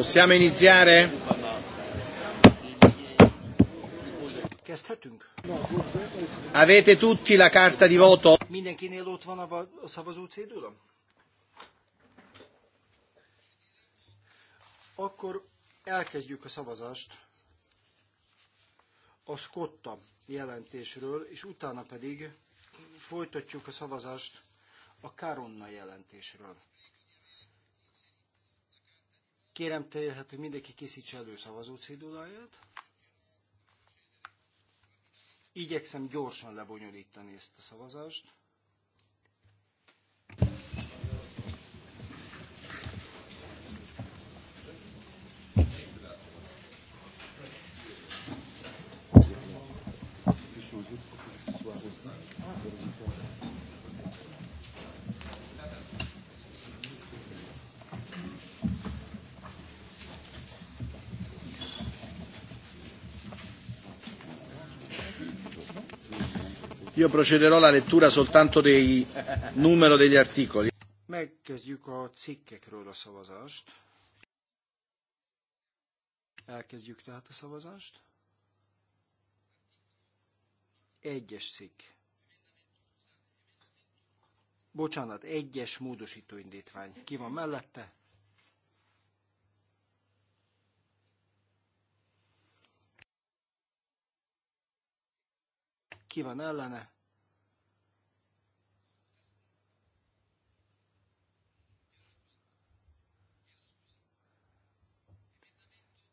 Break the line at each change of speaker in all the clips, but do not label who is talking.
Possiamo iniziare?
Kezdhetünk?
Avete tutti la carta di voto?
Mindenkinél ott van a szavazó Akkor elkezdjük a szavazást a Scotta jelentésről, és utána pedig folytatjuk a szavazást a Karonna jelentésről. Kérem tehát, hogy mindenki készítse elő cédulaját. Igyekszem gyorsan lebonyolítani ezt a szavazást.
Io procederò alla lettura soltanto dei numero degli articoli.
Megkezdjük a cikkekről a szavazást. Elkezdjük tehát a szavazást. Egyes cikk. Bocsánat, egyes módosító indítvány. Ki van mellette? Ki van ellene?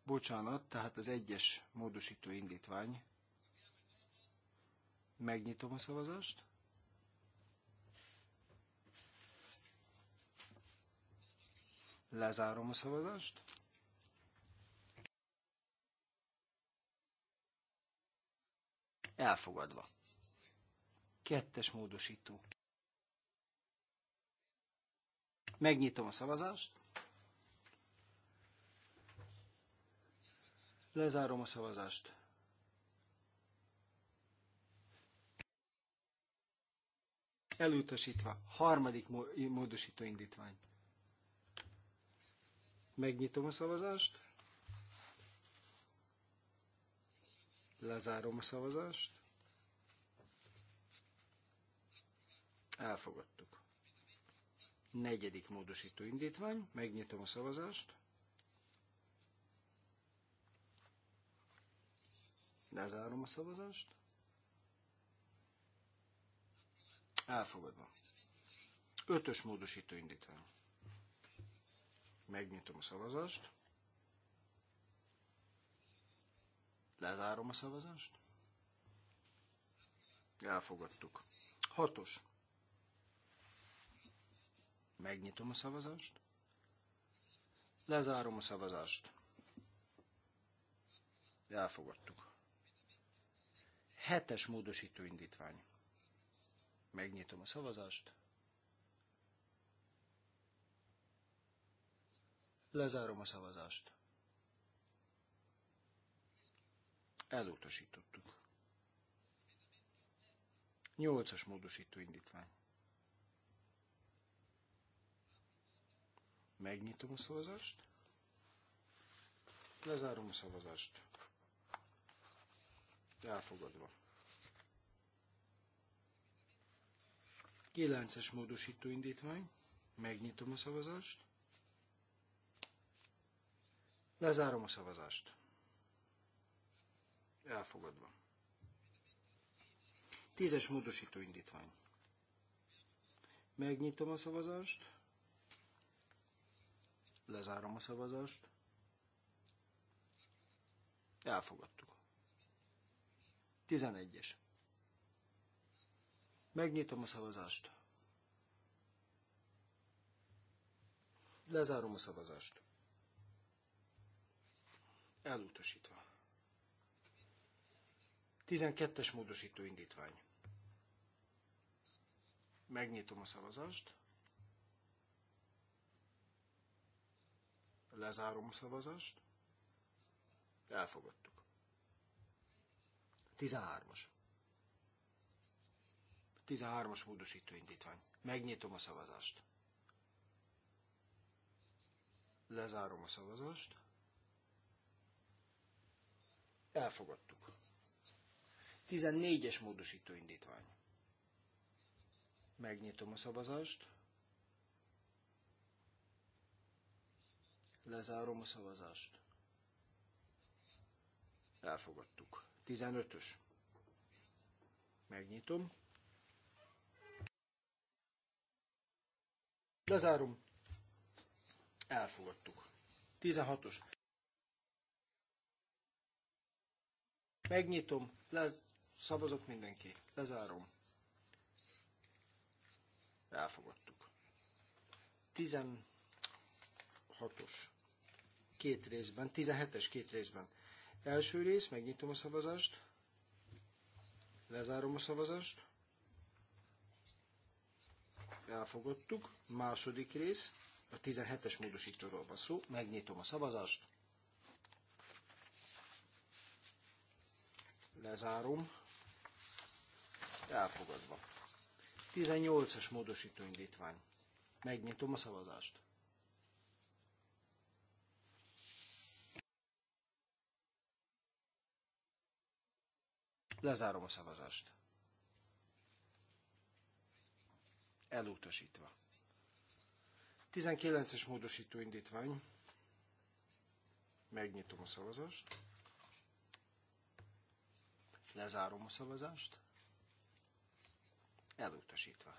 Bocsánat, tehát az egyes módosító indítvány. Megnyitom a szavazást. Lezárom a szavazást. Elfogadva. Kettes módosító. Megnyitom a szavazást. Lezárom a szavazást. Elutasítva. Harmadik módosító indítvány. Megnyitom a szavazást. Lezárom a szavazást. Elfogadtuk. Negyedik módosító indítvány. Megnyitom a szavazást. Lezárom a szavazást. Elfogadva. Ötös módosító indítvány. Megnyitom a szavazást. Lezárom a szavazást. Elfogadtuk. Hatos. Megnyitom a szavazást. Lezárom a szavazást. Elfogadtuk. Hetes módosító indítvány. Megnyitom a szavazást. Lezárom a szavazást. Elutasítottuk. Nyolcas módosító indítvány. Megnyitom a szavazást. Lezárom a szavazást. Elfogadva. 9-es módosító indítvány. Megnyitom a szavazást. Lezárom a szavazást elfogadva. Tízes módosító indítvány. Megnyitom a szavazást, lezárom a szavazást, elfogadtuk. Tizenegyes. Megnyitom a szavazást. Lezárom a szavazást. Elutasítva. 12-es módosító indítvány. Megnyitom a szavazást. Lezárom a szavazást. Elfogadtuk. 13-as. 13-as módosító indítvány. Megnyitom a szavazást. Lezárom a szavazást. Elfogadtuk. 14-es módosító indítvány. Megnyitom a szavazást. Lezárom a szavazást. Elfogadtuk. 15-ös. Megnyitom. Lezárom. Elfogadtuk. 16-os. Megnyitom, Lezárom. Szavazott mindenki. Lezárom. Elfogadtuk. 16-os két részben, 17-es két részben. Első rész, megnyitom a szavazást, lezárom a szavazást, elfogadtuk, második rész, a 17-es módosítóról van szó, megnyitom a szavazást, lezárom, Elfogadva. 18-as módosító indítvány. Megnyitom a szavazást. Lezárom a szavazást. Elutasítva. 19-es módosító indítvány. Megnyitom a szavazást. Lezárom a szavazást. Elutasítva.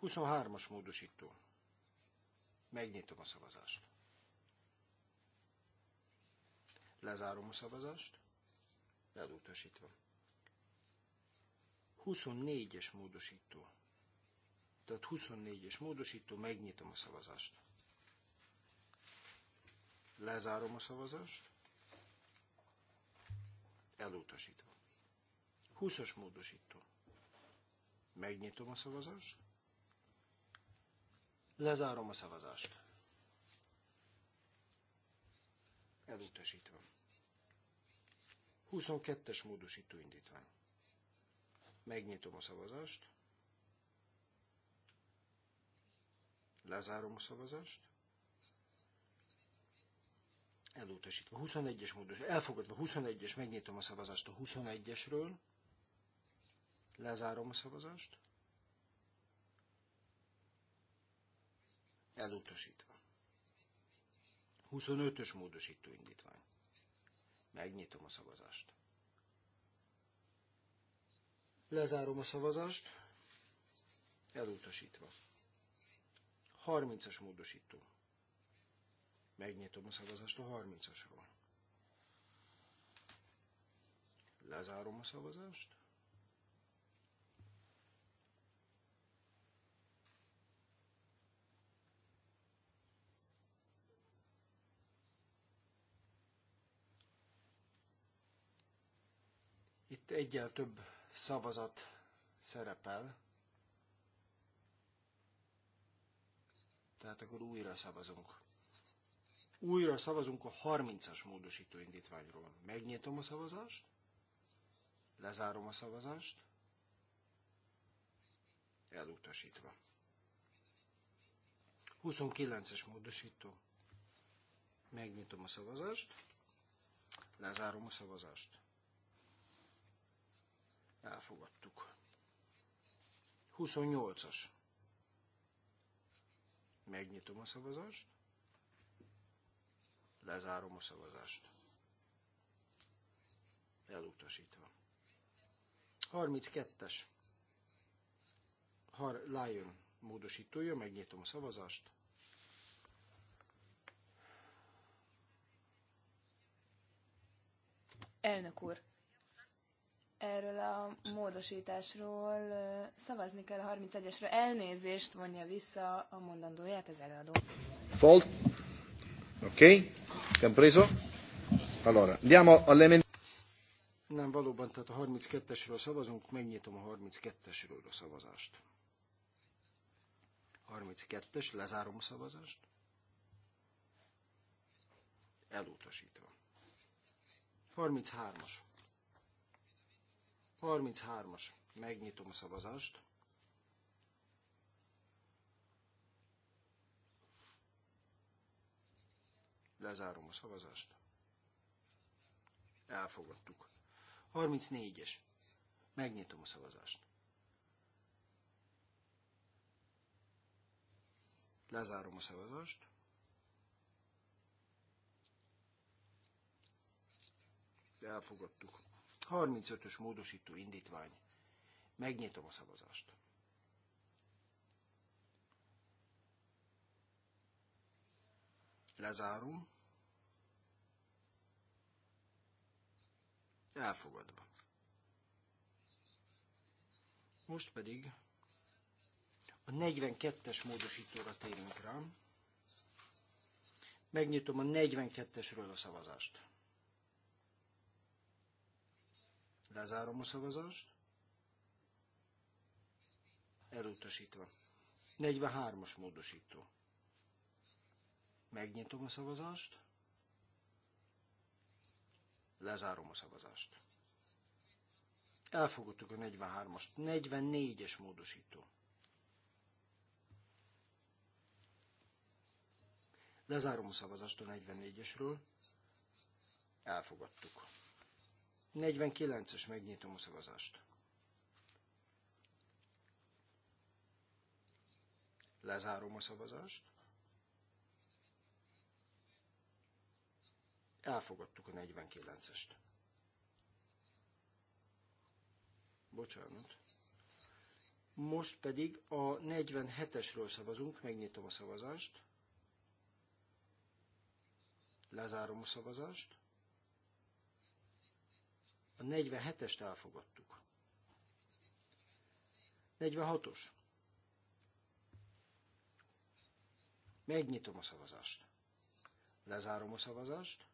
23-as módosító. Megnyitom a szavazást. Lezárom a szavazást. Elutasítva. 24-es módosító. Tehát 24-es módosító, megnyitom a szavazást. Lezárom a szavazást. Elutasítva. 20-as módosító. Megnyitom a szavazást. Lezárom a szavazást. Elutasítva. 22-es módosító indítvány. Megnyitom a szavazást. Lezárom a szavazást. Elutasítva. 21-es módosító. Elfogadva. 21-es. Megnyitom a szavazást a 21-esről. Lezárom a szavazást. Elutasítva. 25-ös módosító indítvány. Megnyitom a szavazást. Lezárom a szavazást. Elutasítva. 30-as módosító. Megnyitom a szavazást a 30-asról. Lezárom a szavazást. itt egyel több szavazat szerepel. Tehát akkor újra szavazunk. Újra szavazunk a 30-as módosító indítványról. Megnyitom a szavazást, lezárom a szavazást, elutasítva. 29-es módosító. Megnyitom a szavazást, lezárom a szavazást. Elfogadtuk. 28-as. Megnyitom a szavazást. Lezárom a szavazást. Elutasítva. 32-es. Har Lion módosítója, megnyitom a szavazást.
Elnök úr, erről a módosításról szavazni kell a 31-esre. Elnézést vonja vissza a mondandóját az előadó.
Fold. Ok. Compreso. Allora, andiamo all'emendamento.
Nem, valóban, tehát a 32-esről szavazunk, megnyitom a 32-esről a szavazást. 32-es, lezárom a szavazást. Elutasítva. 33-as. 33-as. Megnyitom a szavazást. Lezárom a szavazást. Elfogadtuk. 34-es. Megnyitom a szavazást. Lezárom a szavazást. Elfogadtuk. 35-ös módosító indítvány. Megnyitom a szavazást. Lezárom. Elfogadva. Most pedig a 42-es módosítóra térünk rá. Megnyitom a 42-esről a szavazást. Lezárom a szavazást. Elutasítva. 43-as módosító. Megnyitom a szavazást. Lezárom a szavazást. Elfogadtuk a 43-ast. 44-es módosító. Lezárom a szavazást a 44-esről. Elfogadtuk. 49-es, megnyitom a szavazást. Lezárom a szavazást. Elfogadtuk a 49-est. Bocsánat. Most pedig a 47-esről szavazunk, megnyitom a szavazást. Lezárom a szavazást. A 47-est elfogadtuk. 46-os. Megnyitom a szavazást. Lezárom a szavazást.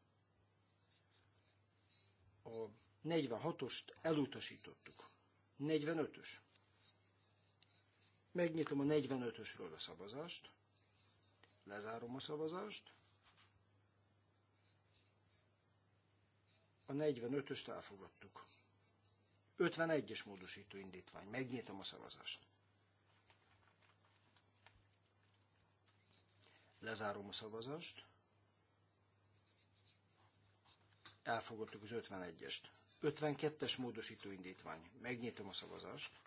A 46-ost elutasítottuk. 45-ös. Megnyitom a 45-ösről a szavazást. Lezárom a szavazást. A 45-öst elfogadtuk. 51-es módosító indítvány. Megnyitom a szavazást. Lezárom a szavazást. Elfogadtuk az 51-est. 52-es módosító indítvány. Megnyitom a szavazást.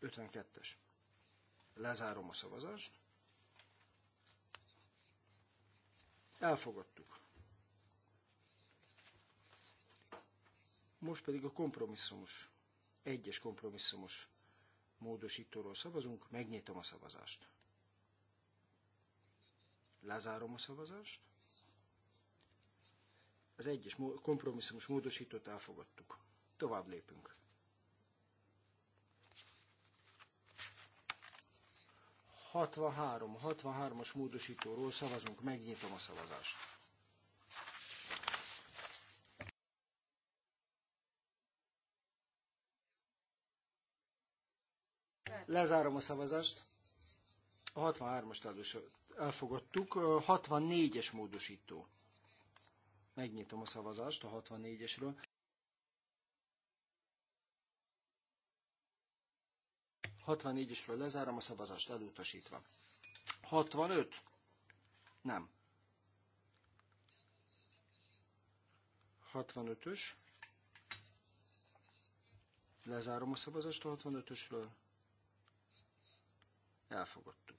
52-es. Lezárom a szavazást. Elfogadtuk. Most pedig a kompromisszumos, egyes kompromisszumos módosítóról szavazunk, megnyitom a szavazást. Lezárom a szavazást. Az egyes kompromisszumos módosítót elfogadtuk. Tovább lépünk. 63, 63-as módosítóról szavazunk, megnyitom a szavazást. Lezárom a szavazást. A 63-as elfogadtuk. 64-es módosító. Megnyitom a szavazást a 64-esről. ...64-esről lezárom a szavazást elutasítva. 65? Nem. 65-ös. Lezárom a szavazást a 65-ösről. Elfogadtuk.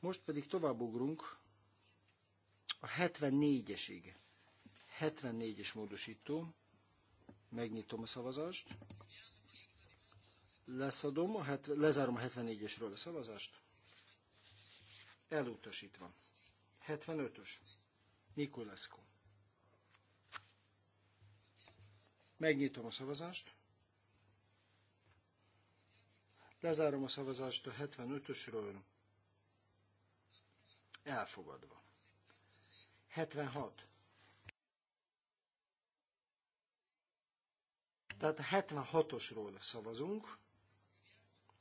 Most pedig továbbugrunk a 74-esig. 74-es módosító. Megnyitom a szavazást. Leszadom, a het- lezárom a 74-esről a szavazást. Elutasítva. 75-ös. Nikolászko. Megnyitom a szavazást. Lezárom a szavazást a 75-ösről. Elfogadva. 76. Tehát a 76-osról szavazunk.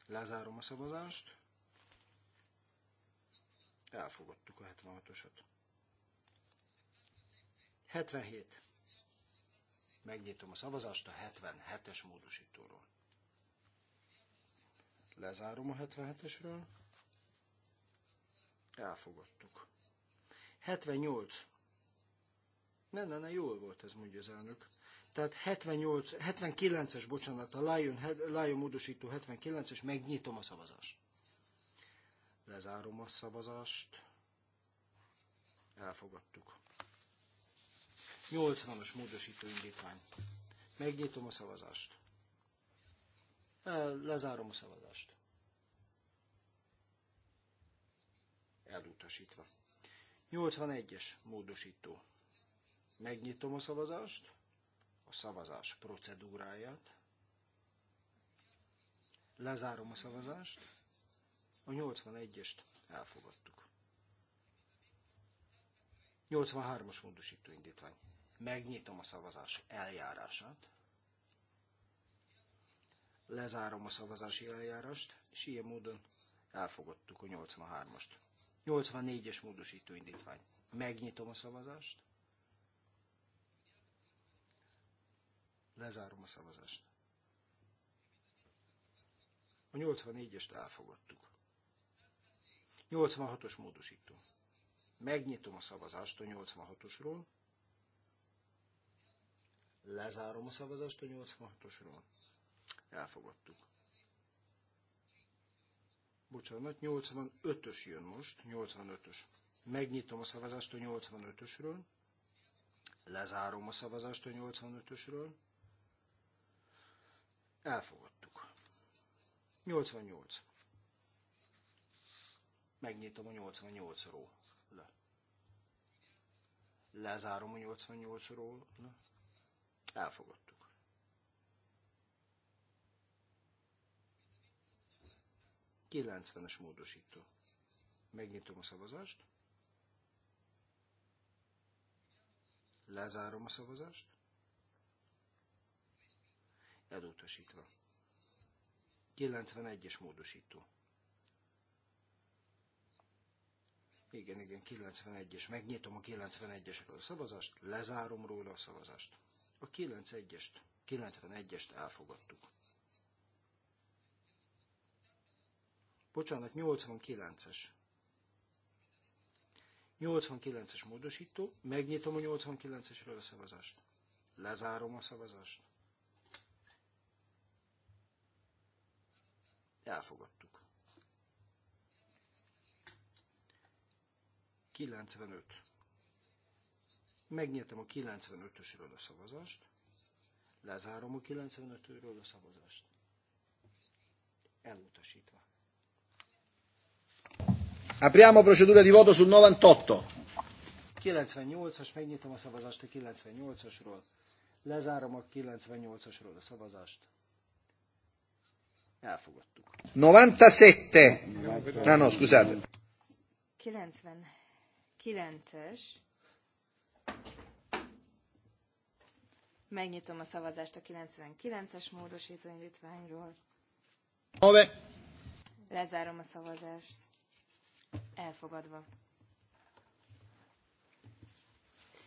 Lezárom a szavazást. Elfogadtuk a 76-osat. 77. Megnyitom a szavazást a 77-es módosítóról. Lezárom a 77-esről. Elfogadtuk. 78. Ne, ne, ne, jól volt ez, mondja az elnök. Tehát 78, 79-es, bocsánat, a Lion, Lion módosító 79-es, megnyitom a szavazást. Lezárom a szavazást. Elfogadtuk. 80-as módosító indítvány. Megnyitom a szavazást. E, lezárom a szavazást. Elutasítva. 81-es módosító. Megnyitom a szavazást, a szavazás procedúráját. Lezárom a szavazást. A 81-est elfogadtuk. 83-as módosító indítvány megnyitom a szavazás eljárását, lezárom a szavazási eljárást, és ilyen módon elfogadtuk a 83-ast. 84-es módosító indítvány. Megnyitom a szavazást, lezárom a szavazást. A 84-est elfogadtuk. 86-os módosító. Megnyitom a szavazást a 86-osról, Lezárom a szavazást a 86-osról. Elfogadtuk. Bocsánat, 85-ös jön most, 85-ös. Megnyitom a szavazást a 85-ösről. Lezárom a szavazást a 85-ösről. Elfogadtuk. 88. Megnyitom a 88-ról. Le. Lezárom a 88-ról. Le. Elfogadtuk. Kilencvenes módosító. Megnyitom a szavazást. Lezárom a szavazást. Elutasítva. 91-es módosító. Igen, igen, 91-es. Megnyitom a 91 es a szavazást, lezárom róla a szavazást. A 91-est, 91-est elfogadtuk. Bocsánat, 89-es. 89-es módosító, megnyitom a 89-esről a szavazást. Lezárom a szavazást. Elfogadtuk. 95. Megnyitom a 95-ösről a szavazást. Lezárom a 95-ről a szavazást. Elutasítva.
Apriamo procedura di voto sul 98.
98-as, megnyitom a szavazást a 98-asról. Lezárom a 98-asról a szavazást. Elfogadtuk.
97. Ah, no, no, scusate.
99-es. Megnyitom a szavazást a 99-es módosító indítványról. Lezárom a szavazást. Elfogadva.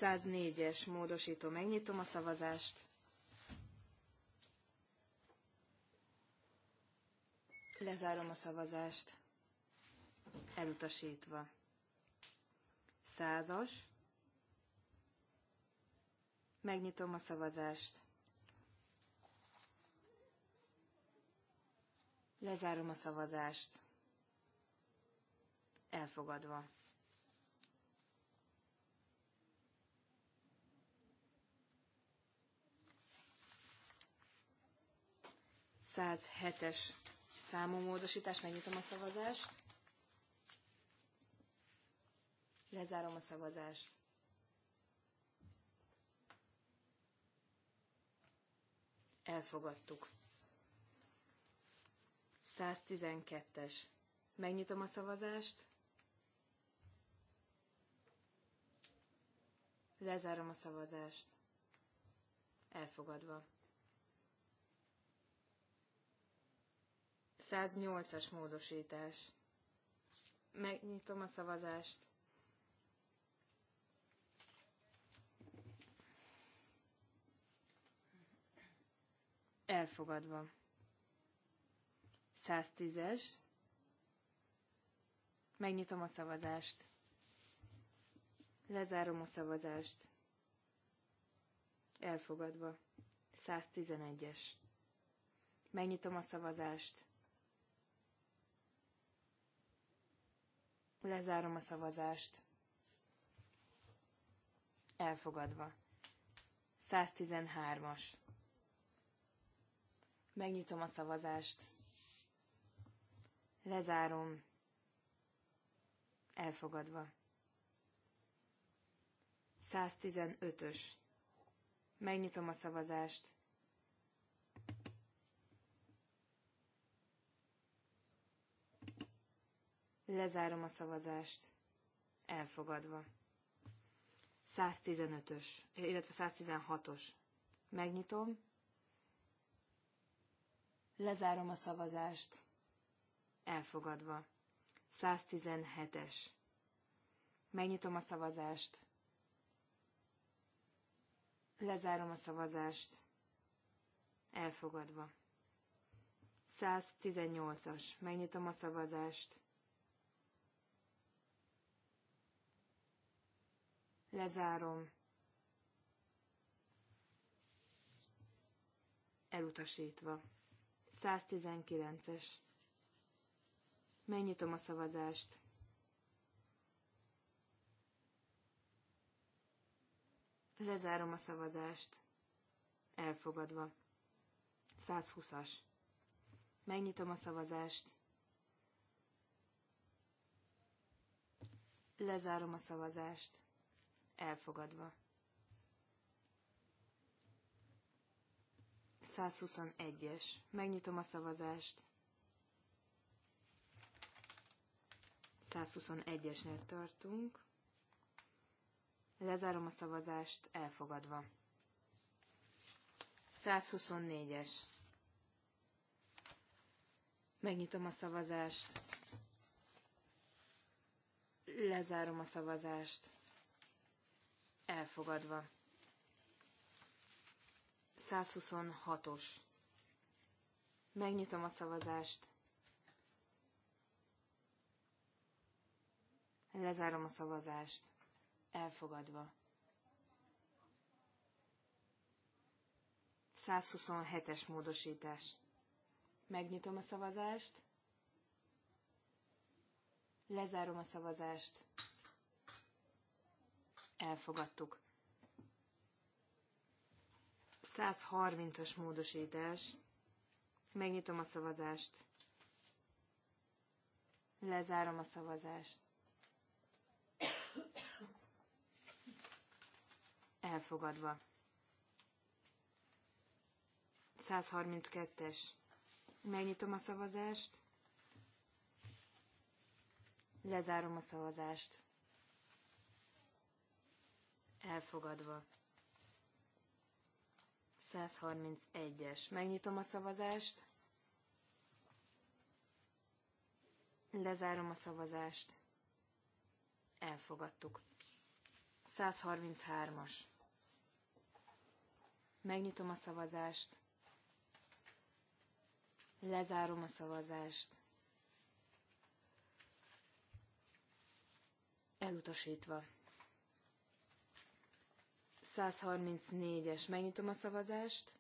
104-es módosító. Megnyitom a szavazást. Lezárom a szavazást. Elutasítva. 100-as. Megnyitom a szavazást. Lezárom a szavazást. Elfogadva. Száz hetes számú módosítás, megnyitom a szavazást. Lezárom a szavazást. Elfogadtuk. 112-es. Megnyitom a szavazást. Lezárom a szavazást. Elfogadva. 108-as módosítás. Megnyitom a szavazást. Elfogadva. 110-es. Megnyitom a szavazást. Lezárom a szavazást. Elfogadva. 111-es. Megnyitom a szavazást. Lezárom a szavazást. Elfogadva. 113-as. Megnyitom a szavazást. Lezárom. Elfogadva. 115-ös. Megnyitom a szavazást. Lezárom a szavazást. Elfogadva. 115-ös, illetve 116-os. Megnyitom. Lezárom a szavazást. Elfogadva. 117-es. Megnyitom a szavazást. Lezárom a szavazást. Elfogadva. 118-as. Megnyitom a szavazást. Lezárom. Elutasítva. 119-es. Megnyitom a szavazást. Lezárom a szavazást. Elfogadva. 120-as. Megnyitom a szavazást. Lezárom a szavazást. Elfogadva. 121-es. Megnyitom a szavazást. 121-esnél tartunk. Lezárom a szavazást, elfogadva. 124-es. Megnyitom a szavazást. Lezárom a szavazást. Elfogadva. 126-os. Megnyitom a szavazást. Lezárom a szavazást. Elfogadva. 127-es módosítás. Megnyitom a szavazást. Lezárom a szavazást. Elfogadtuk. 130-as módosítás. Megnyitom a szavazást. Lezárom a szavazást. Elfogadva. 132-es. Megnyitom a szavazást. Lezárom a szavazást. Elfogadva. 131-es. Megnyitom a szavazást. Lezárom a szavazást. Elfogadtuk. 133-as. Megnyitom a szavazást. Lezárom a szavazást. Elutasítva. 134-es. Megnyitom a szavazást.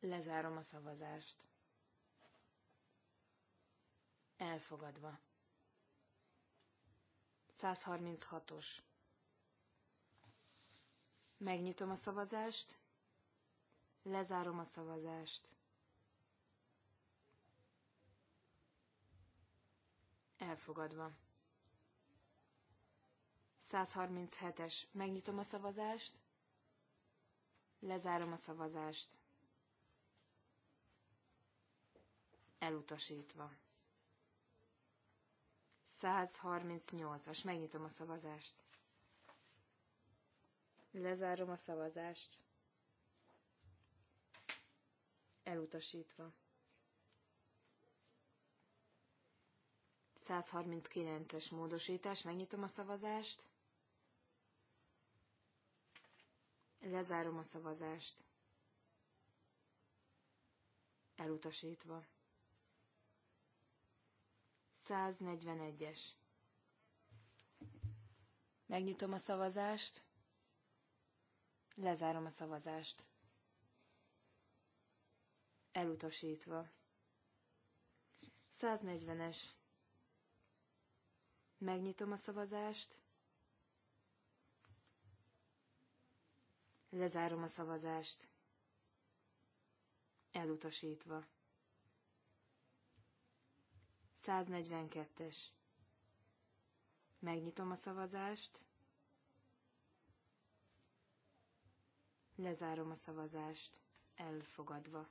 Lezárom a szavazást. Elfogadva. 136-os. Megnyitom a szavazást. Lezárom a szavazást. Elfogadva. 137-es. Megnyitom a szavazást. Lezárom a szavazást. Elutasítva. 138-as. Megnyitom a szavazást. Lezárom a szavazást. Elutasítva. 139-es módosítás. Megnyitom a szavazást. Lezárom a szavazást. Elutasítva. 141-es. Megnyitom a szavazást. Lezárom a szavazást. Elutasítva. 140-es. Megnyitom a szavazást. Lezárom a szavazást. Elutasítva. 142-es. Megnyitom a szavazást. Lezárom a szavazást. Elfogadva.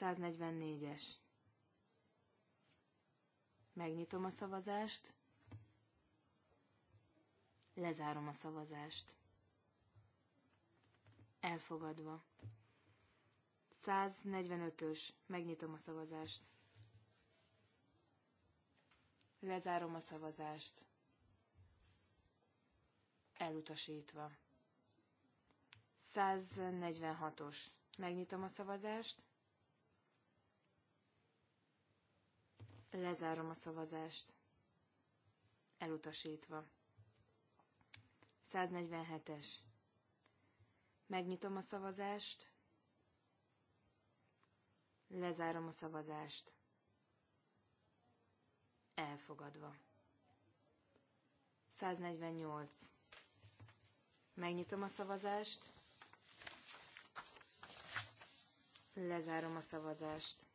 144-es. Megnyitom a szavazást. Lezárom a szavazást. Elfogadva. 145-ös. Megnyitom a szavazást. Lezárom a szavazást. Elutasítva. 146-os. Megnyitom a szavazást. Lezárom a szavazást. Elutasítva. 147-es. Megnyitom a szavazást. Lezárom a szavazást. Elfogadva. 148. Megnyitom a szavazást. Lezárom a szavazást.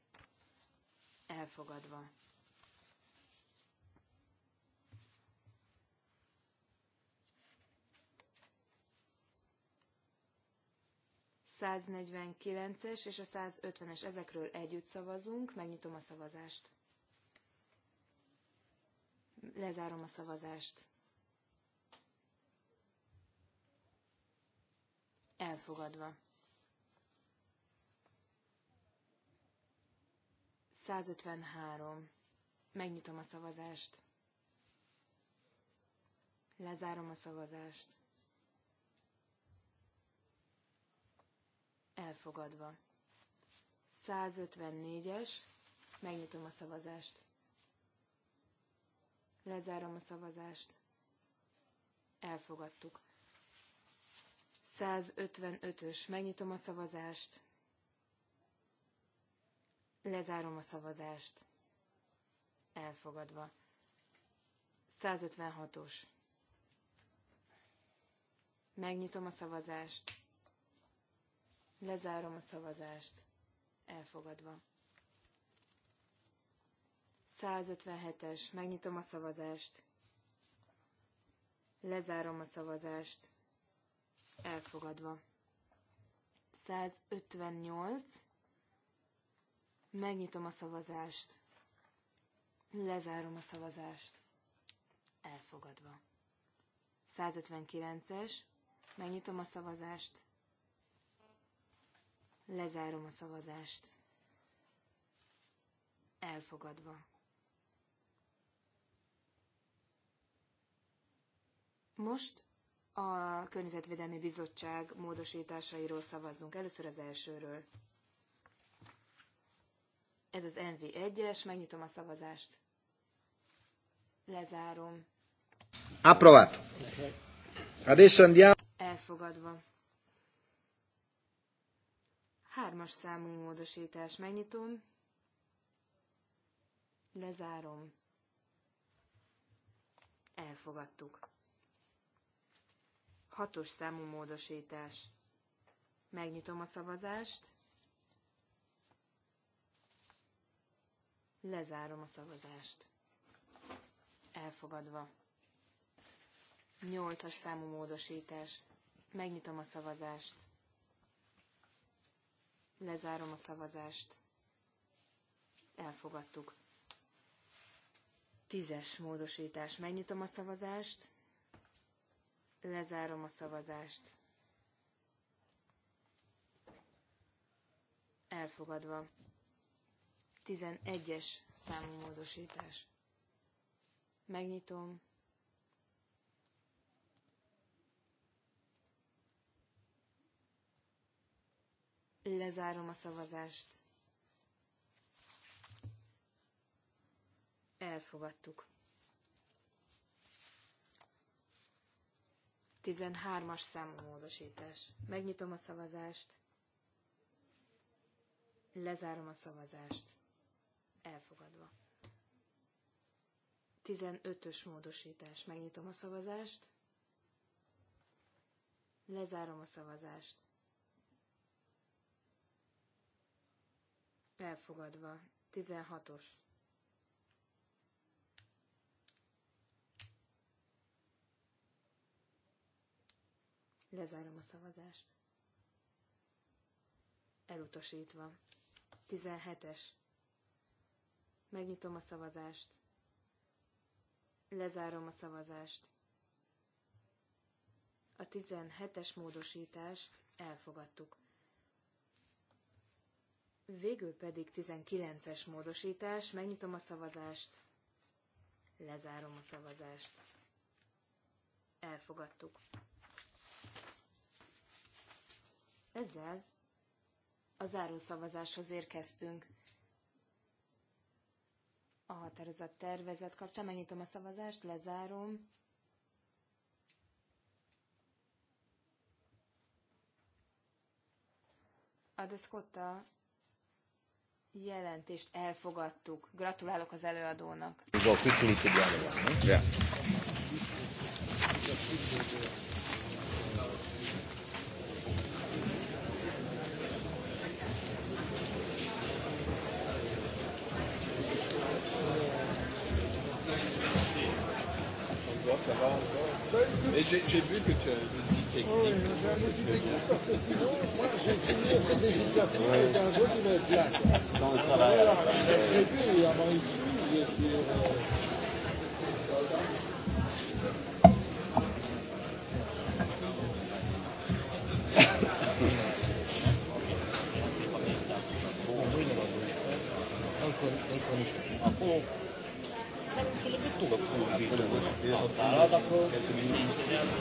Elfogadva. 149-es és a 150-es, ezekről együtt szavazunk, megnyitom a szavazást. Lezárom a szavazást. Elfogadva. 153. Megnyitom a szavazást. Lezárom a szavazást. elfogadva. 154-es, megnyitom a szavazást. Lezárom a szavazást. Elfogadtuk. 155-ös, megnyitom a szavazást. Lezárom a szavazást. Elfogadva. 156-os. Megnyitom a szavazást. Lezárom a szavazást. Elfogadva. 157-es. Megnyitom a szavazást. Lezárom a szavazást. Elfogadva. 158. Megnyitom a szavazást. Lezárom a szavazást. Elfogadva. 159-es. Megnyitom a szavazást. Lezárom a szavazást. Elfogadva. Most a Környezetvédelmi Bizottság módosításairól szavazzunk. Először az elsőről. Ez az NV1-es, megnyitom a szavazást. Lezárom.
Approvato. Adesso andiamo.
Elfogadva. Hármas számú módosítás. Megnyitom. Lezárom. Elfogadtuk. Hatos számú módosítás. Megnyitom a szavazást. Lezárom a szavazást. Elfogadva. Nyolcas számú módosítás. Megnyitom a szavazást. Lezárom a szavazást. Elfogadtuk. Tízes módosítás. Megnyitom a szavazást. Lezárom a szavazást. Elfogadva. Tizenegyes számú módosítás. Megnyitom. Lezárom a szavazást. Elfogadtuk. 13-as számú módosítás. Megnyitom a szavazást. Lezárom a szavazást. Elfogadva. 15-ös módosítás. Megnyitom a szavazást. Lezárom a szavazást. Elfogadva. 16-os. Lezárom a szavazást. Elutasítva. 17-es. Megnyitom a szavazást. Lezárom a szavazást. A 17-es módosítást elfogadtuk. Végül pedig 19-es módosítás, megnyitom a szavazást, lezárom a szavazást. Elfogadtuk. Ezzel a zárószavazáshoz érkeztünk. A határozat tervezet kapcsán megnyitom a szavazást, lezárom. A Scotta jelentést elfogadtuk. Gratulálok az előadónak.
Mais j'ai vu que tu as une petite technique. Oui, euh, j'ai un outil technique parce que sinon, moi, j'ai fini à cette législature ouais.
avec un vote qui va être là. Quoi. Dans le travail. Alors, j'ai prêté et avant ici, j'ai été.
Akkor, akkor is. Akkor tudok fordítani a vállalatokhoz,
szétszerelni,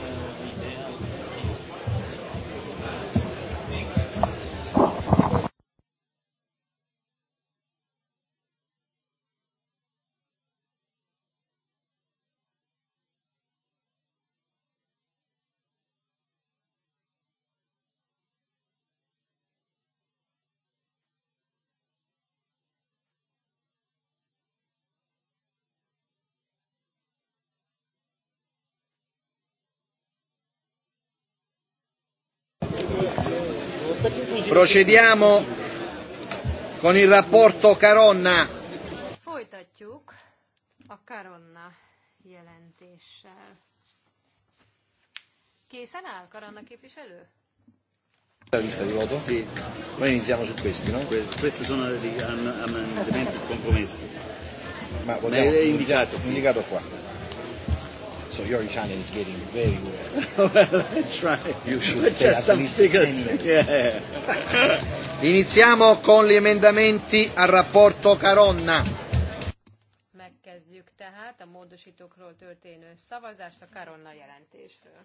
Procediamo con il rapporto Caronna.
Folytatjuk a Caronna jelentéssel. Készen áll Caronna képviselő?
La lista di voto? Sì. Noi iniziamo su questi, no? Que questi sono gli am- amendamenti e compromessi. Ma vogliamo, è indicato, indicato qua. So your Italian is getting very well. well, that's right. You should But stay at some least figures. Yeah. Iniziamo con gli emendamenti al rapporto Caronna. Megkezdjük
tehát a módosítókról történő szavazást a Caronna jelentésről.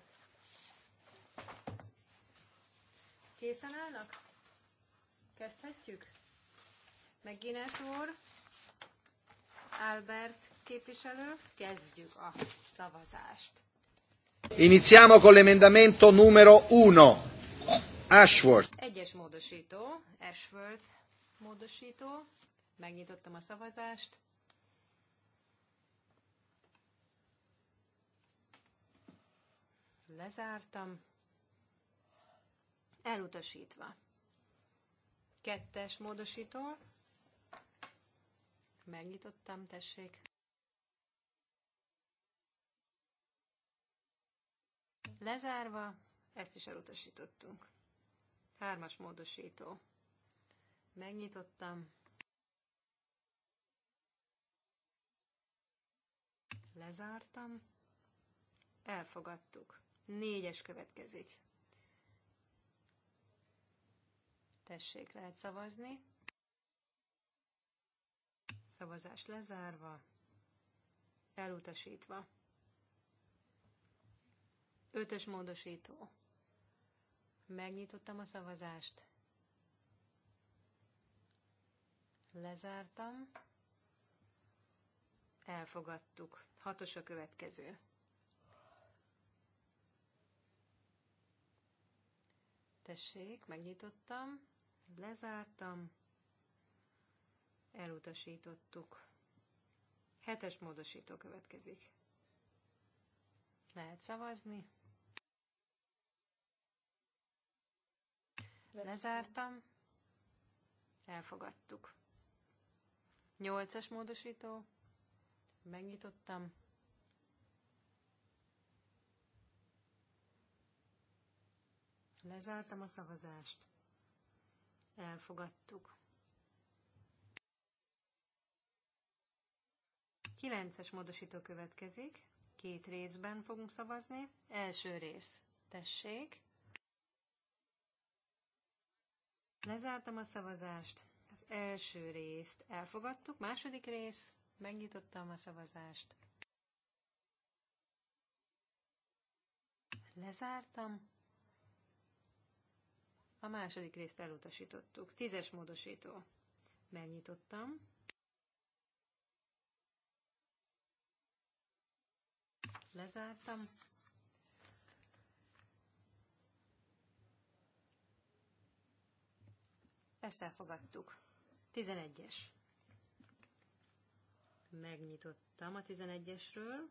Készen állnak? Kezdhetjük? Megint úr, Albert képviselő. Kezdjük a szavazást.
Iniziamo con l'emendamento numero 1. Ashworth.
Egyes módosító, Ashworth módosító. Megnyitottam a szavazást. Lezártam. Elutasítva. Kettes módosító. Megnyitottam, tessék. Lezárva, ezt is elutasítottunk. Hármas módosító. Megnyitottam. Lezártam. Elfogadtuk. Négyes következik. Tessék, lehet szavazni. Szavazás lezárva, elutasítva. Ötös módosító. Megnyitottam a szavazást. Lezártam. Elfogadtuk. Hatos a következő. Tessék, megnyitottam, lezártam, elutasítottuk. Hetes módosító következik. Lehet szavazni. Lezártam. Elfogadtuk. Nyolcas módosító. Megnyitottam. Lezártam a szavazást. Elfogadtuk. Kilences módosító következik. Két részben fogunk szavazni. Első rész. Tessék. Lezártam a szavazást. Az első részt elfogadtuk, második rész, megnyitottam a szavazást. Lezártam. A második részt elutasítottuk. Tízes módosító. Megnyitottam. Lezártam. Ezt elfogadtuk. 11-es. Megnyitottam a 11-esről.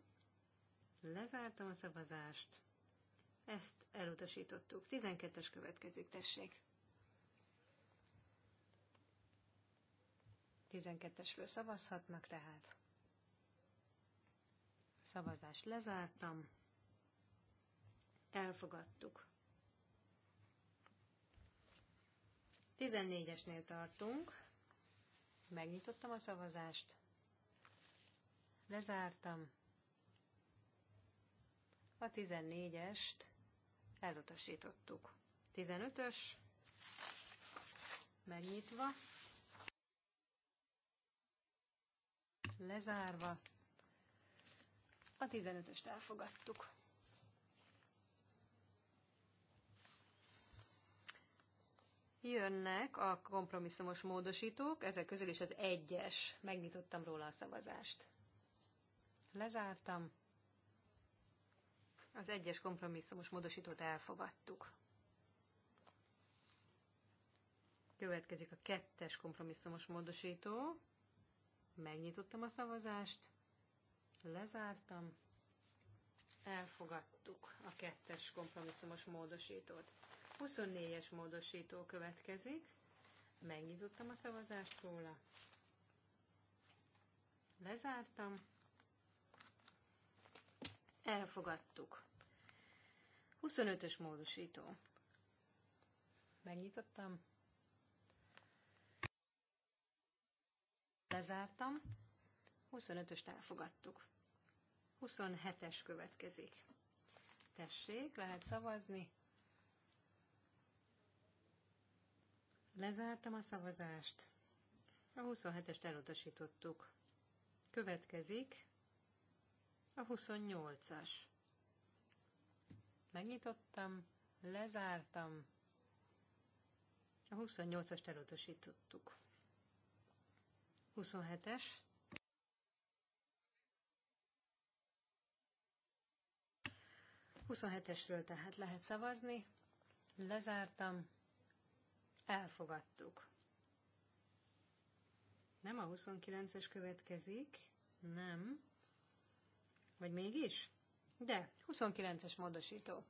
Lezártam a szavazást. Ezt elutasítottuk. 12-es következik, tessék. 12-esről szavazhatnak tehát. Szavazást lezártam. Elfogadtuk. 14-esnél tartunk. Megnyitottam a szavazást. Lezártam. A 14-est elutasítottuk. 15-ös megnyitva. Lezárva. A 15-öst elfogadtuk. Jönnek a kompromisszumos módosítók, ezek közül is az egyes. Megnyitottam róla a szavazást. Lezártam. Az egyes kompromisszumos módosítót elfogadtuk. Következik a kettes kompromisszumos módosító. Megnyitottam a szavazást, lezártam, elfogadtuk a kettes kompromisszumos módosítót. 24-es módosító következik. Megnyitottam a szavazást róla. Lezártam. Elfogadtuk. 25-ös módosító. Megnyitottam. Lezártam. 25-öst elfogadtuk. 27-es következik. Tessék, lehet szavazni. Lezártam a szavazást. A 27-est elutasítottuk. Következik a 28-as. Megnyitottam, lezártam. A 28-ast elutasítottuk. 27-es. Huszonhetesről tehát lehet szavazni. Lezártam. Elfogadtuk. Nem a 29-es következik, nem. Vagy mégis? De, 29-es módosító.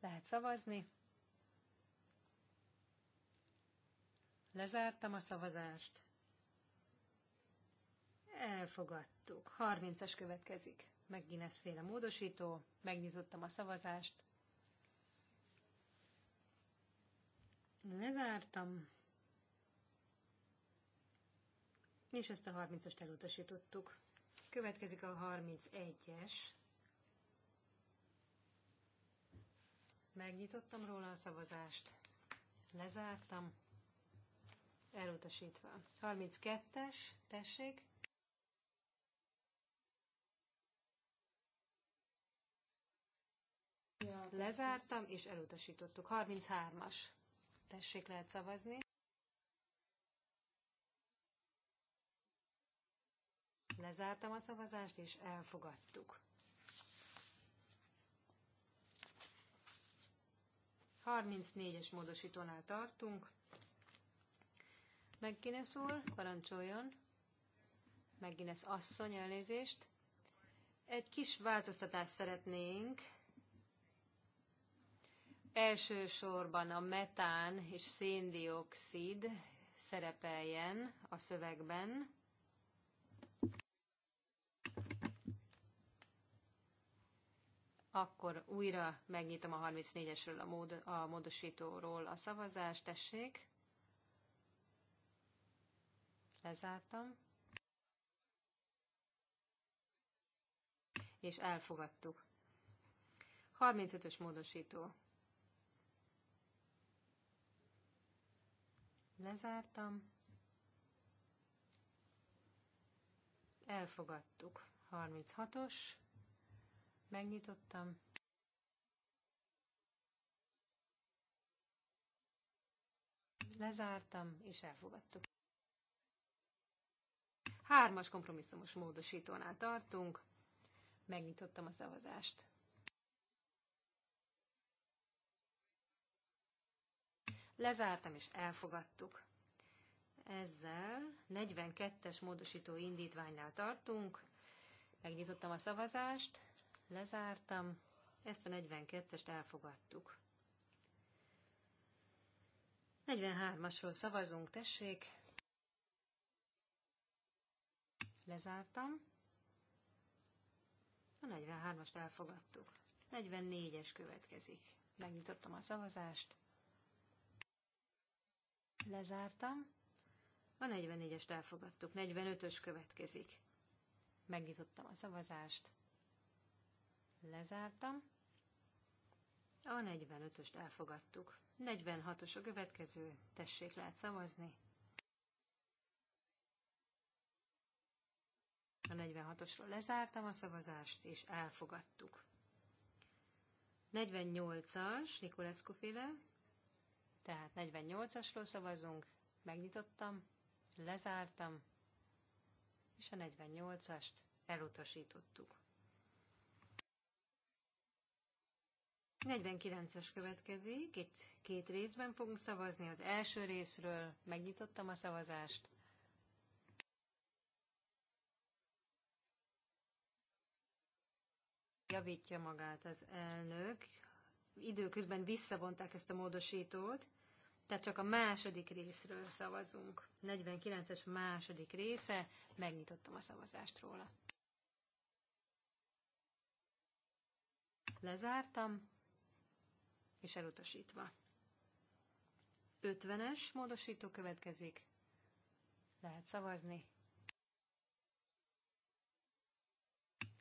Lehet szavazni. Lezártam a szavazást. Elfogadtuk. 30-es következik. Megint féle módosító. Megnyitottam a szavazást. Lezártam. És ezt a 30-ast elutasítottuk. Következik a 31-es. Megnyitottam róla a szavazást. Lezártam. Elutasítva. 32-es, tessék. Lezártam, és elutasítottuk. 33-as. Tessék, lehet szavazni. Lezártam a szavazást, és elfogadtuk. 34-es módosítónál tartunk. Megginesz úr, parancsoljon. Megginesz asszony, elnézést. Egy kis változtatást szeretnénk elsősorban a metán és széndiokszid szerepeljen a szövegben. Akkor újra megnyitom a 34-esről, a, mód, a módosítóról a szavazást, tessék. Lezártam. És elfogadtuk. 35-ös módosító. Lezártam. Elfogadtuk. 36-os. Megnyitottam. Lezártam, és elfogadtuk. Hármas kompromisszumos módosítónál tartunk. Megnyitottam a szavazást. Lezártam és elfogadtuk. Ezzel 42-es módosító indítványnál tartunk. Megnyitottam a szavazást, lezártam, ezt a 42-est elfogadtuk. 43-asról szavazunk, tessék. Lezártam. A 43-ast elfogadtuk. 44-es következik. Megnyitottam a szavazást. Lezártam. A 44-est elfogadtuk. 45-ös következik. Megnyitottam a szavazást. Lezártam. A 45-öst elfogadtuk. 46-os a következő. Tessék, lehet szavazni. A 46-osról lezártam a szavazást, és elfogadtuk. 48-as Nikolescu féle tehát 48-asról szavazunk, megnyitottam, lezártam, és a 48-ast elutasítottuk. 49-es következik, itt két részben fogunk szavazni. Az első részről megnyitottam a szavazást. Javítja magát az elnök. Időközben visszavonták ezt a módosítót. Tehát csak a második részről szavazunk. 49-es második része, megnyitottam a szavazást róla. Lezártam, és elutasítva. 50-es módosító következik. Lehet szavazni.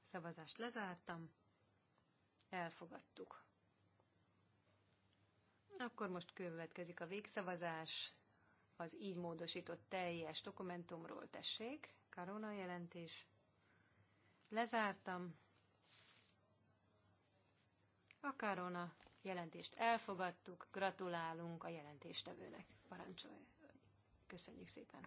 Szavazást lezártam. Elfogadtuk. Akkor most következik a végszavazás az így módosított teljes dokumentumról. Tessék, Karona jelentés. Lezártam. A Karona jelentést elfogadtuk, gratulálunk a jelentéstevőnek. Parancsolj. Köszönjük szépen.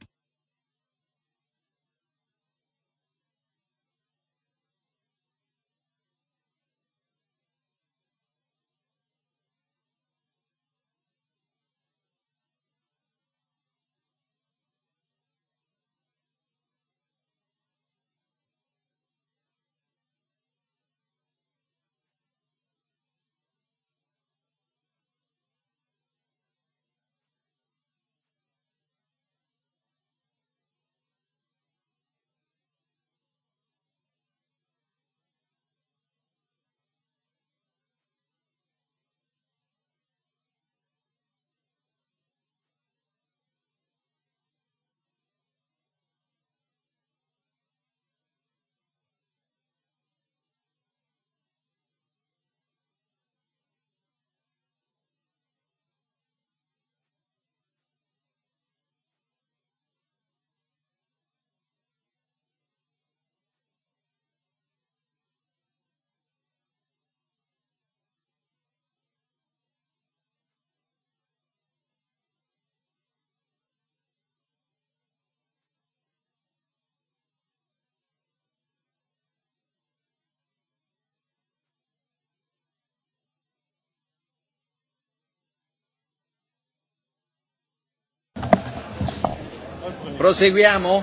Proseguiamo?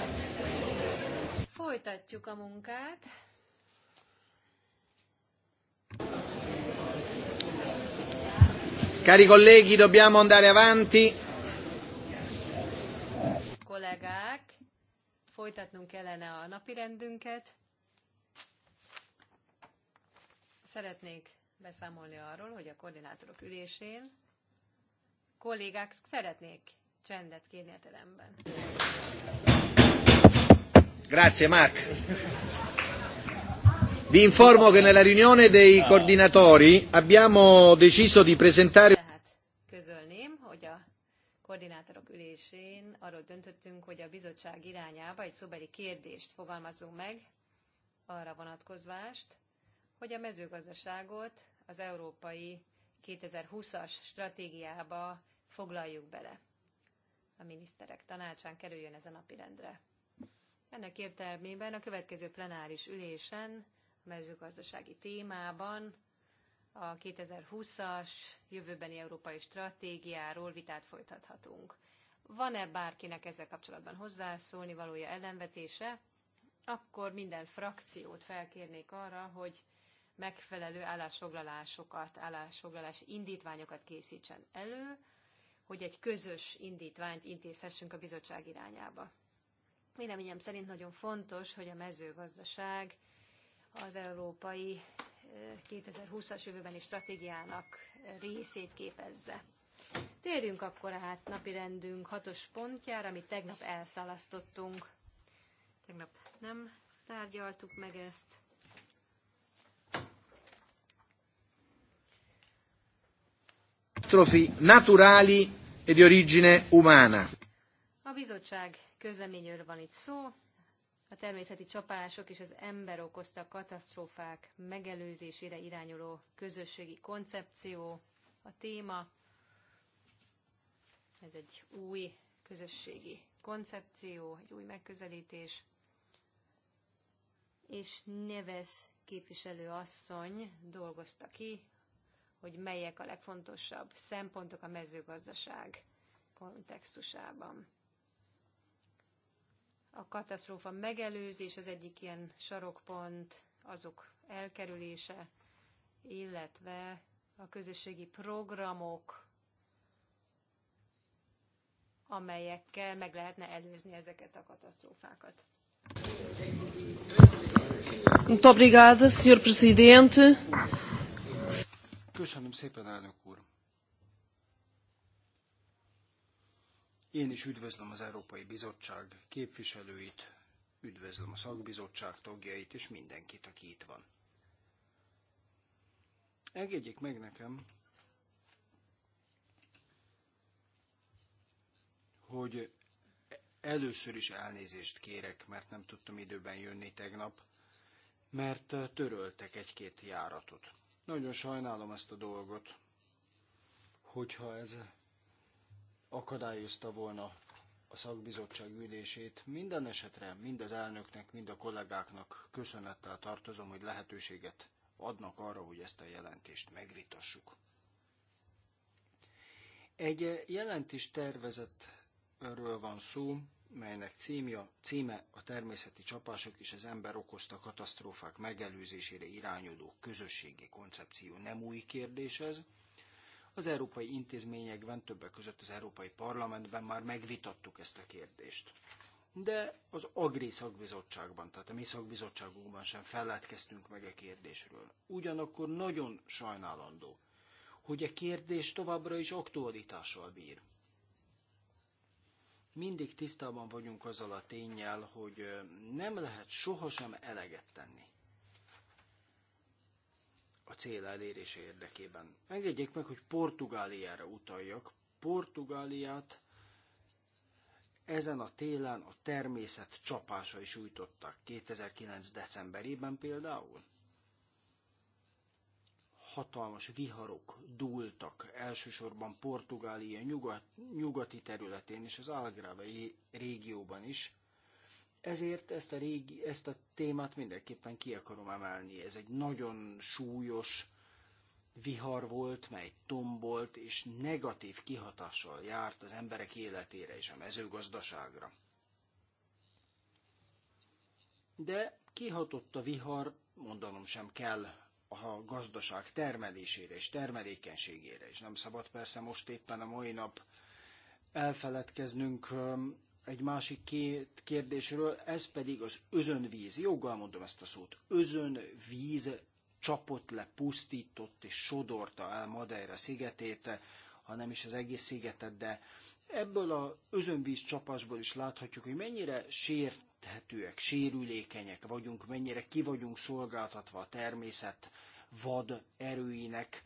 Folytatjuk a munkát.
Cari colleghi, dobbiamo andare avanti.
Kollégák, folytatnunk kellene a napirendünket. Szeretnék beszámolni arról, hogy a koordinátorok ülésén kollégák szeretnék csendet kérni a teremben.
Grazie Mark. Vi informo che nella riunione dei coordinatori abbiamo deciso di presentare közölném, hogy a koordinátorok
ülésén arról döntöttünk, hogy a bizottság irányába egy szóbeli kérdést fogalmazunk meg, arra vonatkozvást, hogy a mezőgazdaságot az európai 2020-as stratégiába foglaljuk bele a miniszterek tanácsán kerüljön ez a napirendre. Ennek értelmében a következő plenáris ülésen, a mezőgazdasági témában a 2020-as jövőbeni európai stratégiáról vitát folytathatunk. Van-e bárkinek ezzel kapcsolatban hozzászólni valója ellenvetése? Akkor minden frakciót felkérnék arra, hogy megfelelő állásfoglalásokat, állásfoglalási indítványokat készítsen elő, hogy egy közös indítványt intézhessünk a bizottság irányába. Véleményem szerint nagyon fontos, hogy a mezőgazdaság az európai 2020-as eh, jövőbeni stratégiának eh, részét képezze. Térjünk akkor hát napirendünk hatos pontjára, amit tegnap elszalasztottunk. Tegnap nem tárgyaltuk meg ezt.
catastrofi naturali e di origine umana.
A bizottság közleményről van itt szó. A természeti csapások és az ember okozta katasztrófák megelőzésére irányuló közösségi koncepció a téma. Ez egy új közösségi koncepció, egy új megközelítés. És Neves képviselő asszony dolgozta ki hogy melyek a legfontosabb szempontok a mezőgazdaság kontextusában. A katasztrófa megelőzés az egyik ilyen sarokpont, azok elkerülése, illetve a közösségi programok, amelyekkel meg lehetne előzni ezeket a katasztrófákat. Muito obrigada, Sr.
Presidente. Köszönöm szépen, elnök úr! Én is üdvözlöm az Európai Bizottság képviselőit, üdvözlöm a szakbizottság tagjait és mindenkit, aki itt van. Engedjék meg nekem, hogy először is elnézést kérek, mert nem tudtam időben jönni tegnap, mert töröltek egy-két járatot. Nagyon sajnálom ezt a dolgot, hogyha ez akadályozta volna a szakbizottság ülését. Minden esetre mind az elnöknek, mind a kollégáknak köszönettel tartozom, hogy lehetőséget adnak arra, hogy ezt a jelentést megvitassuk. Egy jelentés tervezetről van szó, melynek címja, címe a természeti csapások és az ember okozta katasztrófák megelőzésére irányuló közösségi koncepció nem új kérdés ez. Az európai intézményekben, többek között az Európai Parlamentben már megvitattuk ezt a kérdést. De az Agri szakbizottságban, tehát a mi szakbizottságunkban sem feledkeztünk meg a e kérdésről. Ugyanakkor nagyon sajnálandó, hogy a e kérdés továbbra is aktualitással bír mindig tisztában vagyunk azzal a tényel, hogy nem lehet sohasem eleget tenni a cél elérése érdekében. Engedjék meg, hogy Portugáliára utaljak. Portugáliát ezen a télen a természet csapásai sújtottak 2009. decemberében például hatalmas viharok dúltak, elsősorban Portugália nyugat, nyugati területén és az Algravei régióban is. Ezért ezt a, régi, ezt a témát mindenképpen ki akarom emelni. Ez egy nagyon súlyos vihar volt, mely tombolt és negatív kihatással járt az emberek életére és a mezőgazdaságra. De kihatott a vihar, mondanom sem kell, a gazdaság termelésére és termelékenységére És Nem szabad persze most éppen a mai nap elfeledkeznünk egy másik két kérdésről, ez pedig az özönvíz. Joggal mondom ezt a szót. Özönvíz csapott le, pusztított és sodorta el Madeira szigetét, hanem is az egész szigetet, de ebből az özönvíz csapásból is láthatjuk, hogy mennyire sért érinthetőek, sérülékenyek vagyunk, mennyire ki vagyunk szolgáltatva a természet vad erőinek.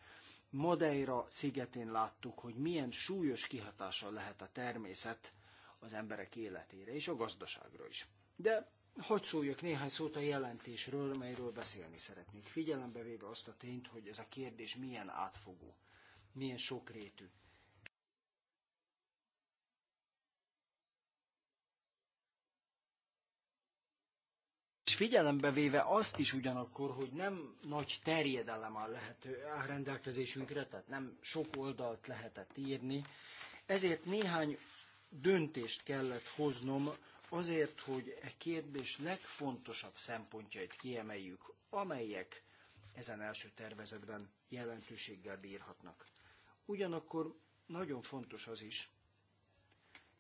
Madeira szigetén láttuk, hogy milyen súlyos kihatással lehet a természet az emberek életére és a gazdaságra is. De hogy szóljak néhány szót a jelentésről, melyről beszélni szeretnék, figyelembe véve azt a tényt, hogy ez a kérdés milyen átfogó, milyen sokrétű. figyelembe véve azt is ugyanakkor, hogy nem nagy terjedelem áll, lehető, a rendelkezésünkre, tehát nem sok oldalt lehetett írni, ezért néhány döntést kellett hoznom azért, hogy a e kérdés legfontosabb szempontjait kiemeljük, amelyek ezen első tervezetben jelentőséggel bírhatnak. Ugyanakkor nagyon fontos az is,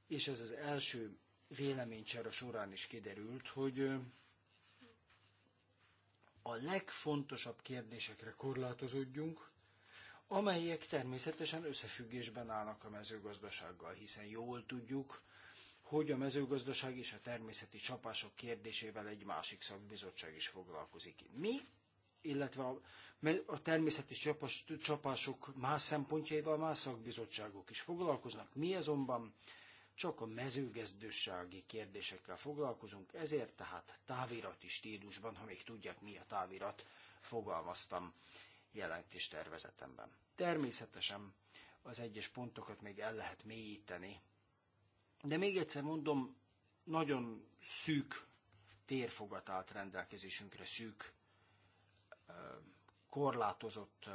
és ez az első véleménycsere során is kiderült, hogy a legfontosabb kérdésekre korlátozódjunk, amelyek természetesen összefüggésben állnak a mezőgazdasággal, hiszen jól tudjuk, hogy a mezőgazdaság és a természeti csapások kérdésével egy másik szakbizottság is foglalkozik. Mi, illetve a, a természeti csapas, csapások más szempontjaival más szakbizottságok is foglalkoznak. Mi azonban csak a mezőgazdasági kérdésekkel foglalkozunk, ezért tehát távirati stílusban, ha még tudják mi a távirat, fogalmaztam tervezetemben. Természetesen az egyes pontokat még el lehet mélyíteni, de még egyszer mondom, nagyon szűk térfogat állt rendelkezésünkre, szűk, korlátozott,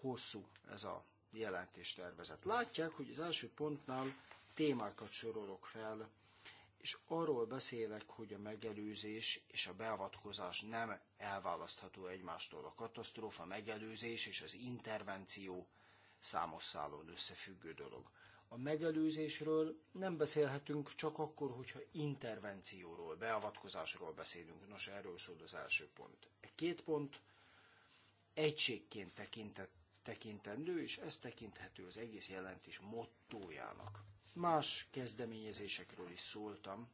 hosszú ez a jelentéstervezet. Látják, hogy az első pontnál témákat sorolok fel, és arról beszélek, hogy a megelőzés és a beavatkozás nem elválasztható egymástól. A katasztrófa megelőzés és az intervenció számos szálon összefüggő dolog. A megelőzésről nem beszélhetünk csak akkor, hogyha intervencióról, beavatkozásról beszélünk. Nos, erről szól az első pont. E két pont egységként tekintett, tekintendő, és ez tekinthető az egész jelentés mottójának. Más kezdeményezésekről is szóltam,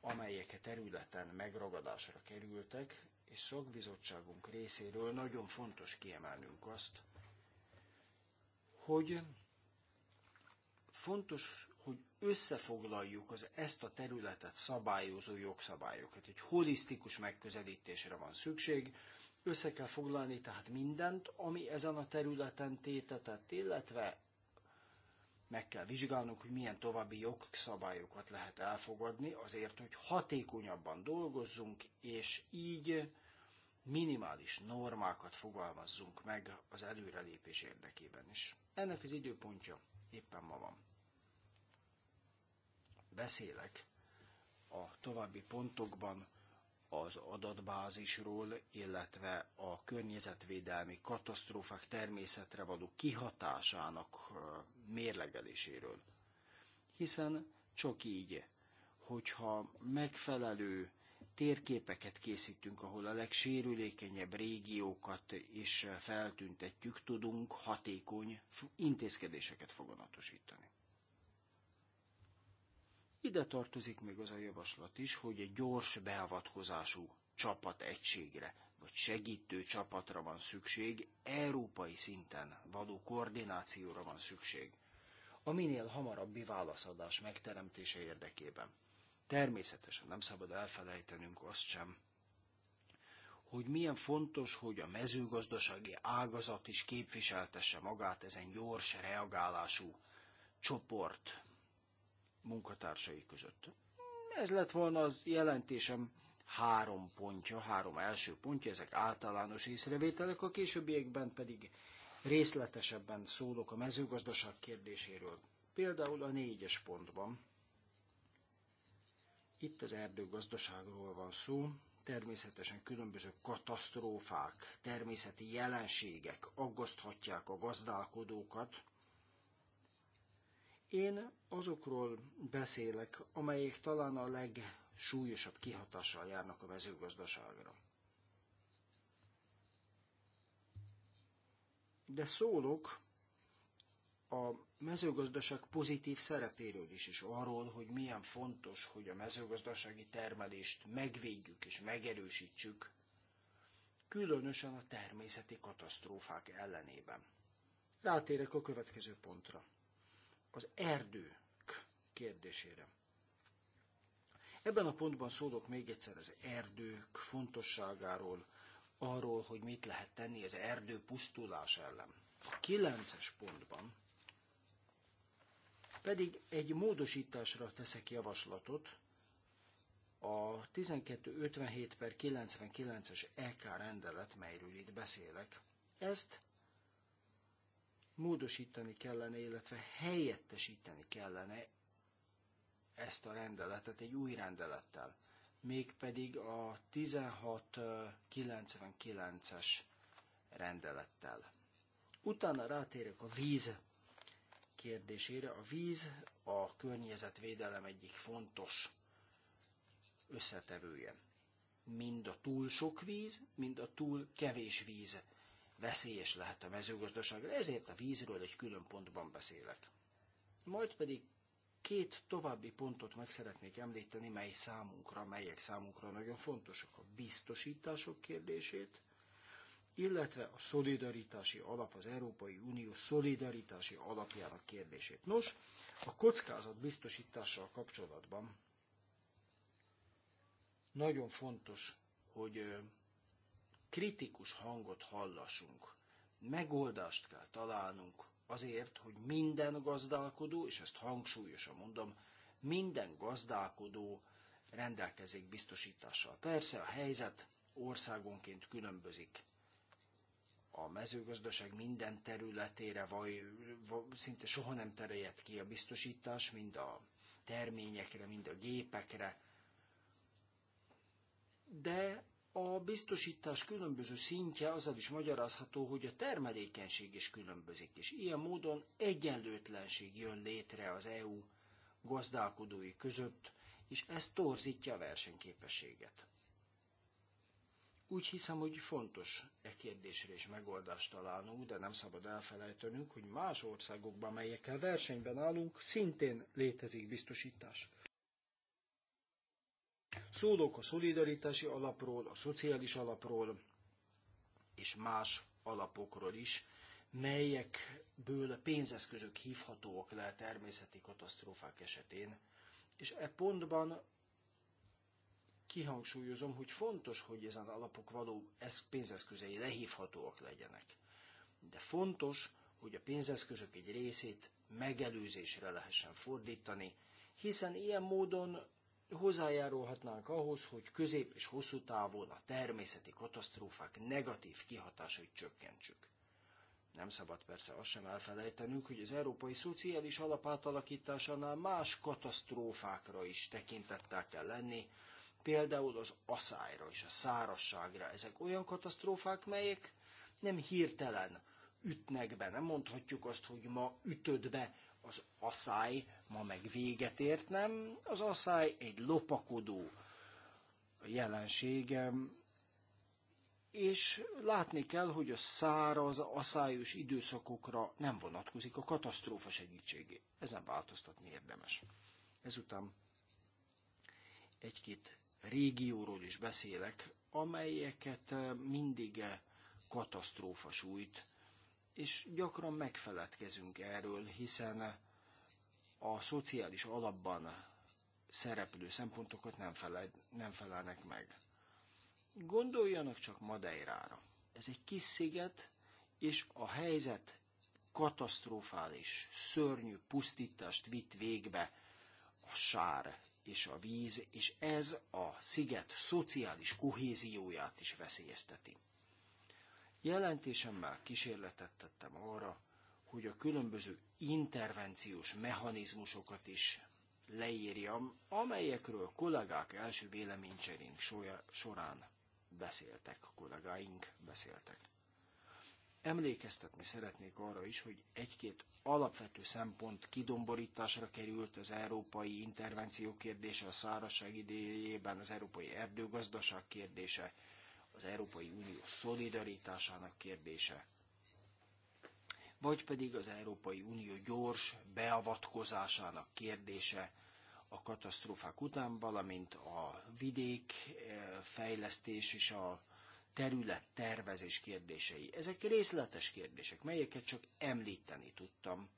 amelyek a területen megragadásra kerültek, és szakbizottságunk részéről nagyon fontos kiemelnünk azt, hogy fontos, hogy összefoglaljuk az ezt a területet szabályozó jogszabályokat. Egy holisztikus megközelítésre van szükség, össze kell foglalni tehát mindent, ami ezen a területen tétetett, illetve meg kell vizsgálnunk, hogy milyen további jogszabályokat lehet elfogadni azért, hogy hatékonyabban dolgozzunk, és így minimális normákat fogalmazzunk meg az előrelépés érdekében is. Ennek az időpontja éppen ma van. Beszélek a további pontokban az adatbázisról, illetve a környezetvédelmi katasztrófák természetre való kihatásának mérlegeléséről. Hiszen csak így, hogyha megfelelő térképeket készítünk, ahol a legsérülékenyebb régiókat is feltüntetjük, tudunk hatékony intézkedéseket foganatosítani. Ide tartozik még az a javaslat is, hogy egy gyors beavatkozású csapat egységre vagy segítő csapatra van szükség, európai szinten való koordinációra van szükség, a minél hamarabbi válaszadás megteremtése érdekében. Természetesen nem szabad elfelejtenünk azt sem, hogy milyen fontos, hogy a mezőgazdasági ágazat is képviseltesse magát ezen gyors reagálású csoport munkatársai között. Ez lett volna az jelentésem három pontja, három első pontja, ezek általános észrevételek, a későbbiekben pedig részletesebben szólok a mezőgazdaság kérdéséről. Például a négyes pontban. Itt az erdőgazdaságról van szó, természetesen különböző katasztrófák, természeti jelenségek aggaszthatják a gazdálkodókat, én azokról beszélek, amelyek talán a legsúlyosabb kihatással járnak a mezőgazdaságra. De szólok a mezőgazdaság pozitív szerepéről is, és arról, hogy milyen fontos, hogy a mezőgazdasági termelést megvédjük és megerősítsük, különösen a természeti katasztrófák ellenében. Rátérek a következő pontra az erdők kérdésére. Ebben a pontban szólok még egyszer az erdők fontosságáról, arról, hogy mit lehet tenni az erdő pusztulás ellen. A kilences pontban pedig egy módosításra teszek javaslatot, a 1257 per 99-es EK rendelet, melyről itt beszélek. Ezt módosítani kellene, illetve helyettesíteni kellene ezt a rendeletet egy új rendelettel, mégpedig a 1699-es rendelettel. Utána rátérek a víz kérdésére. A víz a környezetvédelem egyik fontos összetevője. Mind a túl sok víz, mind a túl kevés víz veszélyes lehet a mezőgazdaságra, ezért a vízről egy külön pontban beszélek. Majd pedig két további pontot meg szeretnék említeni, mely számunkra, melyek számunkra nagyon fontosak. A biztosítások kérdését, illetve a szolidaritási alap, az Európai Unió szolidaritási alapjának kérdését. Nos, a kockázat biztosítással kapcsolatban nagyon fontos, hogy kritikus hangot hallassunk. Megoldást kell találnunk azért, hogy minden gazdálkodó, és ezt hangsúlyosan mondom, minden gazdálkodó rendelkezik biztosítással. Persze a helyzet országonként különbözik. A mezőgazdaság minden területére vaj, szinte soha nem terjed ki a biztosítás, mind a terményekre, mind a gépekre. De a biztosítás különböző szintje azzal is magyarázható, hogy a termelékenység is különbözik, és ilyen módon egyenlőtlenség jön létre az EU gazdálkodói között, és ez torzítja a versenyképességet. Úgy hiszem, hogy fontos e kérdésre is megoldást találnunk, de nem szabad elfelejtenünk, hogy más országokban, melyekkel versenyben állunk, szintén létezik biztosítás. Szólok a szolidaritási alapról, a szociális alapról és más alapokról is, melyekből pénzeszközök hívhatóak le természeti katasztrófák esetén. És e pontban kihangsúlyozom, hogy fontos, hogy ezen alapok való pénzeszközei lehívhatóak legyenek. De fontos, hogy a pénzeszközök egy részét megelőzésre lehessen fordítani, hiszen ilyen módon hozzájárulhatnánk ahhoz, hogy közép és hosszú távon a természeti katasztrófák negatív kihatásait csökkentsük. Nem szabad persze azt sem elfelejtenünk, hogy az európai szociális alapátalakításánál más katasztrófákra is tekintettel kell lenni, például az aszályra és a szárasságra. Ezek olyan katasztrófák, melyek nem hirtelen ütnek be. Nem mondhatjuk azt, hogy ma ütöd be az aszály, ma meg véget ért, nem? Az asszály egy lopakodó jelensége, és látni kell, hogy a száraz, aszályos időszakokra nem vonatkozik a katasztrófa segítségé. Ezen változtatni érdemes. Ezután egy-két régióról is beszélek, amelyeket eh, mindig e katasztrófa sújt, és gyakran megfeledkezünk erről, hiszen eh, a szociális alapban szereplő szempontokat nem, fele, nem felelnek meg. Gondoljanak csak Madeirára. Ez egy kis sziget, és a helyzet katasztrofális, szörnyű pusztítást vitt végbe a sár és a víz, és ez a sziget szociális kohézióját is veszélyezteti. Jelentésemmel kísérletet tettem arra, hogy a különböző intervenciós mechanizmusokat is leírjam, amelyekről a kollégák első véleménycserénk során beszéltek, kollégáink beszéltek. Emlékeztetni szeretnék arra is, hogy egy-két alapvető szempont kidomborításra került az európai intervenció kérdése, a szárazság idejében az európai erdőgazdaság kérdése, az Európai Unió szolidaritásának kérdése, vagy pedig az Európai Unió gyors beavatkozásának kérdése a katasztrófák után, valamint a vidék eh, fejlesztés és a terület tervezés kérdései. Ezek részletes kérdések, melyeket csak említeni tudtam.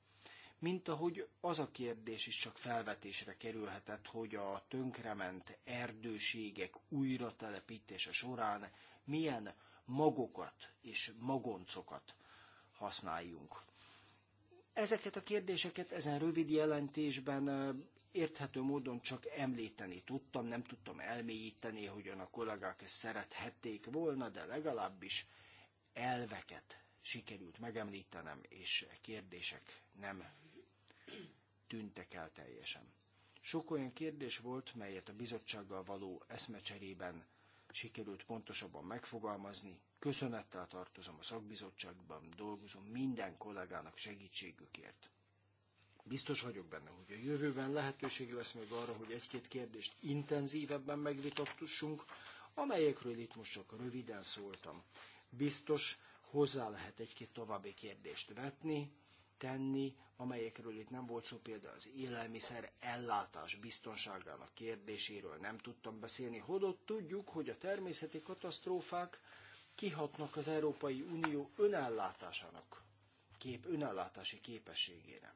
Mint ahogy az a kérdés is csak felvetésre kerülhetett, hogy a tönkrement erdőségek újratelepítése során milyen magokat és magoncokat használjunk. Ezeket a kérdéseket ezen rövid jelentésben érthető módon csak említeni tudtam, nem tudtam elmélyíteni, hogyan a kollégák ezt szerethették volna, de legalábbis elveket sikerült megemlítenem, és e kérdések nem tűntek el teljesen. Sok olyan kérdés volt, melyet a bizottsággal való eszmecserében sikerült pontosabban megfogalmazni, Köszönettel tartozom a szakbizottságban dolgozom minden kollégának segítségükért. Biztos vagyok benne, hogy a jövőben lehetőség lesz még arra, hogy egy-két kérdést intenzívebben megvitattussunk, amelyekről itt most csak röviden szóltam. Biztos hozzá lehet egy-két további kérdést vetni, tenni, amelyekről itt nem volt szó, például az élelmiszer ellátás biztonságának kérdéséről nem tudtam beszélni, holott tudjuk, hogy a természeti katasztrófák kihatnak az Európai Unió önellátásának, kép, önellátási képességére.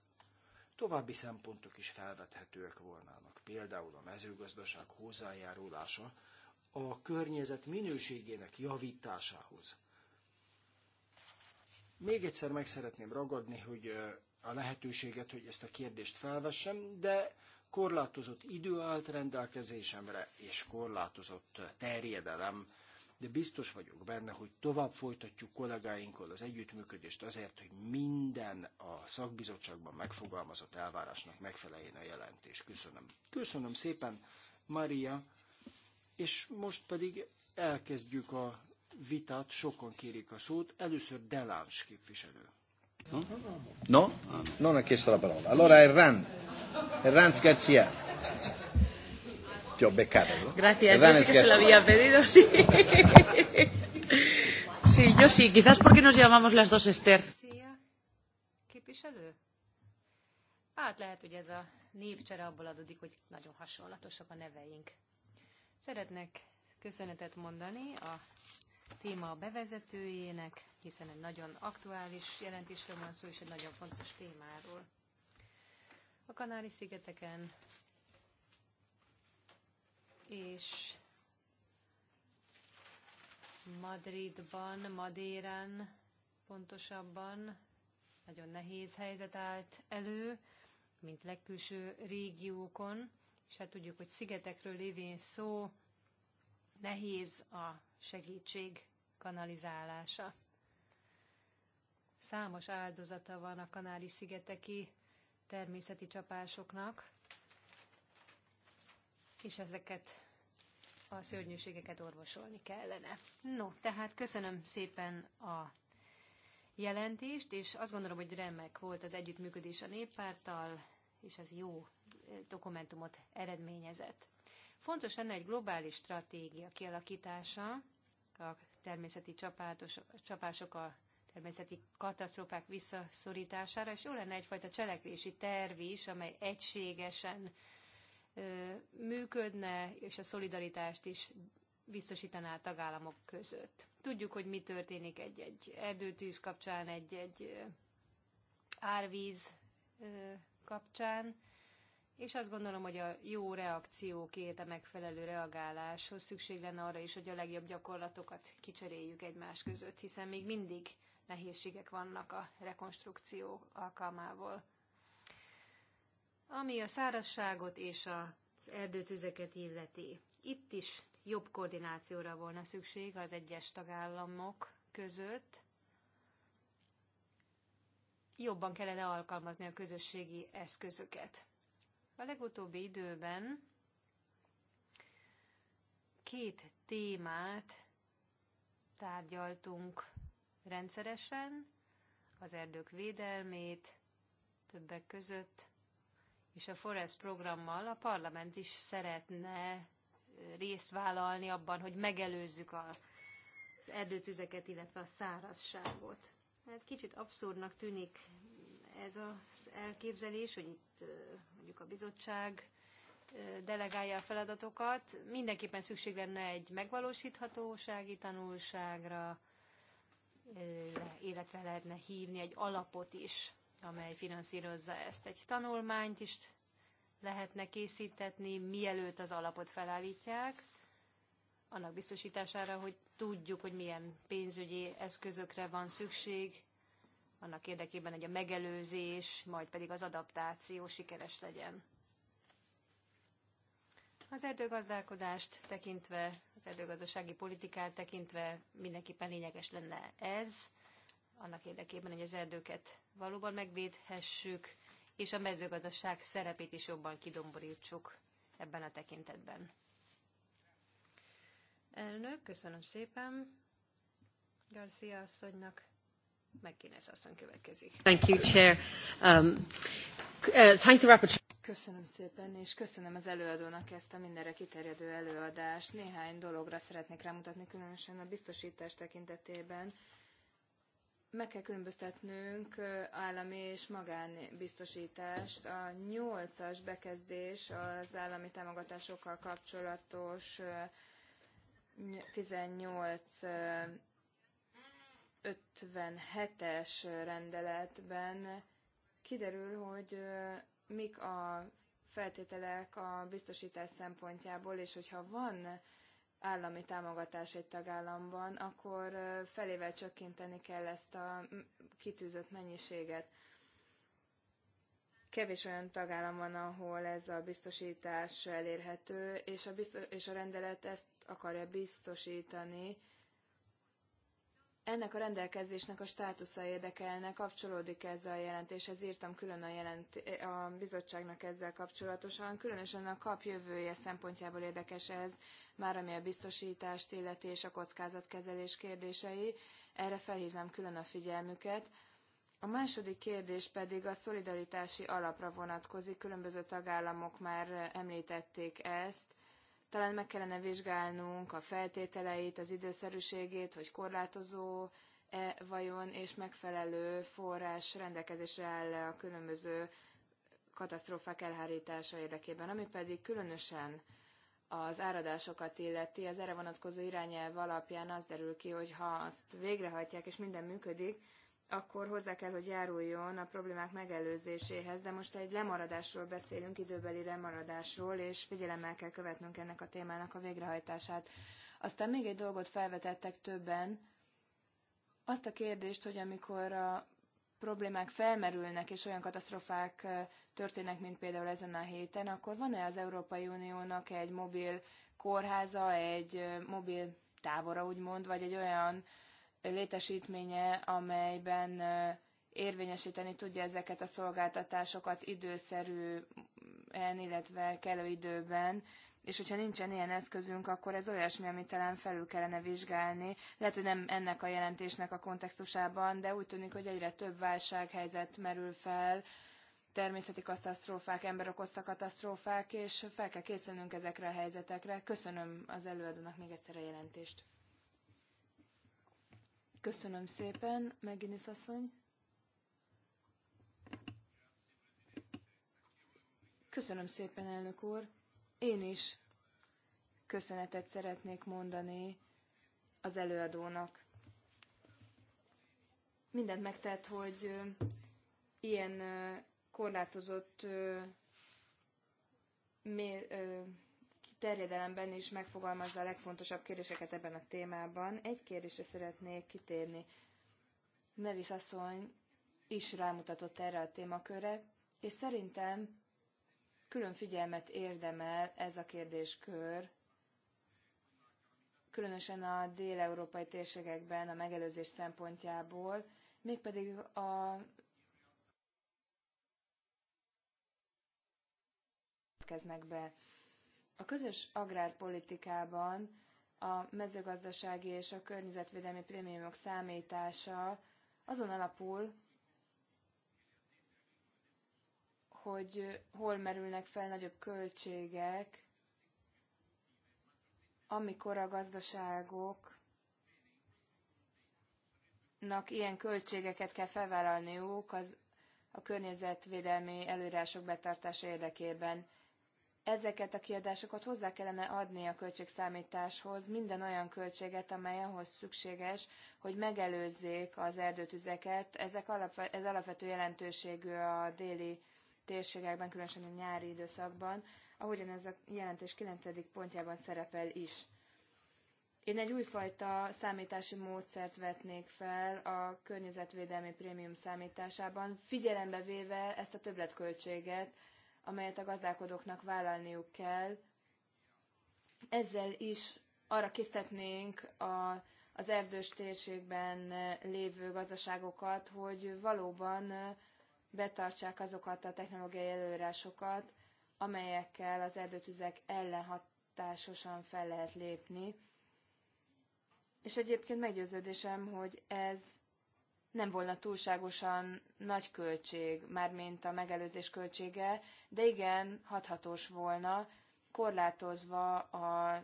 További szempontok is felvethetőek volnának, például a mezőgazdaság hozzájárulása a környezet minőségének javításához. Még egyszer meg szeretném ragadni, hogy a lehetőséget, hogy ezt a kérdést felvessem, de korlátozott idő állt rendelkezésemre, és korlátozott terjedelem de biztos vagyok benne, hogy tovább folytatjuk kollégáinkkal az együttműködést azért, hogy minden a szakbizottságban megfogalmazott elvárásnak megfeleljen a jelentés. Köszönöm. Köszönöm szépen, Maria, és most pedig elkezdjük a vitát, sokan kérik a szót. Először Deláns képviselő.
No?
No, non ha chiesto la parola. Allora Erran, Erran Scazzia. Yo becado, ¿no? Gracias, yo sí que, que se lo había pedido,
sí. sí, yo sí, quizás porque nos llamamos las dos Esther. Hát lehet, hogy ez a névcsere abból adódik, hogy nagyon hasonlatosak a neveink. Szeretnek köszönetet mondani a téma bevezetőjének, hiszen egy nagyon aktuális jelentésről van szó, és egy nagyon fontos témáról. A Kanári-szigeteken és Madridban, Madéren pontosabban nagyon nehéz helyzet állt elő, mint legkülső régiókon, és hát tudjuk, hogy szigetekről lévén szó, nehéz a segítség kanalizálása. Számos áldozata van a kanári szigeteki természeti csapásoknak, és ezeket a szörnyűségeket orvosolni kellene. No, tehát köszönöm szépen a jelentést, és azt gondolom, hogy remek volt az együttműködés a néppárttal, és ez jó dokumentumot eredményezett. Fontos lenne egy globális stratégia kialakítása a természeti csapátos, csapások a természeti katasztrófák visszaszorítására, és jó lenne egyfajta cselekvési terv is, amely egységesen működne, és a szolidaritást is biztosítaná a tagállamok között. Tudjuk, hogy mi történik egy-egy erdőtűz kapcsán, egy-egy árvíz kapcsán, és azt gondolom, hogy a jó két, a megfelelő reagáláshoz szükség lenne arra is, hogy a legjobb gyakorlatokat kicseréljük egymás között, hiszen még mindig nehézségek vannak a rekonstrukció alkalmával. Ami a szárazságot és az erdőtüzeket illeti, itt is jobb koordinációra volna szükség az egyes tagállamok között. Jobban kellene alkalmazni a közösségi eszközöket. A legutóbbi időben két témát tárgyaltunk rendszeresen, az erdők védelmét többek között, és a Forest programmal a parlament is szeretne részt vállalni abban, hogy megelőzzük a, az erdőtüzeket, illetve a szárazságot. Hát kicsit abszurdnak tűnik ez az elképzelés, hogy itt mondjuk a bizottság delegálja a feladatokat. Mindenképpen szükség lenne egy megvalósíthatósági tanulságra, életre lehetne hívni egy alapot is amely finanszírozza ezt. Egy tanulmányt is lehetne készítetni, mielőtt az alapot felállítják, annak biztosítására, hogy tudjuk, hogy milyen pénzügyi eszközökre van szükség, annak érdekében, hogy a megelőzés, majd pedig az adaptáció sikeres legyen. Az erdőgazdálkodást tekintve, az erdőgazdasági politikát tekintve mindenképpen lényeges lenne ez, annak érdekében, hogy az erdőket valóban megvédhessük, és a mezőgazdaság szerepét is jobban kidomborítsuk ebben a tekintetben. Elnök, köszönöm szépen Garcia asszonynak. McGuinness asszony következik. Thank you, Chair. Um, uh, thank the rapporteur. Köszönöm szépen,
és köszönöm az előadónak ezt a mindenre kiterjedő előadást. Néhány dologra szeretnék rámutatni, különösen a biztosítás tekintetében, meg kell különböztetnünk állami és magánbiztosítást. A nyolcas bekezdés az állami támogatásokkal kapcsolatos 1857-es rendeletben kiderül, hogy mik a feltételek a biztosítás szempontjából, és hogyha van állami támogatás egy tagállamban, akkor felével csökkenteni kell ezt a kitűzött mennyiséget. Kevés olyan tagállam van, ahol ez a biztosítás elérhető, és a, biztos, és a rendelet ezt akarja biztosítani, ennek a rendelkezésnek a státusza érdekelne, kapcsolódik ezzel a jelentéshez, írtam külön a, jelent, a bizottságnak ezzel kapcsolatosan, különösen a kap jövője szempontjából érdekes ez, már ami a biztosítást illeti és a kockázatkezelés kérdései, erre felhívnám külön a figyelmüket. A második kérdés pedig a szolidaritási alapra vonatkozik, különböző tagállamok már említették ezt, talán meg kellene vizsgálnunk a feltételeit, az időszerűségét, hogy korlátozó -e vajon, és megfelelő forrás rendelkezésre áll a különböző katasztrófák elhárítása érdekében, ami pedig különösen az áradásokat illeti, az erre vonatkozó irányelv alapján az derül ki, hogy ha azt végrehajtják és minden működik, akkor hozzá kell, hogy járuljon a problémák megelőzéséhez, de most egy lemaradásról beszélünk, időbeli lemaradásról, és figyelemmel kell követnünk ennek a témának a végrehajtását. Aztán még egy dolgot felvetettek többen, azt a kérdést, hogy amikor a problémák felmerülnek, és olyan katasztrofák történnek, mint például ezen a héten, akkor van-e az Európai Uniónak egy mobil kórháza, egy mobil tábora, úgymond, vagy egy olyan létesítménye, amelyben érvényesíteni tudja ezeket a szolgáltatásokat időszerűen, illetve kellő időben, és hogyha nincsen ilyen eszközünk, akkor ez olyasmi, amit talán felül kellene vizsgálni. Lehet, hogy nem ennek a jelentésnek a kontextusában, de úgy tűnik, hogy egyre több válsághelyzet merül fel, természeti katasztrófák, ember okozta katasztrófák, és fel kell készülnünk ezekre a helyzetekre. Köszönöm az előadónak még egyszer a jelentést. Köszönöm szépen, Meginis asszony. Köszönöm szépen, elnök úr. Én is köszönetet szeretnék mondani az előadónak. Mindent megtett, hogy ilyen korlátozott terjedelemben is megfogalmazza a legfontosabb kérdéseket ebben a témában. Egy kérdésre szeretnék kitérni. Nevis asszony is rámutatott erre a témakörre, és szerintem külön figyelmet érdemel ez a kérdéskör, különösen a dél-európai térségekben a megelőzés szempontjából, mégpedig a keznek be. A közös agrárpolitikában a mezőgazdasági és a környezetvédelmi prémiumok számítása azon alapul, hogy hol merülnek fel nagyobb költségek, amikor a gazdaságoknak ilyen költségeket kell felvállalniuk az a környezetvédelmi előírások betartása érdekében ezeket a kiadásokat hozzá kellene adni a költségszámításhoz, minden olyan költséget, amely ahhoz szükséges, hogy megelőzzék az erdőtüzeket. Ezek alap ez alapvető jelentőségű a déli térségekben, különösen a nyári időszakban, ahogyan ez a jelentés 9. pontjában szerepel is. Én egy újfajta számítási módszert vetnék fel a környezetvédelmi prémium számításában, figyelembe véve ezt a többletköltséget, amelyet a gazdálkodóknak vállalniuk kell. Ezzel is arra készítetnénk a, az erdős térségben lévő gazdaságokat, hogy valóban betartsák azokat a technológiai előírásokat, amelyekkel az erdőtüzek ellen hatásosan fel lehet lépni. És egyébként meggyőződésem, hogy ez nem volna túlságosan nagy költség, mármint a megelőzés költsége, de igen, hathatós volna, korlátozva a,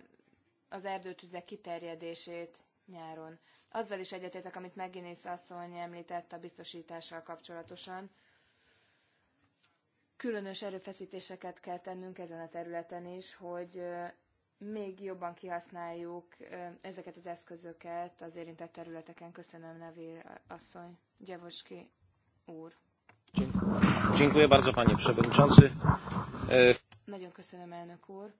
az erdőtüzek kiterjedését nyáron. Azzal is egyetértek, amit Meginész asszony említett a biztosítással kapcsolatosan. Különös erőfeszítéseket kell tennünk ezen a területen is, hogy még jobban kihasználjuk ezeket az eszközöket az érintett területeken. Köszönöm, Nevér asszony, Gyevoski úr.
Dziękuję bardzo, panie przewodniczący. E,
Nagyon köszönöm, elnök úr.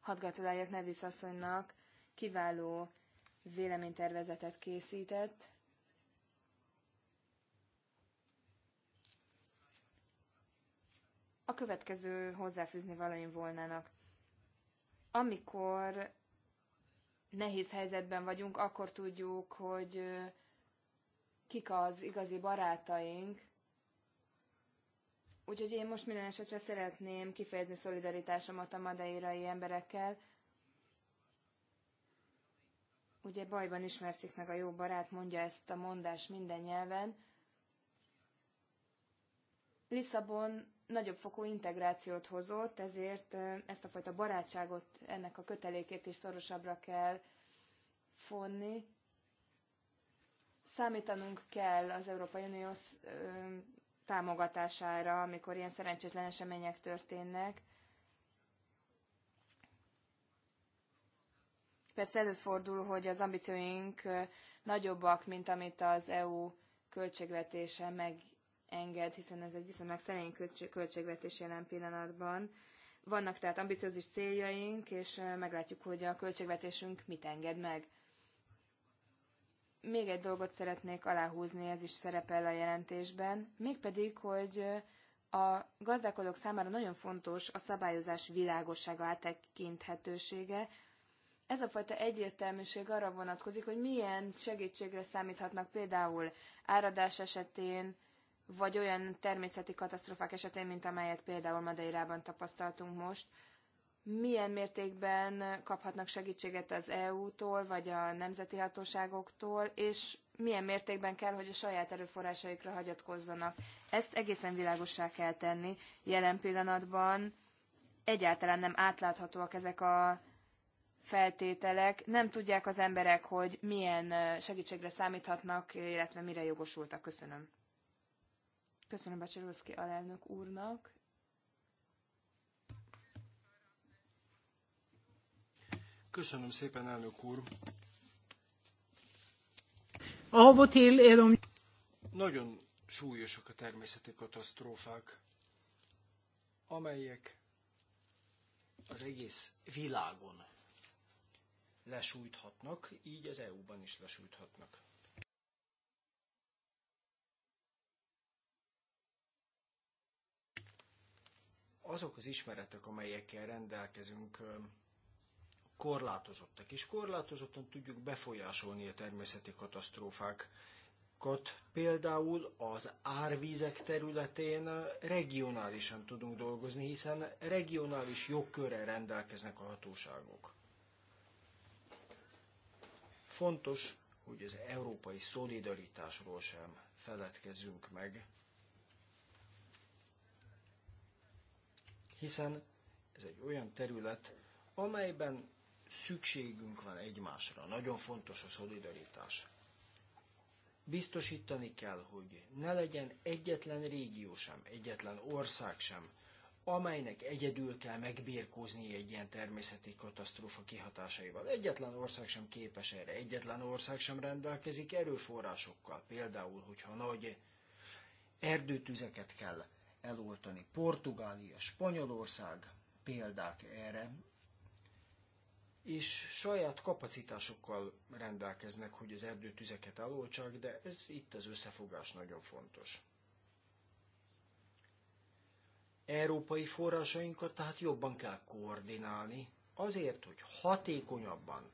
Hadd gratuláljak Nevis asszonynak, kiváló véleménytervezetet készített, A következő hozzáfűzni valaim volnának. Amikor nehéz helyzetben vagyunk, akkor tudjuk, hogy kik az igazi barátaink. Úgyhogy én most minden esetre szeretném kifejezni szolidaritásomat a madeirai emberekkel. Ugye bajban ismerszik meg a jó barát, mondja ezt a mondás minden nyelven. Lisszabon nagyobb fokú integrációt hozott, ezért ezt a fajta barátságot, ennek a kötelékét is szorosabbra kell fonni. Számítanunk kell az Európai Unió támogatására, amikor ilyen szerencsétlen események történnek. Persze előfordul, hogy az ambícióink nagyobbak, mint amit az EU költségvetése meg enged, hiszen ez egy viszonylag szerény költségvetés jelen pillanatban. Vannak tehát ambiciózus céljaink, és meglátjuk, hogy a költségvetésünk mit enged meg. Még egy dolgot szeretnék aláhúzni, ez is szerepel a jelentésben, mégpedig, hogy a gazdálkodók számára nagyon fontos a szabályozás világossága áttekinthetősége. Ez a fajta egyértelműség arra vonatkozik, hogy milyen segítségre számíthatnak például áradás esetén, vagy olyan természeti katasztrofák esetén, mint amelyet például Madeirában tapasztaltunk most, milyen mértékben kaphatnak segítséget az EU-tól, vagy a nemzeti hatóságoktól, és milyen mértékben kell, hogy a saját erőforrásaikra hagyatkozzanak. Ezt egészen világossá kell tenni. Jelen pillanatban egyáltalán nem átláthatóak ezek a feltételek, nem tudják az emberek, hogy milyen segítségre számíthatnak, illetve mire jogosultak. Köszönöm. Köszönöm Becserulszki alelnök úrnak.
Köszönöm szépen, elnök úr.
A och till
Nagyon súlyosak a természeti katasztrófák, amelyek az egész világon lesújthatnak, így az EU-ban is lesújthatnak. azok az ismeretek, amelyekkel rendelkezünk, korlátozottak, és korlátozottan tudjuk befolyásolni a természeti katasztrófákat. Például az árvízek területén regionálisan tudunk dolgozni, hiszen regionális jogkörrel rendelkeznek a hatóságok. Fontos, hogy az európai szolidaritásról sem feledkezzünk meg, hiszen ez egy olyan terület, amelyben szükségünk van egymásra. Nagyon fontos a szolidaritás. Biztosítani kell, hogy ne legyen egyetlen régió sem, egyetlen ország sem, amelynek egyedül kell megbírkózni egy ilyen természeti katasztrófa kihatásaival. Egyetlen ország sem képes erre, egyetlen ország sem rendelkezik erőforrásokkal, például, hogyha nagy erdőtüzeket kell eloltani. Portugália, Spanyolország példák erre, és saját kapacitásokkal rendelkeznek, hogy az erdőtüzeket eloltsák, de ez itt az összefogás nagyon fontos. Európai forrásainkat tehát jobban kell koordinálni, azért, hogy hatékonyabban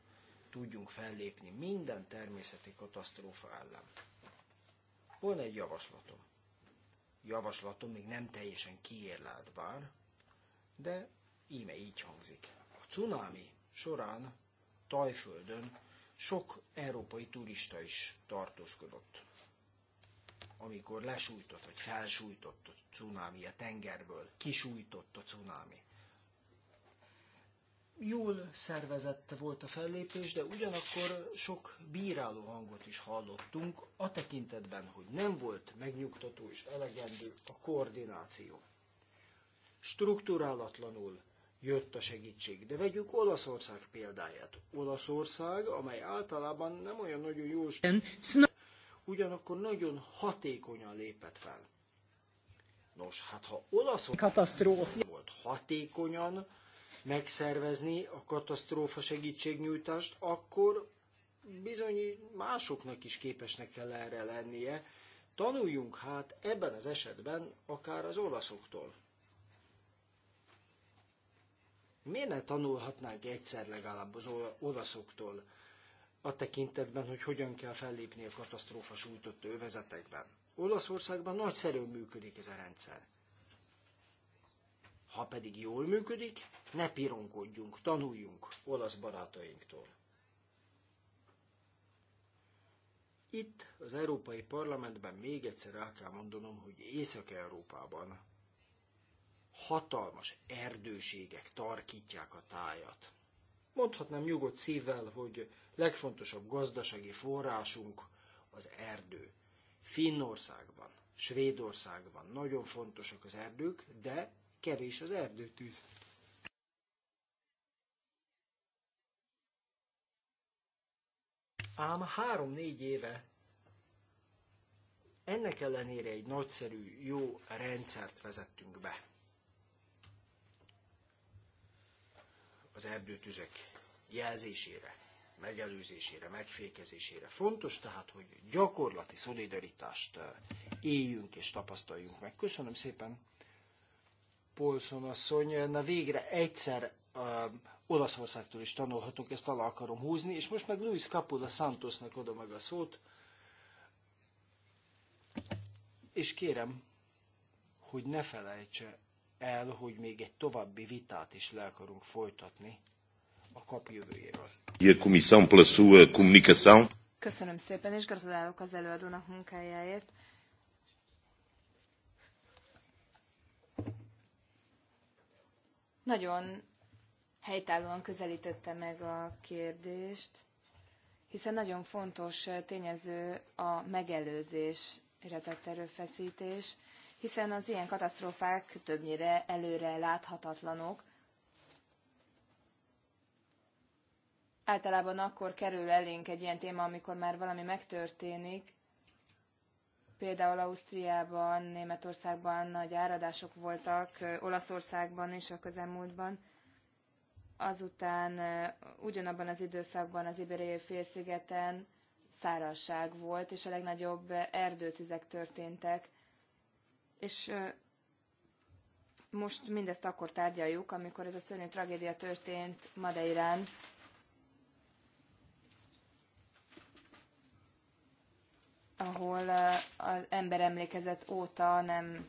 tudjunk fellépni minden természeti katasztrófa ellen. Van egy javaslatom javaslatom még nem teljesen kiérlelt bár, de íme így hangzik. A cunami során Tajföldön sok európai turista is tartózkodott, amikor lesújtott vagy felsújtott a cunámi a tengerből, kisújtott a cunámi jól szervezett volt a fellépés, de ugyanakkor sok bíráló hangot is hallottunk a tekintetben, hogy nem volt megnyugtató és elegendő a koordináció. Strukturálatlanul jött a segítség, de vegyük Olaszország példáját. Olaszország, amely általában nem olyan nagyon jó, ugyanakkor nagyon hatékonyan lépett fel. Nos, hát ha Olaszország volt hatékonyan, megszervezni a katasztrófa segítségnyújtást, akkor bizony másoknak is képesnek kell erre lennie. Tanuljunk hát ebben az esetben akár az olaszoktól. Miért ne tanulhatnánk egyszer legalább az olaszoktól a tekintetben, hogy hogyan kell fellépni a katasztrófa sújtott övezetekben? Olaszországban nagyszerűen működik ez a rendszer. Ha pedig jól működik, ne pironkodjunk, tanuljunk olasz barátainktól. Itt, az Európai Parlamentben még egyszer el kell mondanom, hogy Észak-Európában hatalmas erdőségek tarkítják a tájat. Mondhatnám nyugodt szívvel, hogy legfontosabb gazdasági forrásunk az erdő. Finnországban, Svédországban nagyon fontosak az erdők, de kevés az erdőtűz. Ám három-négy éve ennek ellenére egy nagyszerű, jó rendszert vezettünk be. Az erdőtüzek jelzésére, megelőzésére, megfékezésére. Fontos tehát, hogy gyakorlati szolidaritást eh, éljünk és tapasztaljunk meg. Köszönöm szépen! Polson asszony, na végre egyszer uh, Olaszországtól is tanulhatunk, ezt alá akarom húzni, és most meg Luis Capula Santosnak adom meg a szót, és kérem, hogy ne felejtse el, hogy még egy további vitát is le akarunk folytatni a kap jövőjéről.
E
Köszönöm szépen, és gratulálok az előadónak munkájáért. Nagyon helytállóan közelítette meg a kérdést, hiszen nagyon fontos tényező a megelőzésre tett erőfeszítés, hiszen az ilyen katasztrófák többnyire előre láthatatlanok. Általában akkor kerül elénk egy ilyen téma, amikor már valami megtörténik, Például Ausztriában, Németországban nagy áradások voltak, Olaszországban is a közelmúltban. Azután ugyanabban az időszakban az Iberiai félszigeten szárazság volt, és a legnagyobb erdőtüzek történtek. És most mindezt akkor tárgyaljuk, amikor ez a szörnyű tragédia történt Madeirán, ahol eh, az ember emlékezet óta nem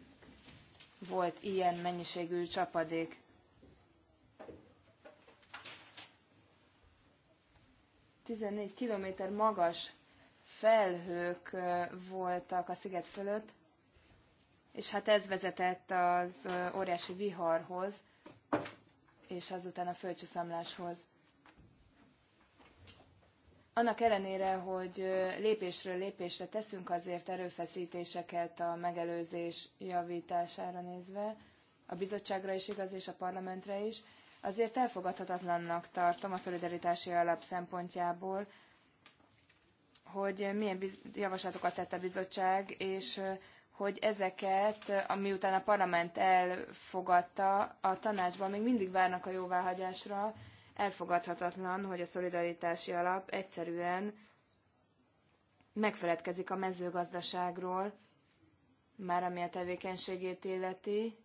volt ilyen mennyiségű csapadék. Tizennégy kilométer magas felhők eh, voltak a sziget fölött, és hát ez vezetett az eh, óriási viharhoz, és azután a földcsúszamláshoz. Annak ellenére, hogy lépésről lépésre teszünk azért erőfeszítéseket a megelőzés javítására nézve, a bizottságra is igaz, és a parlamentre is, azért elfogadhatatlannak tartom a szolidaritási alap szempontjából, hogy milyen javaslatokat tett a bizottság, és hogy ezeket, miután a parlament elfogadta, a tanácsban még mindig várnak a jóváhagyásra, Elfogadhatatlan, hogy a szolidaritási alap egyszerűen megfeledkezik a mezőgazdaságról, már ami a tevékenységét illeti,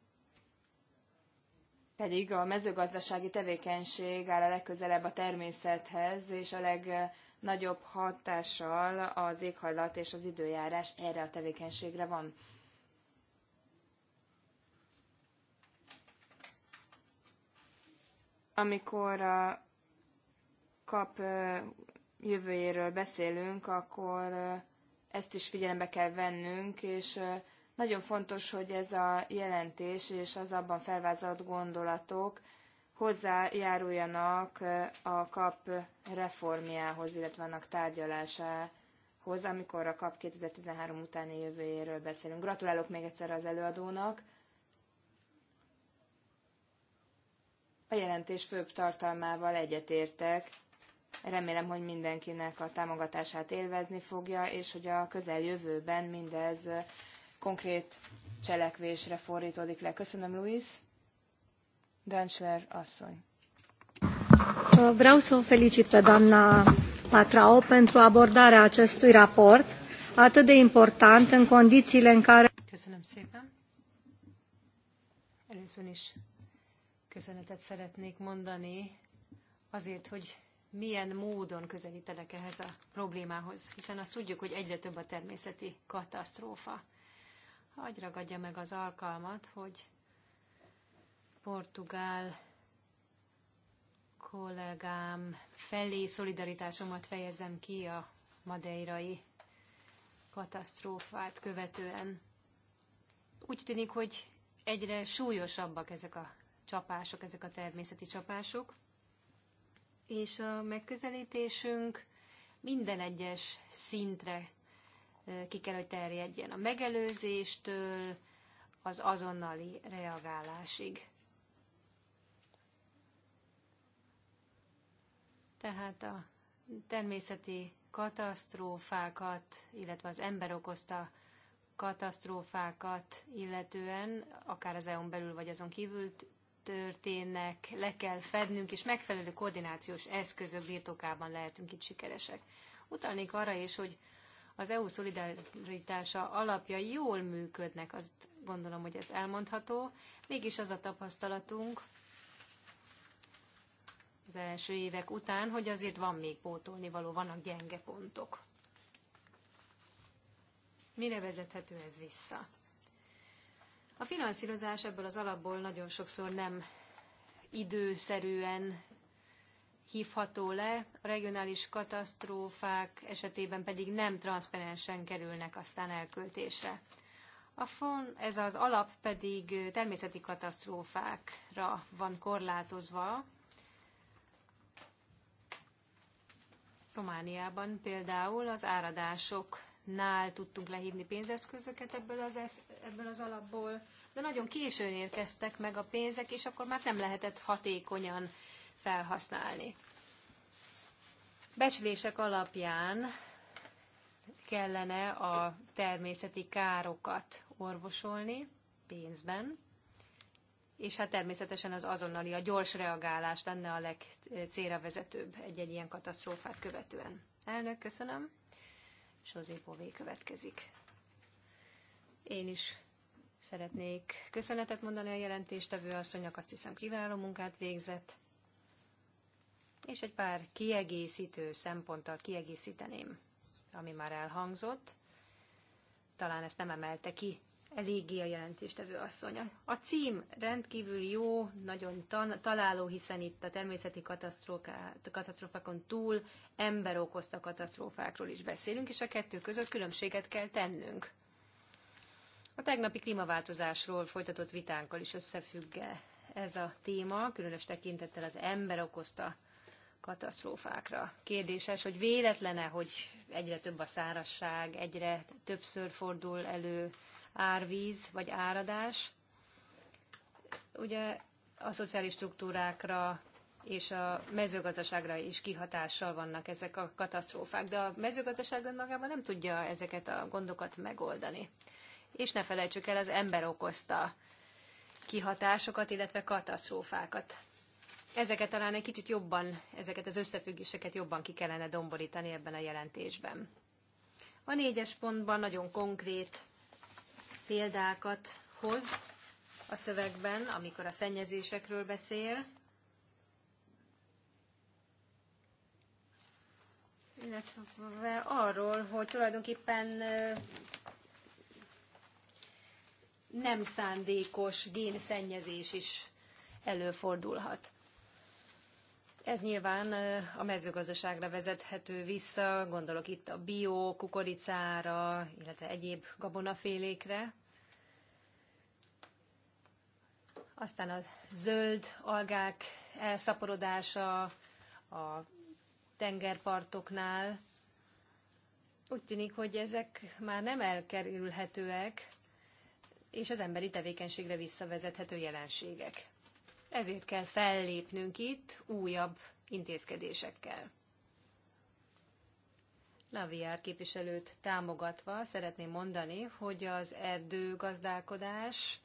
pedig a mezőgazdasági tevékenység áll a legközelebb a természethez, és a legnagyobb hatással az éghajlat és az időjárás erre a tevékenységre van. Amikor a kap jövőjéről beszélünk, akkor ezt is figyelembe kell vennünk, és nagyon fontos, hogy ez a jelentés és az abban felvázolt gondolatok hozzájáruljanak a kap reformjához, illetve annak tárgyalásához, amikor a kap 2013 utáni jövőjéről beszélünk. Gratulálok még egyszer az előadónak, A jelentés főbb tartalmával egyetértek. Remélem, hogy mindenkinek a támogatását élvezni fogja, és hogy a közeljövőben mindez konkrét cselekvésre fordítódik le. Köszönöm, Luis. Dancsler asszony.
Vreau să o felicit pe doamna Patrao pentru abordarea acestui raport atât de important în condițiile în care... Köszönöm szépen. Először is köszönetet szeretnék mondani azért, hogy milyen módon közelítenek ehhez a problémához, hiszen azt tudjuk, hogy egyre több a természeti katasztrófa. Hagy ragadja meg az alkalmat, hogy portugál kollégám felé szolidaritásomat fejezem ki a madeirai katasztrófát követően. Úgy tűnik, hogy egyre súlyosabbak ezek a csapások, ezek a természeti csapások. És a megközelítésünk minden egyes szintre ki kell, hogy terjedjen. A megelőzéstől az azonnali reagálásig. Tehát a természeti katasztrófákat, illetve az ember okozta katasztrófákat illetően, akár az EU-n belül vagy azon kívül történnek, le kell fednünk, és megfelelő koordinációs eszközök birtokában lehetünk itt sikeresek. Utalnék arra is, hogy az EU szolidaritása alapja jól működnek, azt gondolom, hogy ez elmondható. Mégis az a tapasztalatunk az első évek után, hogy azért van még pótolni való, vannak gyenge pontok. Mire vezethető ez vissza? A finanszírozás ebből az alapból nagyon sokszor nem időszerűen hívható le, a regionális katasztrófák esetében pedig nem transzparensen kerülnek aztán elköltésre. A fon, ez az alap pedig természeti katasztrófákra van korlátozva. Romániában például az áradások nál tudtunk lehívni pénzeszközöket ebből az, esz, ebből az alapból, de nagyon későn érkeztek meg a pénzek, és akkor már nem lehetett hatékonyan felhasználni. Becslések alapján kellene a természeti károkat orvosolni pénzben, és hát természetesen az azonnali, a gyors reagálás lenne a legcélra vezetőbb egy-egy ilyen katasztrófát követően. Elnök, köszönöm. José Pové következik. Én is szeretnék köszönetet mondani a jelentéstevő asszonynak, azt hiszem kiváló munkát végzett, és egy pár kiegészítő szemponttal kiegészíteném, ami már elhangzott. Talán ezt nem emelte ki eléggé a jelentéstevő asszony. A cím rendkívül jó, nagyon tan- találó, hiszen itt a természeti katasztrófákon túl ember okozta katasztrófákról is beszélünk, és a kettő között különbséget kell tennünk. A tegnapi klímaváltozásról folytatott vitánkkal is összefügg e, ez a téma, különös tekintettel az ember okozta katasztrófákra. Kérdéses, hogy véletlene, hogy egyre több a szárasság, egyre többször fordul elő árvíz vagy áradás, ugye a szociális struktúrákra és a mezőgazdaságra is kihatással vannak ezek a katasztrófák, de a mezőgazdaság önmagában nem tudja ezeket a gondokat megoldani. És ne felejtsük el, az ember okozta kihatásokat, illetve katasztrófákat. Ezeket talán egy kicsit jobban, ezeket az összefüggéseket jobban ki kellene domborítani ebben a jelentésben. A négyes pontban nagyon konkrét példákat hoz a szövegben, amikor a szennyezésekről beszél, illetve arról, hogy tulajdonképpen nem szándékos génszennyezés is előfordulhat. Ez nyilván a mezőgazdaságra vezethető vissza, gondolok itt a bio, kukoricára, illetve egyéb gabonafélékre. Aztán a zöld algák elszaporodása a tengerpartoknál. Úgy tűnik, hogy ezek már nem elkerülhetőek, és az emberi tevékenységre visszavezethető jelenségek. Ezért kell fellépnünk itt újabb intézkedésekkel. Naviár képviselőt támogatva szeretném mondani, hogy az erdőgazdálkodás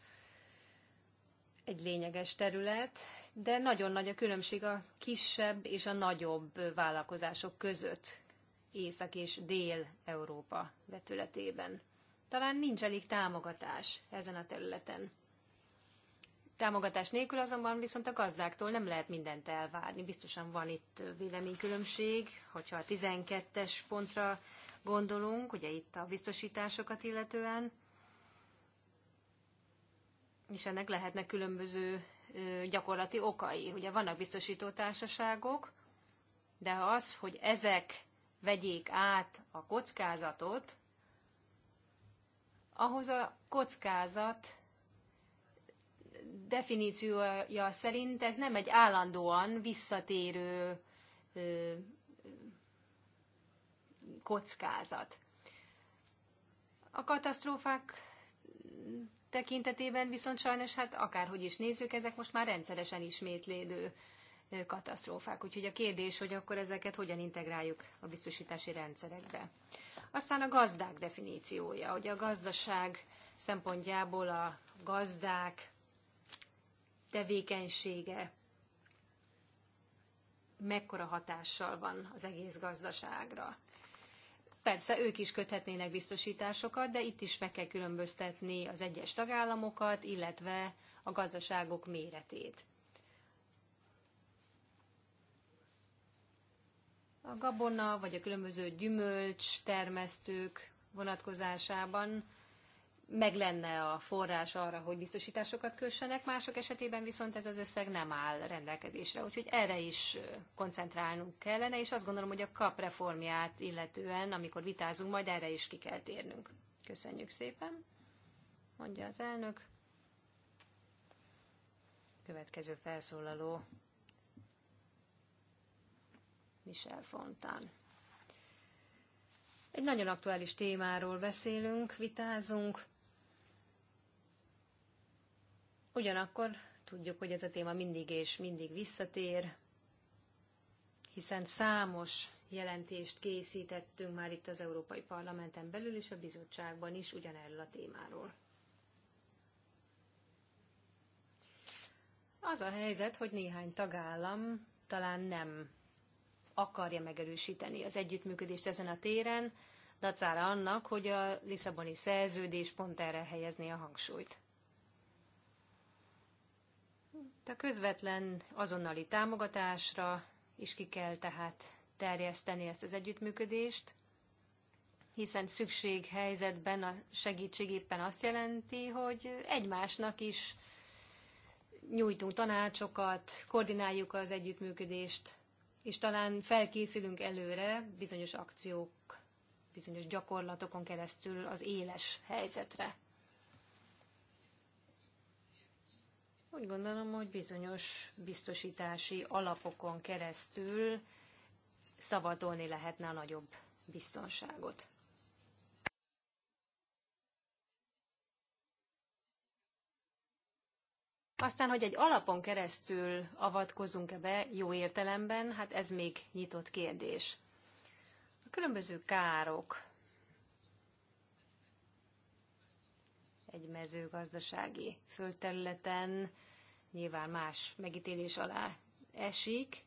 egy lényeges terület, de nagyon nagy a különbség a kisebb és a nagyobb vállalkozások között, Észak- és Dél-Európa vetületében. Talán nincs elég támogatás ezen a területen. Támogatás nélkül azonban viszont a gazdáktól nem lehet mindent elvárni. Biztosan van itt véleménykülönbség, hogyha a 12-es pontra gondolunk, ugye itt a biztosításokat illetően, és ennek lehetnek különböző gyakorlati okai. Ugye vannak biztosító társaságok, de az, hogy ezek vegyék át a kockázatot, ahhoz a kockázat definíciója szerint ez nem egy állandóan visszatérő kockázat. A katasztrófák tekintetében viszont sajnos, hát akárhogy is nézzük, ezek most már rendszeresen ismétlődő katasztrófák. Úgyhogy a kérdés, hogy akkor ezeket hogyan integráljuk a biztosítási rendszerekbe. Aztán a gazdák definíciója, hogy a gazdaság szempontjából a gazdák tevékenysége mekkora hatással van az egész gazdaságra. Persze ők is köthetnének biztosításokat, de itt is meg kell különböztetni az egyes tagállamokat, illetve a gazdaságok méretét. A gabona vagy a különböző gyümölcs termesztők vonatkozásában meg lenne a forrás arra, hogy biztosításokat kössenek, mások esetében viszont ez az összeg nem áll rendelkezésre. Úgyhogy erre is koncentrálnunk kellene, és azt gondolom, hogy a kap reformját illetően, amikor vitázunk, majd erre is ki kell térnünk. Köszönjük szépen, mondja az elnök. Következő felszólaló Michel Fontán. Egy nagyon aktuális témáról beszélünk, vitázunk, Ugyanakkor tudjuk, hogy ez a téma mindig és mindig visszatér, hiszen számos jelentést készítettünk már itt az Európai Parlamenten belül és a bizottságban is ugyanerről a témáról. Az a helyzet, hogy néhány tagállam talán nem akarja megerősíteni az együttműködést ezen a téren, dacára annak, hogy a Lisszaboni szerződés pont erre helyezné a hangsúlyt. A közvetlen azonnali támogatásra is ki kell tehát terjeszteni ezt az együttműködést, hiszen szükséghelyzetben a segítség éppen azt jelenti, hogy egymásnak is nyújtunk tanácsokat, koordináljuk az együttműködést, és talán felkészülünk előre bizonyos akciók, bizonyos gyakorlatokon keresztül az éles helyzetre. Úgy gondolom, hogy bizonyos biztosítási alapokon keresztül szavatolni lehetne a nagyobb biztonságot. Aztán, hogy egy alapon keresztül avatkozunk-e be jó értelemben, hát ez még nyitott kérdés. A különböző károk, egy mezőgazdasági földterületen nyilván más megítélés alá esik,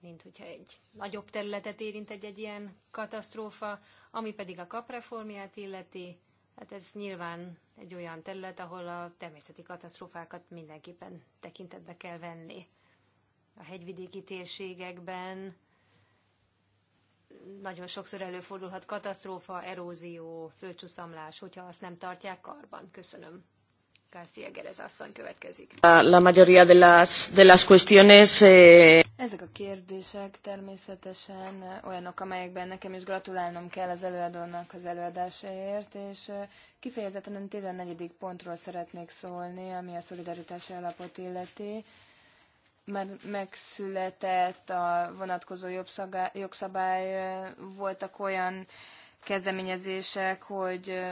mint hogyha egy nagyobb területet érint egy, egy ilyen katasztrófa, ami pedig a kapreformiát illeti, hát ez nyilván egy olyan terület, ahol a természeti katasztrófákat mindenképpen tekintetbe kell venni. A hegyvidéki térségekben nagyon sokszor előfordulhat katasztrófa, erózió, földcsúszamlás, hogyha azt nem tartják karban. Köszönöm. García Gerez asszony következik.
La, la mayoría de las, de las cuestiones... Eh...
Ezek a kérdések természetesen
olyanok, amelyekben nekem is gratulálnom kell az előadónak az előadásáért, és eh, kifejezetten a 14. pontról szeretnék szólni, ami a szolidaritási alapot illeti már megszületett a vonatkozó jogszabály, voltak olyan kezdeményezések, hogy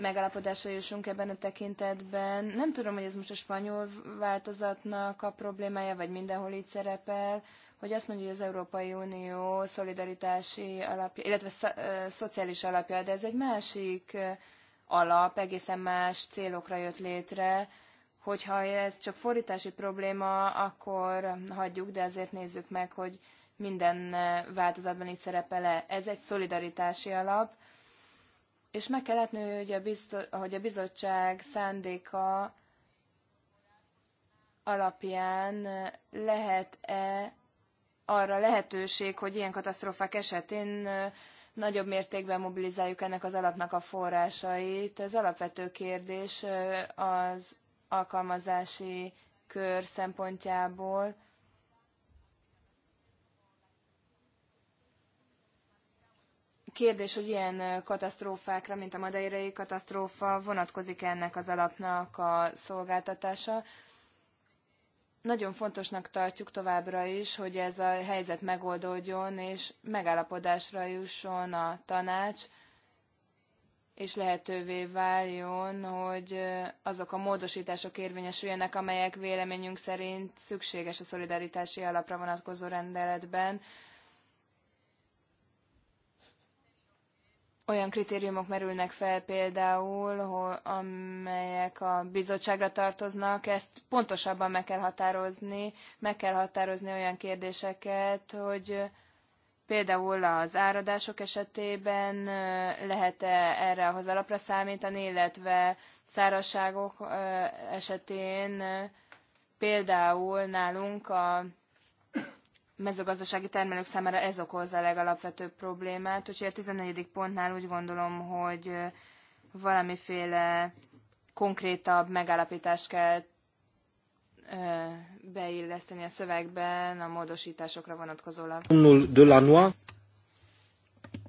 megállapodásra jussunk ebben a tekintetben. Nem tudom, hogy ez most a spanyol változatnak a problémája, vagy mindenhol így szerepel, hogy azt mondja, hogy az Európai Unió szolidaritási alapja, illetve szociális alapja, de ez egy másik alap, egészen más célokra jött létre, hogyha ez csak fordítási probléma, akkor hagyjuk, de azért nézzük meg, hogy minden változatban itt szerepele. Ez egy szolidaritási alap, és meg kell látni, hogy a, biztos, hogy a bizottság szándéka alapján lehet-e arra lehetőség, hogy ilyen katasztrófák esetén nagyobb mértékben mobilizáljuk ennek az alapnak a forrásait. Ez alapvető kérdés az alkalmazási kör szempontjából, kérdés, hogy ilyen katasztrófákra, mint a madeirai katasztrófa, vonatkozik -e ennek az alapnak a szolgáltatása. Nagyon fontosnak tartjuk továbbra is, hogy ez a helyzet megoldódjon, és megállapodásra jusson a tanács, és lehetővé váljon, hogy azok a módosítások érvényesüljenek, amelyek véleményünk szerint szükséges a szolidaritási alapra vonatkozó rendeletben, olyan kritériumok merülnek fel például, amelyek a bizottságra tartoznak, ezt pontosabban meg kell határozni, meg kell határozni olyan kérdéseket, hogy Például az áradások esetében lehet-e erre az alapra számítani, illetve szárazságok esetén például nálunk a mezőgazdasági termelők számára ez okozza a legalapvetőbb problémát, úgyhogy a 14. pontnál úgy gondolom, hogy valamiféle konkrétabb megállapítást kell beilleszteni a szövegben a módosításokra vonatkozólag.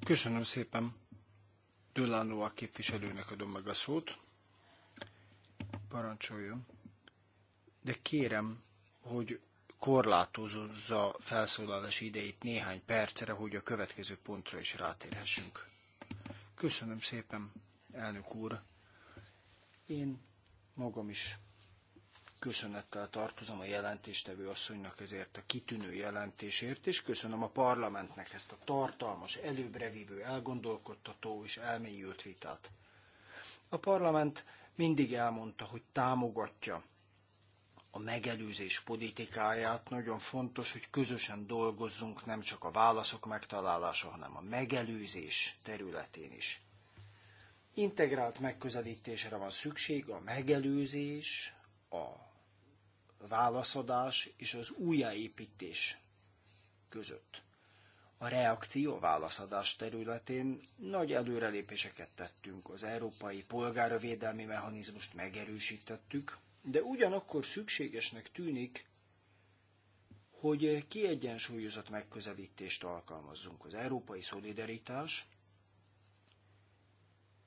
Köszönöm szépen. Delanoa képviselőnek adom meg a szót. Parancsoljon. De kérem, hogy korlátozza felszólalási idejét néhány percre, hogy a következő pontra is rátérhessünk. Köszönöm szépen, elnök úr. Én magam is köszönettel tartozom a jelentéstevő asszonynak ezért a kitűnő jelentésért, és köszönöm a parlamentnek ezt a tartalmas, előbbre vívő, elgondolkodtató és elmélyült vitát. A parlament mindig elmondta, hogy támogatja a megelőzés politikáját. Nagyon fontos, hogy közösen dolgozzunk nem csak a válaszok megtalálása, hanem a megelőzés területén is. Integrált megközelítésre van szükség, a megelőzés, a válaszadás és az újjáépítés között. A reakció válaszadás területén nagy előrelépéseket tettünk, az európai polgáravédelmi mechanizmust megerősítettük, de ugyanakkor szükségesnek tűnik, hogy kiegyensúlyozott megközelítést alkalmazzunk. Az európai szolidaritás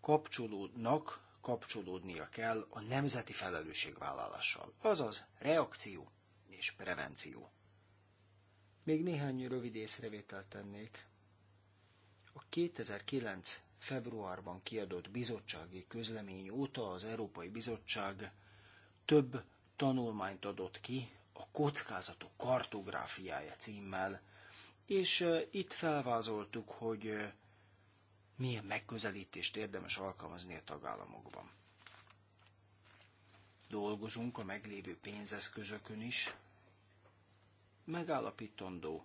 kapcsolódnak kapcsolódnia kell a nemzeti felelősségvállalással, azaz reakció és prevenció. Még néhány rövid észrevételt tennék. A 2009. februárban kiadott bizottsági közlemény óta az Európai Bizottság több tanulmányt adott ki a kockázatok kartográfiája címmel, és eh, itt felvázoltuk, hogy eh, milyen megközelítést érdemes alkalmazni a tagállamokban. Dolgozunk a meglévő pénzeszközökön is. Megállapítandó,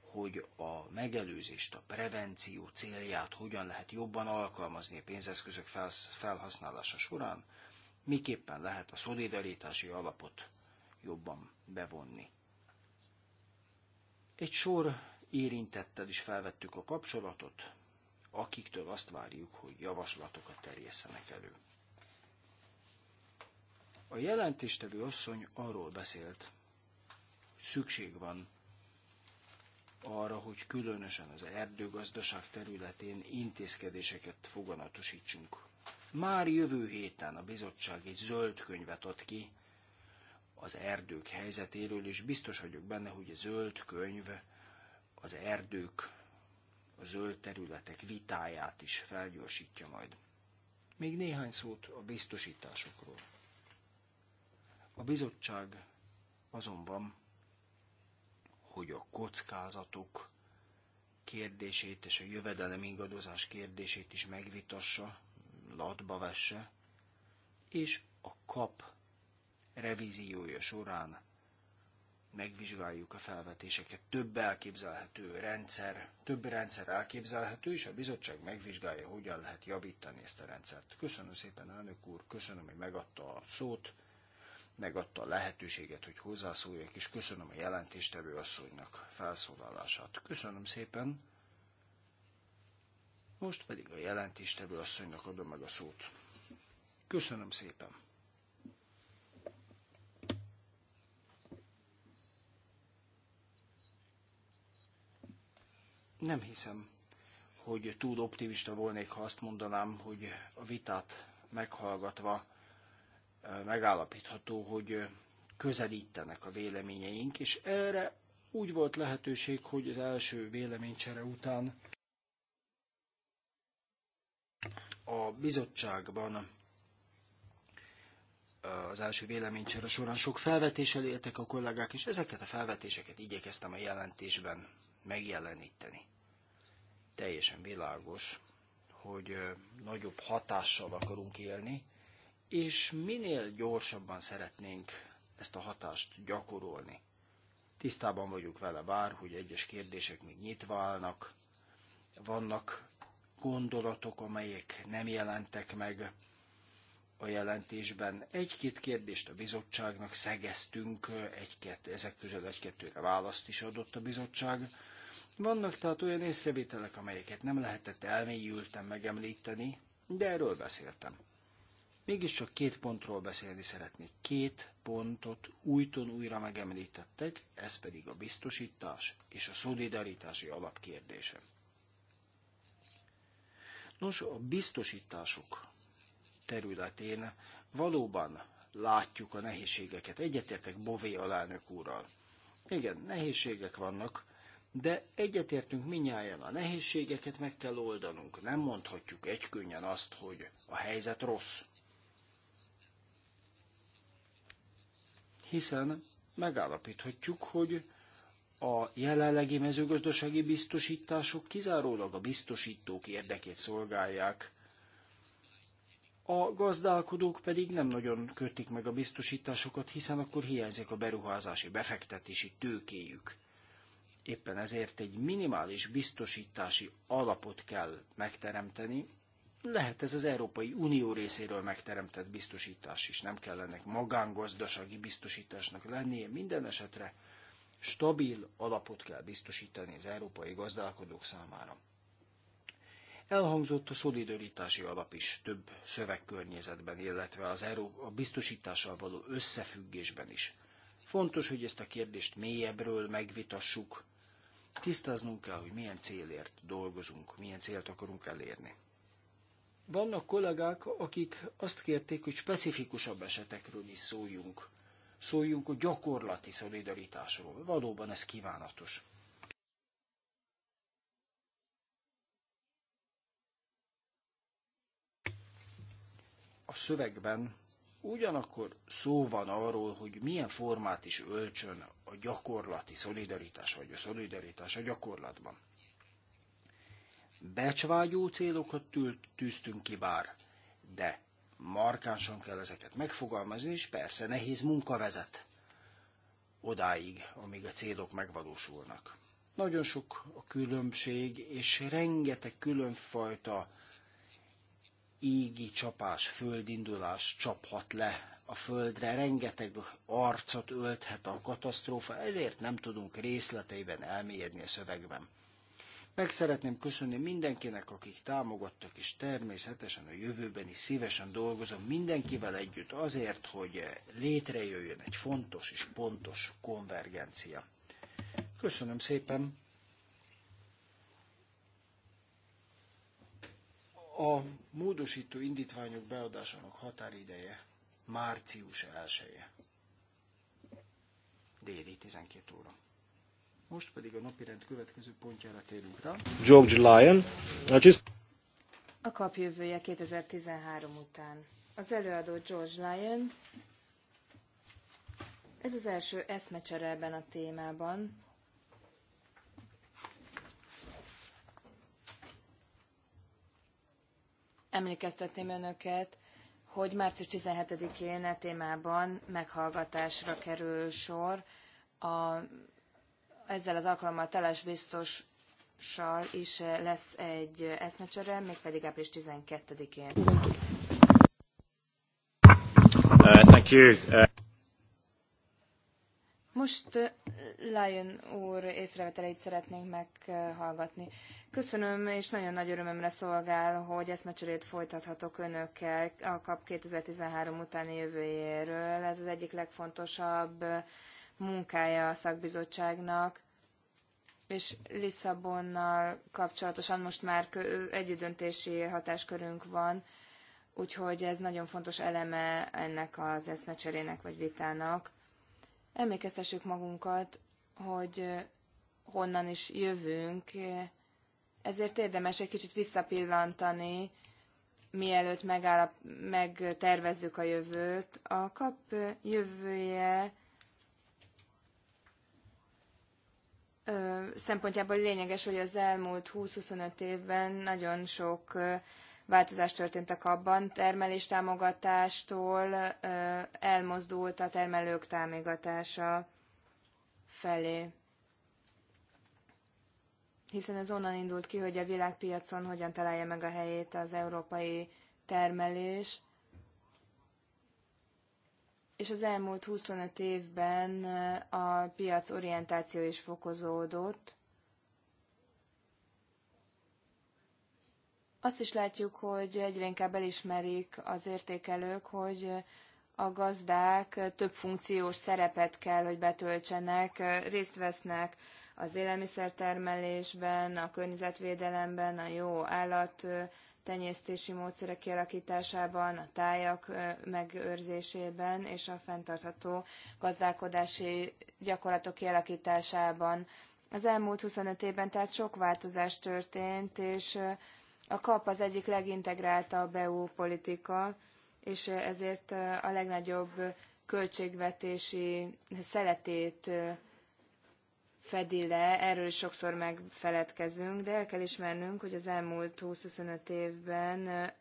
hogy a megelőzést, a prevenció célját hogyan lehet jobban alkalmazni a pénzeszközök felhasználása során, miképpen lehet a szolidaritási alapot jobban bevonni. Egy sor érintettel is felvettük a kapcsolatot, akiktől azt várjuk, hogy javaslatokat terjesszenek elő. A jelentéstevő asszony arról beszélt, hogy szükség van arra, hogy különösen az erdőgazdaság területén intézkedéseket foganatosítsunk. Már jövő héten a bizottság egy zöld könyvet ad ki az erdők helyzetéről, és biztos vagyok benne, hogy a zöld könyv az erdők a zöld területek vitáját is felgyorsítja majd. Még néhány szót a biztosításokról. A bizottság azonban, hogy a kockázatok kérdését és a jövedelem ingadozás kérdését is megvitassa, latba vesse, és a kap revíziója során megvizsgáljuk a felvetéseket. Több elképzelhető rendszer, több rendszer elképzelhető, és a bizottság megvizsgálja, hogyan lehet javítani ezt a rendszert. Köszönöm szépen, elnök úr, köszönöm, hogy megadta a szót, megadta a lehetőséget, hogy hozzászóljak, és köszönöm a jelentéstevő asszonynak felszólalását. Köszönöm szépen. Most pedig a jelentéstevő asszonynak adom meg a szót. Köszönöm szépen. Nem hiszem, hogy túl optimista volnék, ha azt mondanám, hogy a vitát meghallgatva megállapítható, hogy közelítenek a véleményeink, és erre úgy volt lehetőség, hogy az első véleménycsere után a bizottságban az első véleménycsere során sok felvetéssel éltek a kollégák, és ezeket a felvetéseket igyekeztem a jelentésben megjeleníteni teljesen világos, hogy nagyobb hatással akarunk élni, és minél gyorsabban szeretnénk ezt a hatást gyakorolni. Tisztában vagyunk vele bár, hogy egyes kérdések még nyitva állnak, vannak gondolatok, amelyek nem jelentek meg a jelentésben. Egy-két kérdést a bizottságnak szegeztünk, egy-két, ezek közül egy-kettőre választ is adott a bizottság vannak tehát olyan észrevételek, amelyeket nem lehetett elmélyülten megemlíteni, de erről beszéltem. Mégiscsak két pontról beszélni szeretnék. Két pontot újton újra megemlítettek, ez pedig a biztosítás és a szolidaritási alapkérdése. Nos, a biztosítások területén valóban látjuk a nehézségeket. Egyetértek Bové alelnök úrral. Igen, nehézségek vannak, de egyetértünk minnyáján a nehézségeket meg kell oldanunk. Nem mondhatjuk egykönnyen azt, hogy a helyzet rossz. Hiszen megállapíthatjuk, hogy a jelenlegi mezőgazdasági biztosítások kizárólag a biztosítók érdekét szolgálják, a gazdálkodók pedig nem nagyon kötik meg a biztosításokat, hiszen akkor hiányzik a beruházási, befektetési tőkéjük. Éppen ezért egy minimális biztosítási alapot kell megteremteni, lehet ez az Európai Unió részéről megteremtett biztosítás is, nem kell ennek magángazdasági biztosításnak lennie, minden esetre stabil alapot kell biztosítani az európai gazdálkodók számára. Elhangzott a szolidaritási alap is több szövegkörnyezetben, illetve az Euró- a biztosítással való összefüggésben is. Fontos, hogy ezt a kérdést mélyebbről megvitassuk, Tisztáznunk kell, hogy milyen célért dolgozunk, milyen célt akarunk elérni. Vannak kollégák, akik azt kérték, hogy specifikusabb esetekről is szóljunk. Szóljunk a gyakorlati szolidaritásról. Valóban ez kívánatos. A szövegben Ugyanakkor szó van arról, hogy milyen formát is öltsön a gyakorlati szolidaritás, vagy a szolidaritás a gyakorlatban. Becsvágyó célokat tűztünk ki bár, de markánsan kell ezeket megfogalmazni, és persze nehéz munka vezet odáig, amíg a célok megvalósulnak. Nagyon sok a különbség, és rengeteg különfajta égi csapás, földindulás csaphat le a földre, rengeteg arcot ölthet a katasztrófa, ezért nem tudunk részleteiben elmélyedni a szövegben. Meg szeretném köszönni mindenkinek, akik támogattak, és természetesen a jövőben is szívesen dolgozom mindenkivel együtt azért, hogy létrejöjjön egy fontos és pontos konvergencia. Köszönöm szépen! A módosító indítványok beadásának határideje március 1 -e. Déli 12 óra. Most pedig a napirend következő pontjára térünk rá. George Lyon.
A kap jövője 2013 után. Az előadó George Lyon. Ez az első eszmecsere ebben a témában. Emlékeztetném önöket, hogy március 17-én e témában meghallgatásra kerül sor. A, ezzel az alkalommal Teles biztos is lesz egy eszmecsere, mégpedig április 12-én.
Uh, thank you. Uh...
Most Lion úr észreveteleit szeretnénk meghallgatni. Köszönöm, és nagyon nagy örömömre szolgál, hogy eszmecserét folytathatok önökkel a KAP 2013 utáni jövőjéről. Ez az egyik legfontosabb munkája a szakbizottságnak és Lisszabonnal kapcsolatosan most már együttdöntési hatáskörünk van, úgyhogy ez nagyon fontos eleme ennek az eszmecserének vagy vitának. Emlékeztessük magunkat, hogy eh, honnan is jövünk, ezért érdemes egy kicsit visszapillantani, mielőtt megállap, megtervezzük a jövőt. A kap eh, jövője eh, szempontjából lényeges, hogy az elmúlt 20-25 évben nagyon sok változás történtek abban, termeléstámogatástól elmozdult a termelők támogatása felé. Hiszen ez onnan indult ki, hogy a világpiacon hogyan találja meg a helyét az európai termelés, és az elmúlt 25 évben a piac orientáció is fokozódott, Azt is látjuk, hogy egyre inkább elismerik az értékelők, hogy a gazdák több funkciós szerepet kell, hogy betöltsenek, részt vesznek az élelmiszertermelésben, a környezetvédelemben, a jó állat tenyésztési módszerek kialakításában, a tájak megőrzésében és a fenntartható gazdálkodási gyakorlatok kialakításában. Az elmúlt 25 évben tehát sok változás történt, és a KAP az egyik legintegráltabb EU politika, és ezért a legnagyobb költségvetési szeletét fedi le, erről is sokszor megfeledkezünk, de el kell ismernünk, hogy az elmúlt 20-25 évben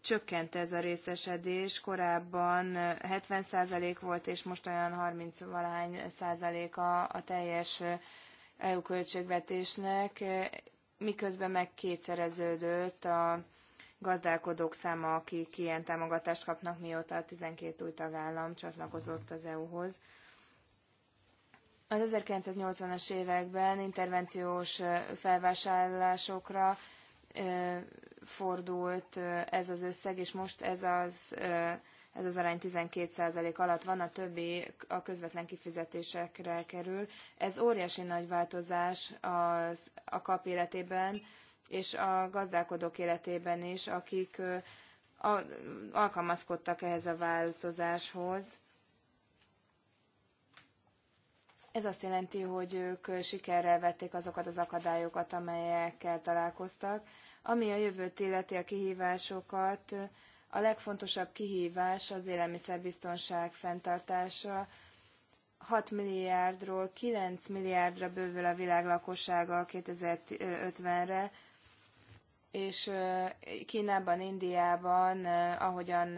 csökkent ez a részesedés, korábban 70% volt, és most olyan 30-valahány százaléka a teljes EU költségvetésnek, miközben meg kétszereződött a gazdálkodók száma, akik ilyen támogatást kapnak, mióta a 12 új tagállam csatlakozott az EU-hoz. Az 1980-as években intervenciós felvásárlásokra fordult ez az összeg, és most ez az ez az arány 12% alatt van, a többi a közvetlen kifizetésekre kerül. Ez óriási nagy változás az, a kap életében, és a gazdálkodók életében is, akik a, alkalmazkodtak ehhez a változáshoz. Ez azt jelenti, hogy ők sikerrel vették azokat az akadályokat, amelyekkel találkoztak. Ami a jövőt illeti a kihívásokat, a legfontosabb kihívás az élelmiszerbiztonság fenntartása. 6 milliárdról 9 milliárdra bővül a világ lakossága 2050-re, és Kínában, Indiában, ahogyan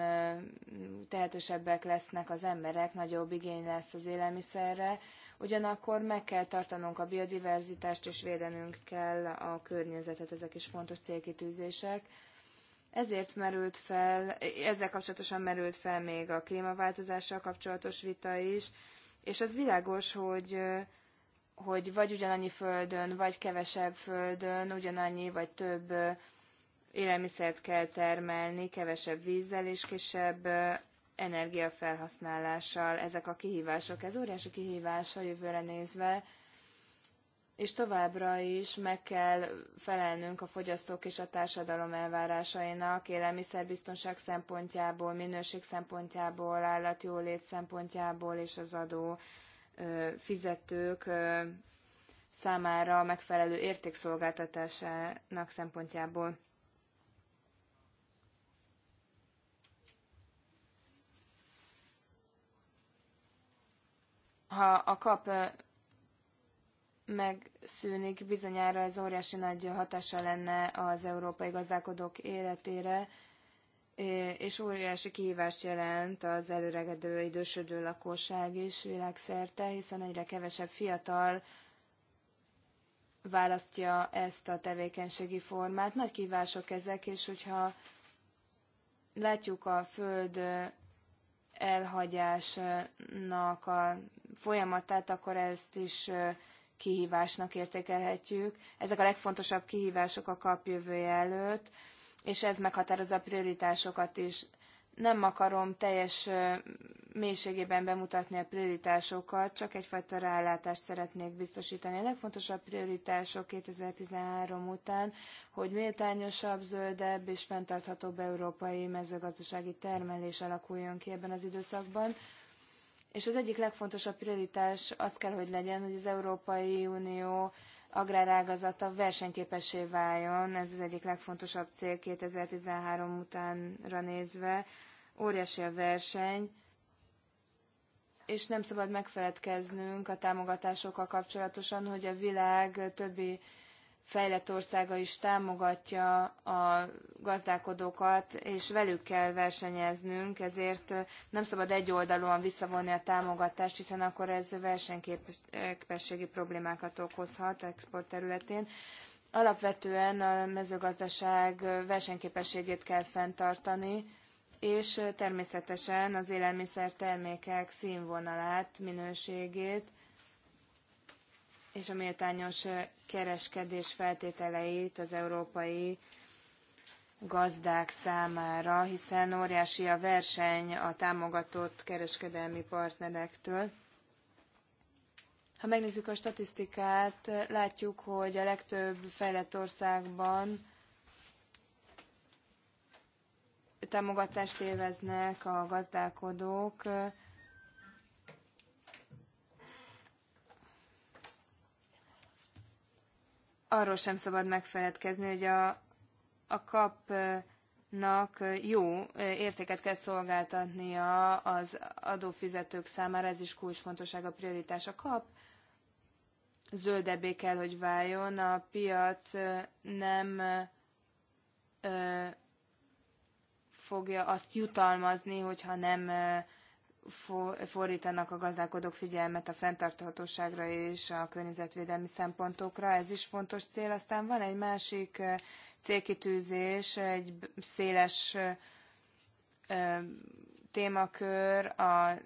tehetősebbek lesznek az emberek, nagyobb igény lesz az élelmiszerre, ugyanakkor meg kell tartanunk a biodiverzitást, és védenünk kell a környezetet, ezek is fontos célkitűzések. Ezért merült fel, ezzel kapcsolatosan merült fel még a klímaváltozással kapcsolatos vita is, és az világos, hogy hogy vagy ugyanannyi földön, vagy kevesebb földön, ugyanannyi vagy több élelmiszert kell termelni, kevesebb vízzel és kisebb energiafelhasználással. Ezek a kihívások, ez óriási kihívás a jövőre nézve, és továbbra is meg kell felelnünk a fogyasztók és a társadalom elvárásainak élelmiszerbiztonság szempontjából, minőség szempontjából, állatjólét szempontjából és az adó fizetők számára megfelelő értékszolgáltatásának szempontjából. Ha a kap megszűnik, bizonyára ez óriási nagy hatása lenne az európai gazdálkodók életére, és óriási kihívást jelent az előregedő, idősödő lakosság is világszerte, hiszen egyre kevesebb fiatal választja ezt a tevékenységi formát. Nagy kívások ezek, és hogyha látjuk a föld elhagyásnak a folyamatát, akkor ezt is kihívásnak értékelhetjük. Ezek a legfontosabb kihívások a kap jövője előtt, és ez meghatározza a prioritásokat is. Nem akarom teljes mélységében bemutatni a prioritásokat, csak egyfajta rálátást szeretnék biztosítani. A legfontosabb prioritások 2013 után, hogy méltányosabb, zöldebb és fenntarthatóbb európai mezőgazdasági termelés alakuljon ki ebben az időszakban, és az egyik legfontosabb prioritás az kell, hogy legyen, hogy az Európai Unió agrárágazata versenyképessé váljon. Ez az egyik legfontosabb cél 2013 utánra nézve. Óriási a verseny, és nem szabad megfeledkeznünk a támogatásokkal kapcsolatosan, hogy a világ többi fejlett országa is támogatja a gazdálkodókat, és velük kell versenyeznünk, ezért nem szabad egyoldalúan visszavonni a támogatást, hiszen akkor ez versenyképességi problémákat okozhat export területén. Alapvetően a mezőgazdaság versenyképességét kell fenntartani, és természetesen az élelmiszer termékek színvonalát, minőségét, és a méltányos kereskedés feltételeit az európai gazdák számára, hiszen óriási a verseny a támogatott kereskedelmi partnerektől. Ha megnézzük a statisztikát, látjuk, hogy a legtöbb fejlett országban támogatást élveznek a gazdálkodók, arról sem szabad megfeledkezni, hogy a, a kapnak jó értéket kell szolgáltatnia az adófizetők számára, ez is kulcsfontosság a prioritás. A kap zöldebbé kell, hogy váljon, a piac nem ö, fogja azt jutalmazni, hogyha nem fordítanak a gazdálkodók figyelmet a fenntarthatóságra és a környezetvédelmi szempontokra. Ez is fontos cél. Aztán van egy másik célkitűzés, egy széles témakör, a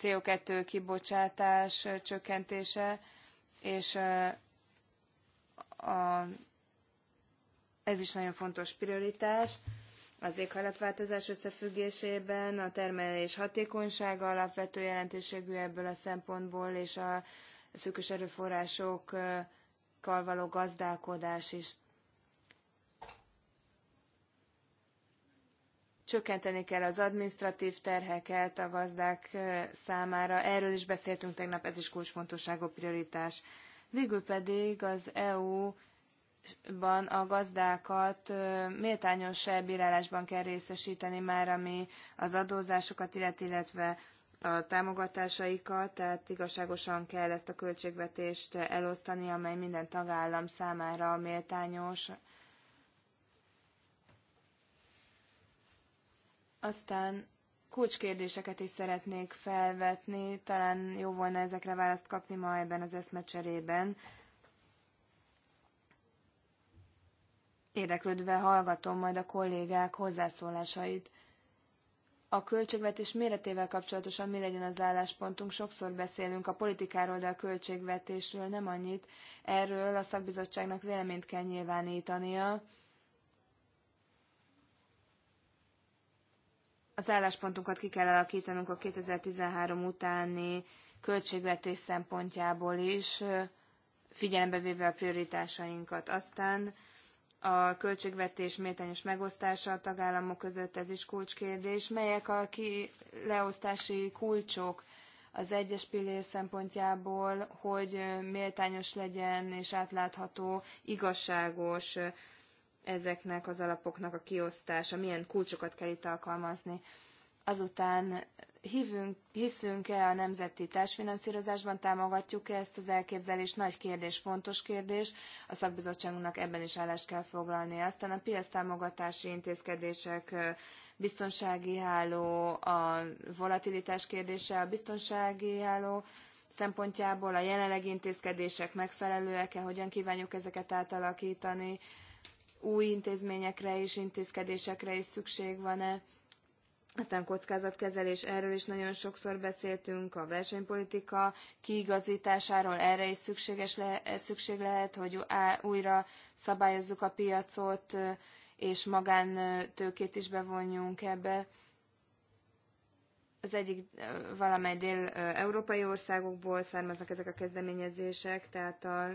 CO2 kibocsátás csökkentése, és a, ez is nagyon fontos prioritás az éghajlatváltozás összefüggésében, a termelés hatékonysága alapvető jelentőségű ebből a szempontból, és a szűkös erőforrásokkal való gazdálkodás is. Csökkenteni kell az administratív terheket a gazdák számára. Erről is beszéltünk tegnap, ez is kulcsfontosságú prioritás. Végül pedig az EU ban a gazdákat méltányos bírálásban kell részesíteni már, ami az adózásokat illet, illetve a támogatásaikat, tehát igazságosan kell ezt a költségvetést elosztani, amely minden tagállam számára méltányos. Aztán kulcskérdéseket is szeretnék felvetni, talán jó volna ezekre választ kapni ma ebben az eszmecserében. Érdeklődve hallgatom majd a kollégák hozzászólásait. A költségvetés méretével kapcsolatosan mi legyen az álláspontunk? Sokszor beszélünk a politikáról, de a költségvetésről nem annyit. Erről a szakbizottságnak véleményt kell nyilvánítania. Az álláspontunkat ki kell alakítanunk a 2013 utáni költségvetés szempontjából is, figyelembe véve a prioritásainkat. Aztán a költségvetés méltányos megosztása a tagállamok között, ez is kulcskérdés. Melyek a ki leosztási kulcsok az egyes pillér szempontjából, hogy méltányos legyen és átlátható, igazságos ezeknek az alapoknak a kiosztása, milyen kulcsokat kell itt alkalmazni. Azután hívünk, hiszünk-e a nemzeti társfinanszírozásban, támogatjuk-e ezt az elképzelést? Nagy kérdés, fontos kérdés. A szakbizottságunknak ebben is állást kell foglalni. Aztán a piac támogatási intézkedések, biztonsági háló, a volatilitás kérdése, a biztonsági háló szempontjából a jelenlegi intézkedések megfelelőek-e, hogyan kívánjuk ezeket átalakítani, új intézményekre és intézkedésekre is szükség van-e aztán kockázatkezelés, erről is nagyon sokszor beszéltünk, a versenypolitika kiigazításáról erre is szükséges le, eh, szükség lehet, hogy újra szabályozzuk a piacot, és magántőkét is bevonjunk ebbe. Az egyik valamely dél-európai országokból származnak ezek a kezdeményezések, tehát a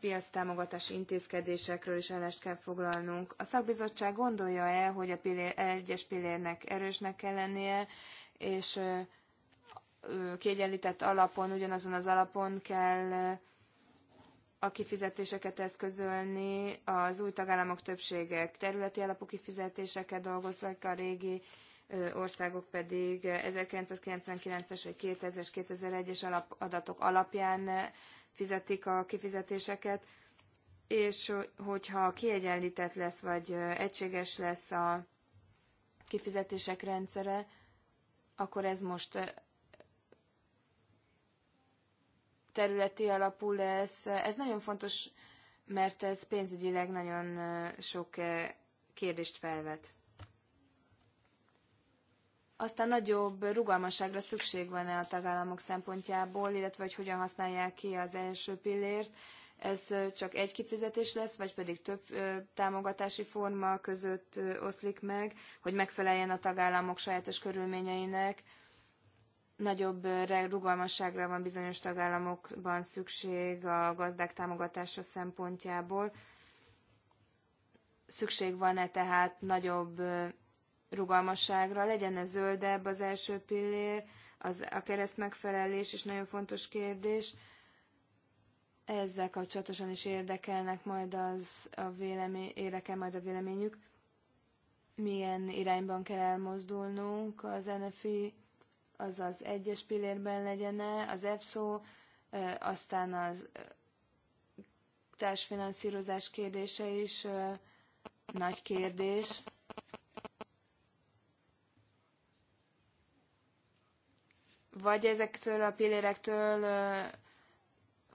piac támogatási intézkedésekről is állást kell foglalnunk. A szakbizottság gondolja el, hogy a pillér, egyes pillérnek erősnek kell lennie, és kiegyenlített alapon, ugyanazon az alapon kell a kifizetéseket eszközölni, az új tagállamok többségek területi alapú kifizetéseket dolgoznak, a régi országok pedig 1999-es vagy 2000-es, 2001-es alap, adatok alapján fizetik a kifizetéseket, és hogyha kiegyenlített lesz, vagy egységes lesz a kifizetések rendszere, akkor ez most területi alapú lesz. Ez nagyon fontos, mert ez pénzügyileg nagyon sok kérdést felvet. Aztán nagyobb rugalmasságra szükség van-e a tagállamok szempontjából, illetve hogy hogyan használják ki az első pillért. Ez csak egy kifizetés lesz, vagy pedig több támogatási forma között oszlik meg, hogy megfeleljen a tagállamok sajátos körülményeinek. Nagyobb rugalmasságra van bizonyos tagállamokban szükség a gazdák támogatása szempontjából. Szükség van-e tehát nagyobb rugalmasságra, legyen ez zöldebb az első pillér, az, a kereszt megfelelés is nagyon fontos kérdés. Ezzel kapcsolatosan is érdekelnek majd az a vélemény, érdekel majd a véleményük, milyen irányban kell elmozdulnunk az NFI, az az egyes pillérben legyen-e, az EFSO, aztán az társfinanszírozás kérdése is nagy kérdés. vagy ezektől a pillérektől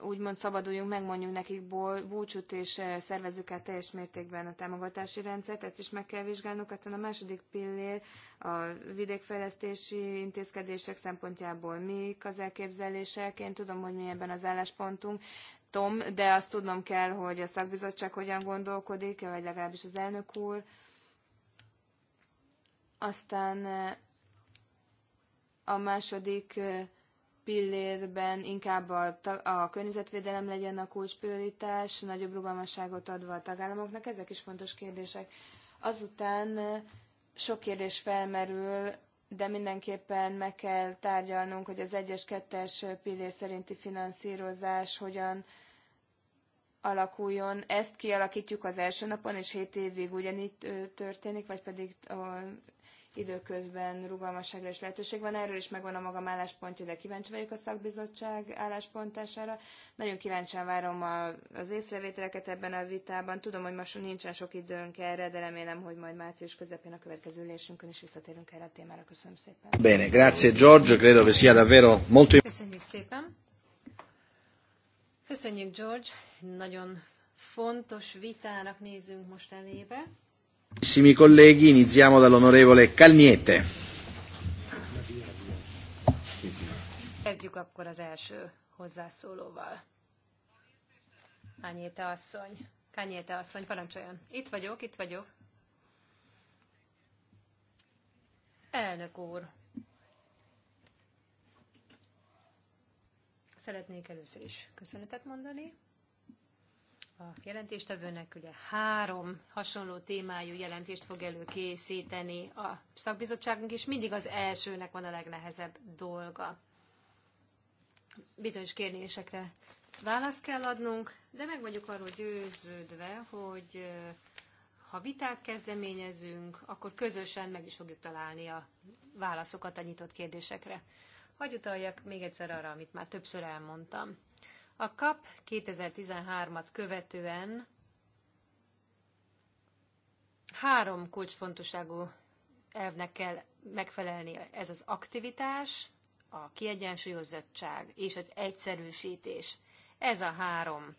úgymond szabaduljunk, megmondjuk nekik búcsút, és szervezzük át teljes mértékben a támogatási rendszert, ezt is meg kell vizsgálnunk. Aztán a második pillér a vidékfejlesztési intézkedések szempontjából mik az elképzelések. Én tudom, hogy mi ebben az álláspontunk, Tom, de azt tudnom kell, hogy a szakbizottság hogyan gondolkodik, vagy legalábbis az elnök úr. Aztán a második pillérben inkább a, a környezetvédelem legyen a kulcsprioritás, nagyobb rugalmasságot adva a tagállamoknak, ezek is fontos kérdések. Azután sok kérdés felmerül, de mindenképpen meg kell tárgyalnunk, hogy az egyes kettes pillér szerinti finanszírozás hogyan alakuljon. Ezt kialakítjuk az első napon, és hét évig ugyanígy történik, vagy pedig időközben rugalmasságra is lehetőség van. Erről is megvan a magam álláspontja, de kíváncsi vagyok a szakbizottság álláspontására. Nagyon kíváncsian várom a, az észrevételeket ebben a vitában. Tudom, hogy most nincsen sok időnk erre, de remélem, hogy majd március közepén a következő ülésünkön is visszatérünk erre a témára. Köszönöm szépen. Bene, grazie Giorgio, credo che sia davvero
molto... Köszönjük
szépen. Köszönjük, George. Nagyon fontos vitának nézünk most elébe.
Carissimi colleghi, iniziamo dall'onorevole Calniete.
Kezdjük akkor az első hozzászólóval. Kányéte asszony. Kányéte asszony, parancsoljon. Itt vagyok, itt vagyok. Elnök úr. Szeretnék először is köszönetet mondani a jelentéstevőnek. Ugye három hasonló témájú jelentést fog előkészíteni a szakbizottságunk, és mindig az elsőnek van a legnehezebb dolga. Bizonyos kérdésekre választ kell adnunk, de meg vagyok arról győződve, hogy ha vitát kezdeményezünk, akkor közösen meg is fogjuk találni a válaszokat a nyitott kérdésekre. Hagy utaljak még egyszer arra, amit már többször elmondtam. A KAP 2013-at követően három kulcsfontosságú elvnek kell megfelelni ez az aktivitás, a kiegyensúlyozottság és az egyszerűsítés. Ez a három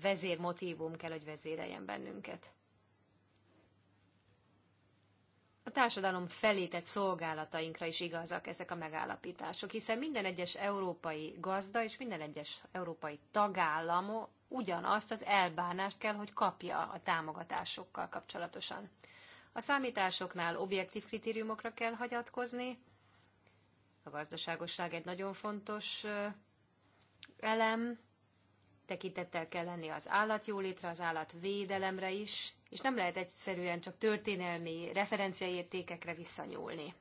vezérmotívum kell, hogy vezéreljen bennünket a társadalom felé tett szolgálatainkra is igazak ezek a megállapítások, hiszen minden egyes európai gazda és minden egyes európai tagállam ugyanazt az elbánást kell, hogy kapja a támogatásokkal kapcsolatosan. A számításoknál objektív kritériumokra kell hagyatkozni. A gazdaságosság egy nagyon fontos elem, tekintettel kell lenni az állatjólétre, az állatvédelemre is, és nem lehet egyszerűen csak történelmi referenciaértékekre visszanyúlni.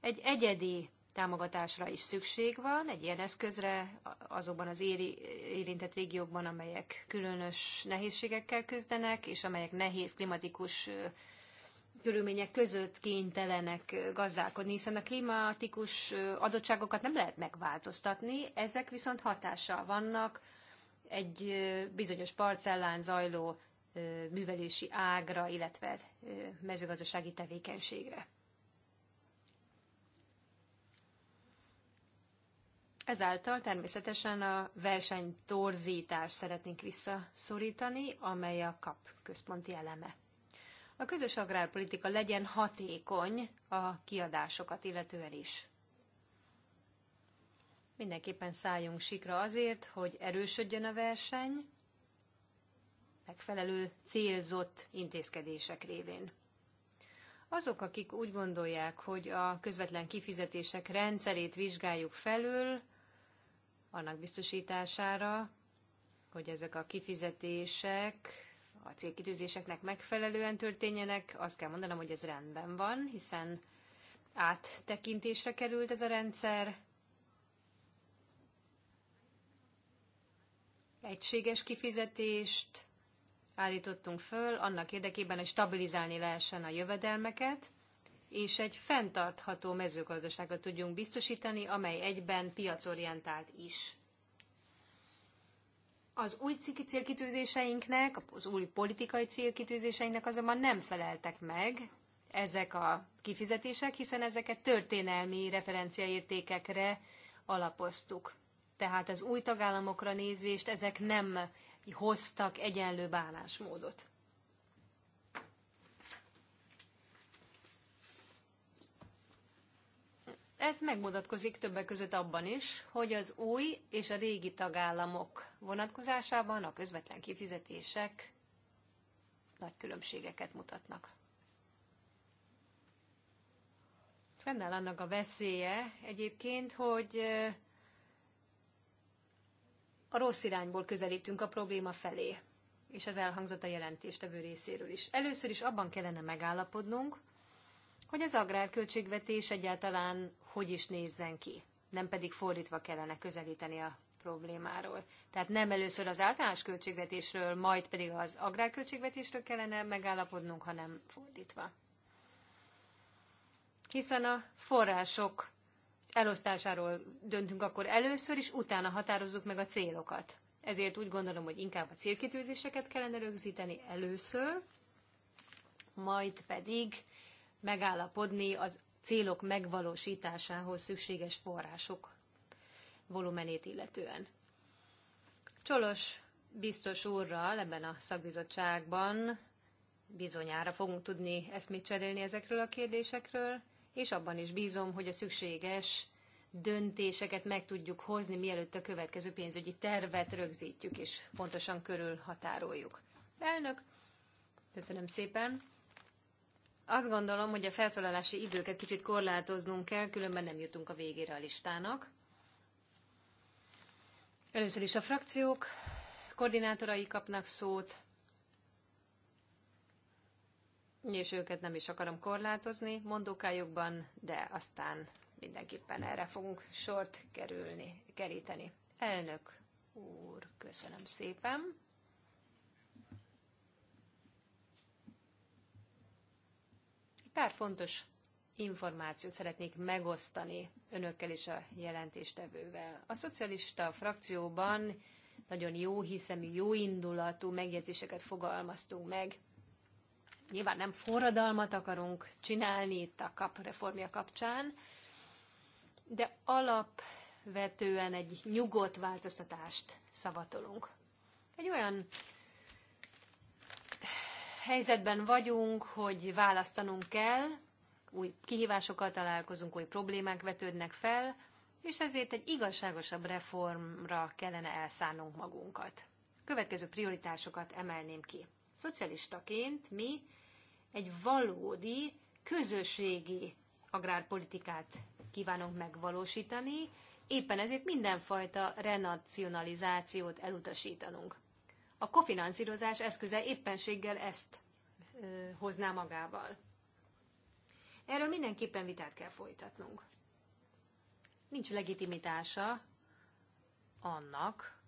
Egy egyedi támogatásra is szükség van, egy ilyen eszközre azokban az éri, érintett régiókban, amelyek különös nehézségekkel küzdenek, és amelyek nehéz klimatikus körülmények között kénytelenek gazdálkodni, hiszen a klimatikus adottságokat nem lehet megváltoztatni, ezek viszont hatással vannak egy bizonyos parcellán zajló művelési ágra, illetve mezőgazdasági tevékenységre. Ezáltal természetesen a versenytorzítást szeretnénk visszaszorítani, amely a KAP központi eleme. A közös agrárpolitika legyen hatékony a kiadásokat illetően is. Mindenképpen szálljunk sikra azért, hogy erősödjön a verseny, megfelelő célzott intézkedések révén. Azok, akik úgy gondolják, hogy a közvetlen kifizetések rendszerét vizsgáljuk felül, annak biztosítására, hogy ezek a kifizetések a célkitűzéseknek megfelelően történjenek, azt kell mondanom, hogy ez rendben van, hiszen áttekintésre került ez a rendszer, egységes kifizetést állítottunk föl, annak érdekében, hogy stabilizálni lehessen a jövedelmeket, és egy fenntartható mezőgazdaságot tudjunk biztosítani, amely egyben piacorientált is. Az új célkitűzéseinknek, az új politikai célkitűzéseinknek azonban nem feleltek meg ezek a kifizetések, hiszen ezeket történelmi referenciaértékekre alapoztuk. Tehát az új tagállamokra nézvést ezek nem hoztak egyenlő bánásmódot. Ez megmutatkozik többek között abban is, hogy az új és a régi tagállamok vonatkozásában a közvetlen kifizetések nagy különbségeket mutatnak. Fennáll annak a veszélye egyébként, hogy a rossz irányból közelítünk a probléma felé, és ez elhangzott a jelentéstevő részéről is. Először is abban kellene megállapodnunk, hogy az agrárköltségvetés egyáltalán hogy is nézzen ki, nem pedig fordítva kellene közelíteni a problémáról. Tehát nem először az általános költségvetésről, majd pedig az agrárköltségvetésről kellene megállapodnunk, hanem fordítva. Hiszen a források elosztásáról döntünk akkor először, is utána határozzuk meg a célokat. Ezért úgy gondolom, hogy inkább a célkitűzéseket kellene rögzíteni először, majd pedig megállapodni az célok megvalósításához szükséges források volumenét illetően. Csolos biztos úrral ebben a szakbizottságban bizonyára fogunk tudni eszmét cserélni ezekről a kérdésekről, és abban is bízom, hogy a szükséges döntéseket meg tudjuk hozni, mielőtt a következő pénzügyi tervet rögzítjük és pontosan körülhatároljuk. Elnök, köszönöm szépen. Azt gondolom, hogy a felszólalási időket kicsit korlátoznunk kell, különben nem jutunk a végére a listának. Először is a frakciók koordinátorai kapnak szót, és őket nem is akarom korlátozni mondókájukban, de aztán mindenképpen erre fogunk sort kerülni, keríteni. Elnök úr, köszönöm szépen. Pár fontos információt szeretnék megosztani önökkel és a jelentéstevővel. A szocialista frakcióban nagyon jó hiszemű, jó indulatú megjegyzéseket fogalmaztunk meg Nyilván nem forradalmat akarunk csinálni itt a kap reformja kapcsán, de alapvetően egy nyugodt változtatást szavatolunk. Egy olyan helyzetben vagyunk, hogy választanunk kell, új kihívásokkal találkozunk, új problémák vetődnek fel, és ezért egy igazságosabb reformra kellene elszánnunk magunkat. Következő prioritásokat emelném ki. Szocialistaként mi egy valódi, közösségi agrárpolitikát kívánunk megvalósítani, éppen ezért mindenfajta renacionalizációt elutasítanunk. A kofinanszírozás eszköze éppenséggel ezt ö, hozná magával. Erről mindenképpen vitát kell folytatnunk. Nincs legitimitása annak,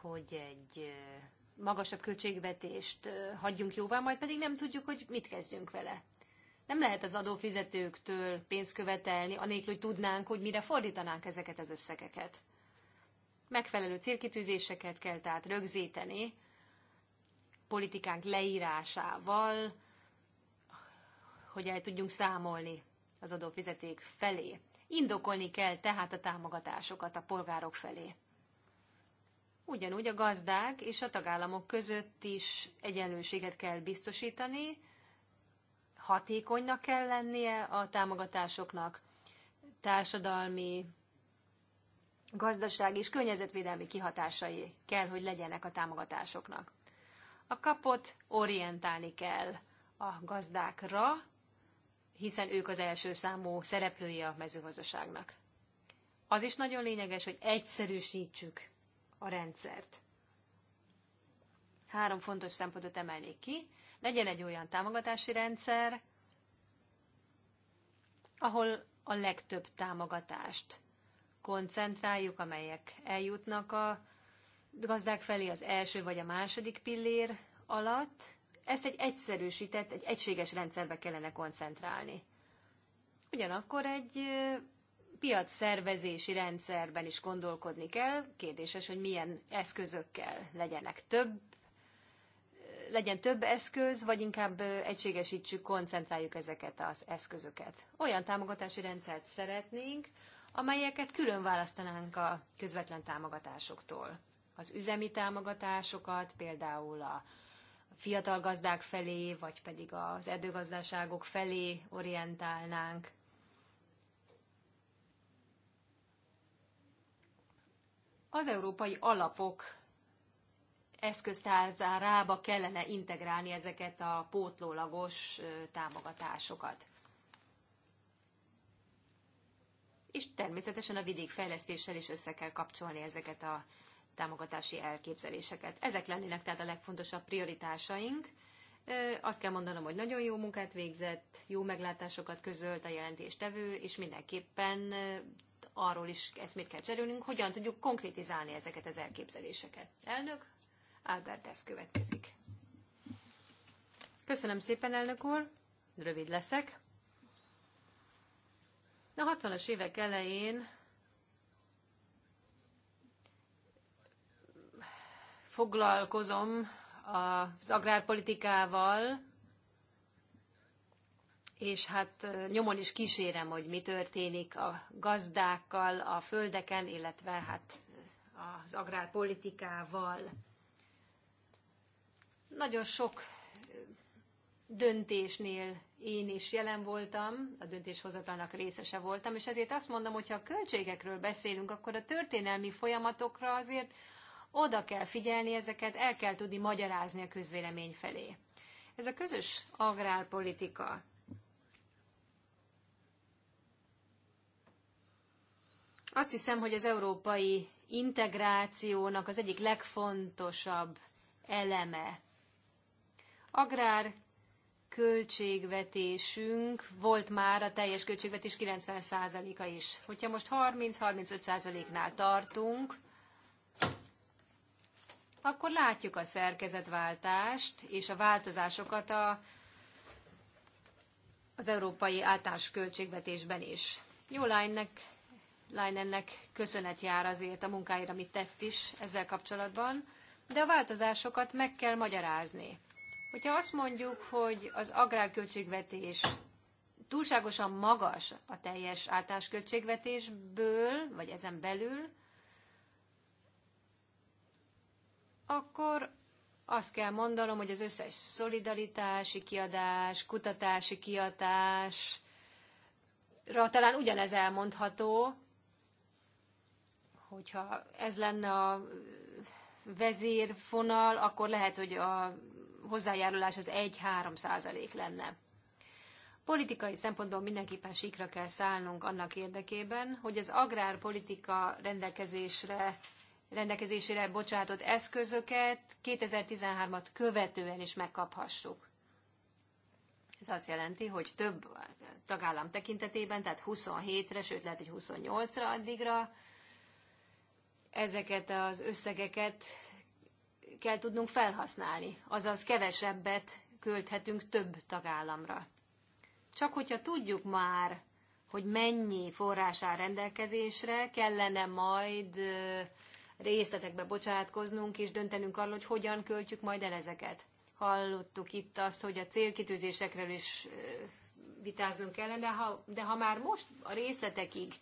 hogy egy ö, magasabb költségvetést hagyjunk jóvá, majd pedig nem tudjuk, hogy mit kezdjünk vele. Nem lehet az adófizetőktől pénzt követelni, anélkül, hogy tudnánk, hogy mire fordítanánk ezeket az összegeket. Megfelelő célkitűzéseket kell tehát rögzíteni, politikánk leírásával, hogy el tudjunk számolni az adófizeték felé. Indokolni kell tehát a támogatásokat a polgárok felé. Ugyanúgy a gazdák és a tagállamok között is egyenlőséget kell biztosítani, hatékonynak kell lennie a támogatásoknak, társadalmi, gazdasági és környezetvédelmi kihatásai kell, hogy legyenek a támogatásoknak. A kapot orientálni kell a gazdákra, hiszen ők az első számú szereplői a mezőgazdaságnak. Az is nagyon lényeges, hogy egyszerűsítsük a rendszert. Három fontos szempontot emelnék ki. Legyen egy olyan támogatási rendszer, ahol a legtöbb támogatást koncentráljuk, amelyek eljutnak a gazdák felé az első vagy a második pillér alatt. Ezt egy egyszerűsített, egy egységes rendszerbe kellene koncentrálni. Ugyanakkor egy piac szervezési rendszerben is gondolkodni kell. Kérdéses, hogy milyen eszközökkel legyenek több, legyen több eszköz, vagy inkább egységesítsük, koncentráljuk ezeket az eszközöket. Olyan támogatási rendszert szeretnénk, amelyeket külön választanánk a közvetlen támogatásoktól. Az üzemi támogatásokat, például a fiatal gazdák felé, vagy pedig az erdőgazdaságok felé orientálnánk, az európai alapok eszköztárzárába kellene integrálni ezeket a pótlólagos támogatásokat. És természetesen a vidékfejlesztéssel is össze kell kapcsolni ezeket a támogatási elképzeléseket. Ezek lennének tehát a legfontosabb prioritásaink. Azt kell mondanom, hogy nagyon jó munkát végzett, jó meglátásokat közölt a jelentéstevő, és mindenképpen arról is eszmét kell cserélnünk, hogyan tudjuk konkrétizálni ezeket az elképzeléseket. Elnök, Albert ez következik. Köszönöm szépen, elnök úr, rövid leszek. A 60-as évek elején foglalkozom az agrárpolitikával, és hát nyomon is kísérem, hogy mi történik a gazdákkal, a földeken, illetve hát az agrárpolitikával. Nagyon sok döntésnél én is jelen voltam, a döntéshozatalnak részese voltam, és ezért azt mondom, hogy ha a költségekről beszélünk, akkor a történelmi folyamatokra azért oda kell figyelni ezeket, el kell tudni magyarázni a közvélemény felé. Ez a közös agrárpolitika, Azt hiszem, hogy az európai integrációnak az egyik legfontosabb eleme. Agrár költségvetésünk volt már a teljes költségvetés 90%-a is. Hogyha most 30-35%-nál tartunk, akkor látjuk a szerkezetváltást és a változásokat a, az európai általános költségvetésben is. Jó lánynek Leinennek köszönet jár azért a munkáért, amit tett is ezzel kapcsolatban, de a változásokat meg kell magyarázni. Hogyha azt mondjuk, hogy az agrárköltségvetés túlságosan magas a teljes általános költségvetésből, vagy ezen belül, akkor azt kell mondanom, hogy az összes szolidaritási kiadás, kutatási kiadás, talán ugyanez elmondható, hogyha ez lenne a vezérfonal, akkor lehet, hogy a hozzájárulás az 1-3 százalék lenne. Politikai szempontból mindenképpen sikra kell szállnunk annak érdekében, hogy az agrárpolitika rendelkezésre, rendelkezésére bocsátott eszközöket 2013-at követően is megkaphassuk. Ez azt jelenti, hogy több tagállam tekintetében, tehát 27-re, sőt lehet, hogy 28-ra addigra ezeket az összegeket kell tudnunk felhasználni, azaz kevesebbet költhetünk több tagállamra. Csak hogyha tudjuk már, hogy mennyi forrás áll rendelkezésre, kellene majd részletekbe bocsátkoznunk és döntenünk arról, hogy hogyan költjük majd el ezeket. Hallottuk itt azt, hogy a célkitűzésekről is vitáznunk kellene, de ha, de ha már most a részletekig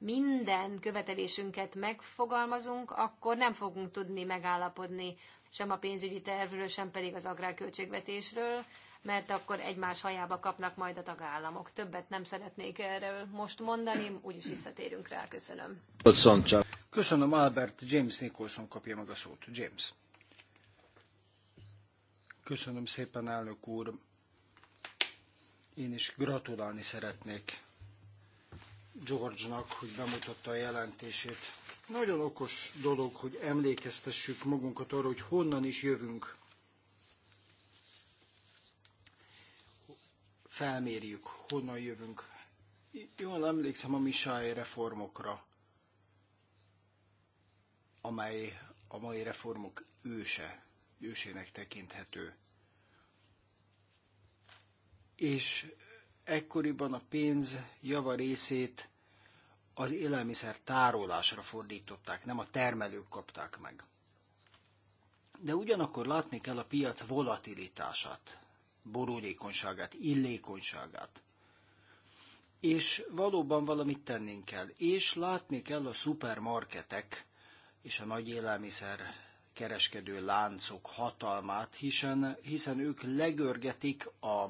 minden követelésünket megfogalmazunk, akkor nem fogunk tudni megállapodni sem a pénzügyi tervről, sem pedig az agrárköltségvetésről, mert akkor egymás hajába kapnak majd a tagállamok. Többet nem szeretnék erről most mondani, úgyis visszatérünk rá. Köszönöm.
Köszönöm, Albert. James Nicholson kapja meg a szót. James. Köszönöm szépen, elnök úr. Én is gratulálni szeretnék George-nak, hogy bemutatta a jelentését. Nagyon okos dolog, hogy emlékeztessük magunkat arra, hogy honnan is jövünk. Felmérjük, honnan jövünk. Jól emlékszem a Misály reformokra, amely a mai reformok őse, ősének tekinthető. És ekkoriban a pénz java részét az élelmiszer tárolásra fordították, nem a termelők kapták meg. De ugyanakkor látni kell a piac volatilitását, borulékonyságát, illékonyságát. És valóban valamit tennénk kell. És látni kell a szupermarketek és a nagy élelmiszer kereskedő láncok hatalmát, hiszen, hiszen ők legörgetik a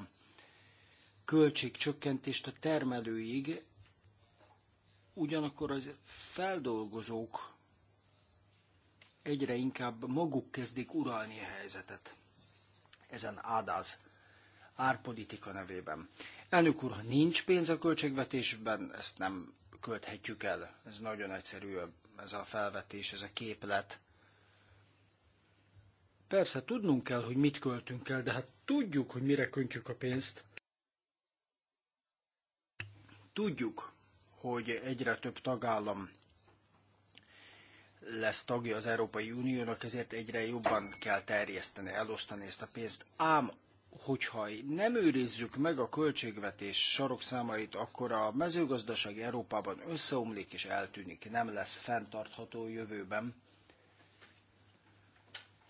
költségcsökkentést a termelőig, ugyanakkor az feldolgozók egyre inkább maguk kezdik uralni a helyzetet. Ezen ádáz árpolitika nevében. Elnök úr, ha nincs pénz a költségvetésben, ezt nem költhetjük el. Ez nagyon egyszerű ez a felvetés, ez a képlet. Persze tudnunk kell, hogy mit költünk el, de hát tudjuk, hogy mire köntjük a pénzt. Tudjuk, hogy egyre több tagállam lesz tagja az Európai Uniónak, ezért egyre jobban kell terjeszteni, elosztani ezt a pénzt. Ám, hogyha nem őrizzük meg a költségvetés sarokszámait, akkor a mezőgazdaság Európában összeomlik és eltűnik, nem lesz fenntartható jövőben,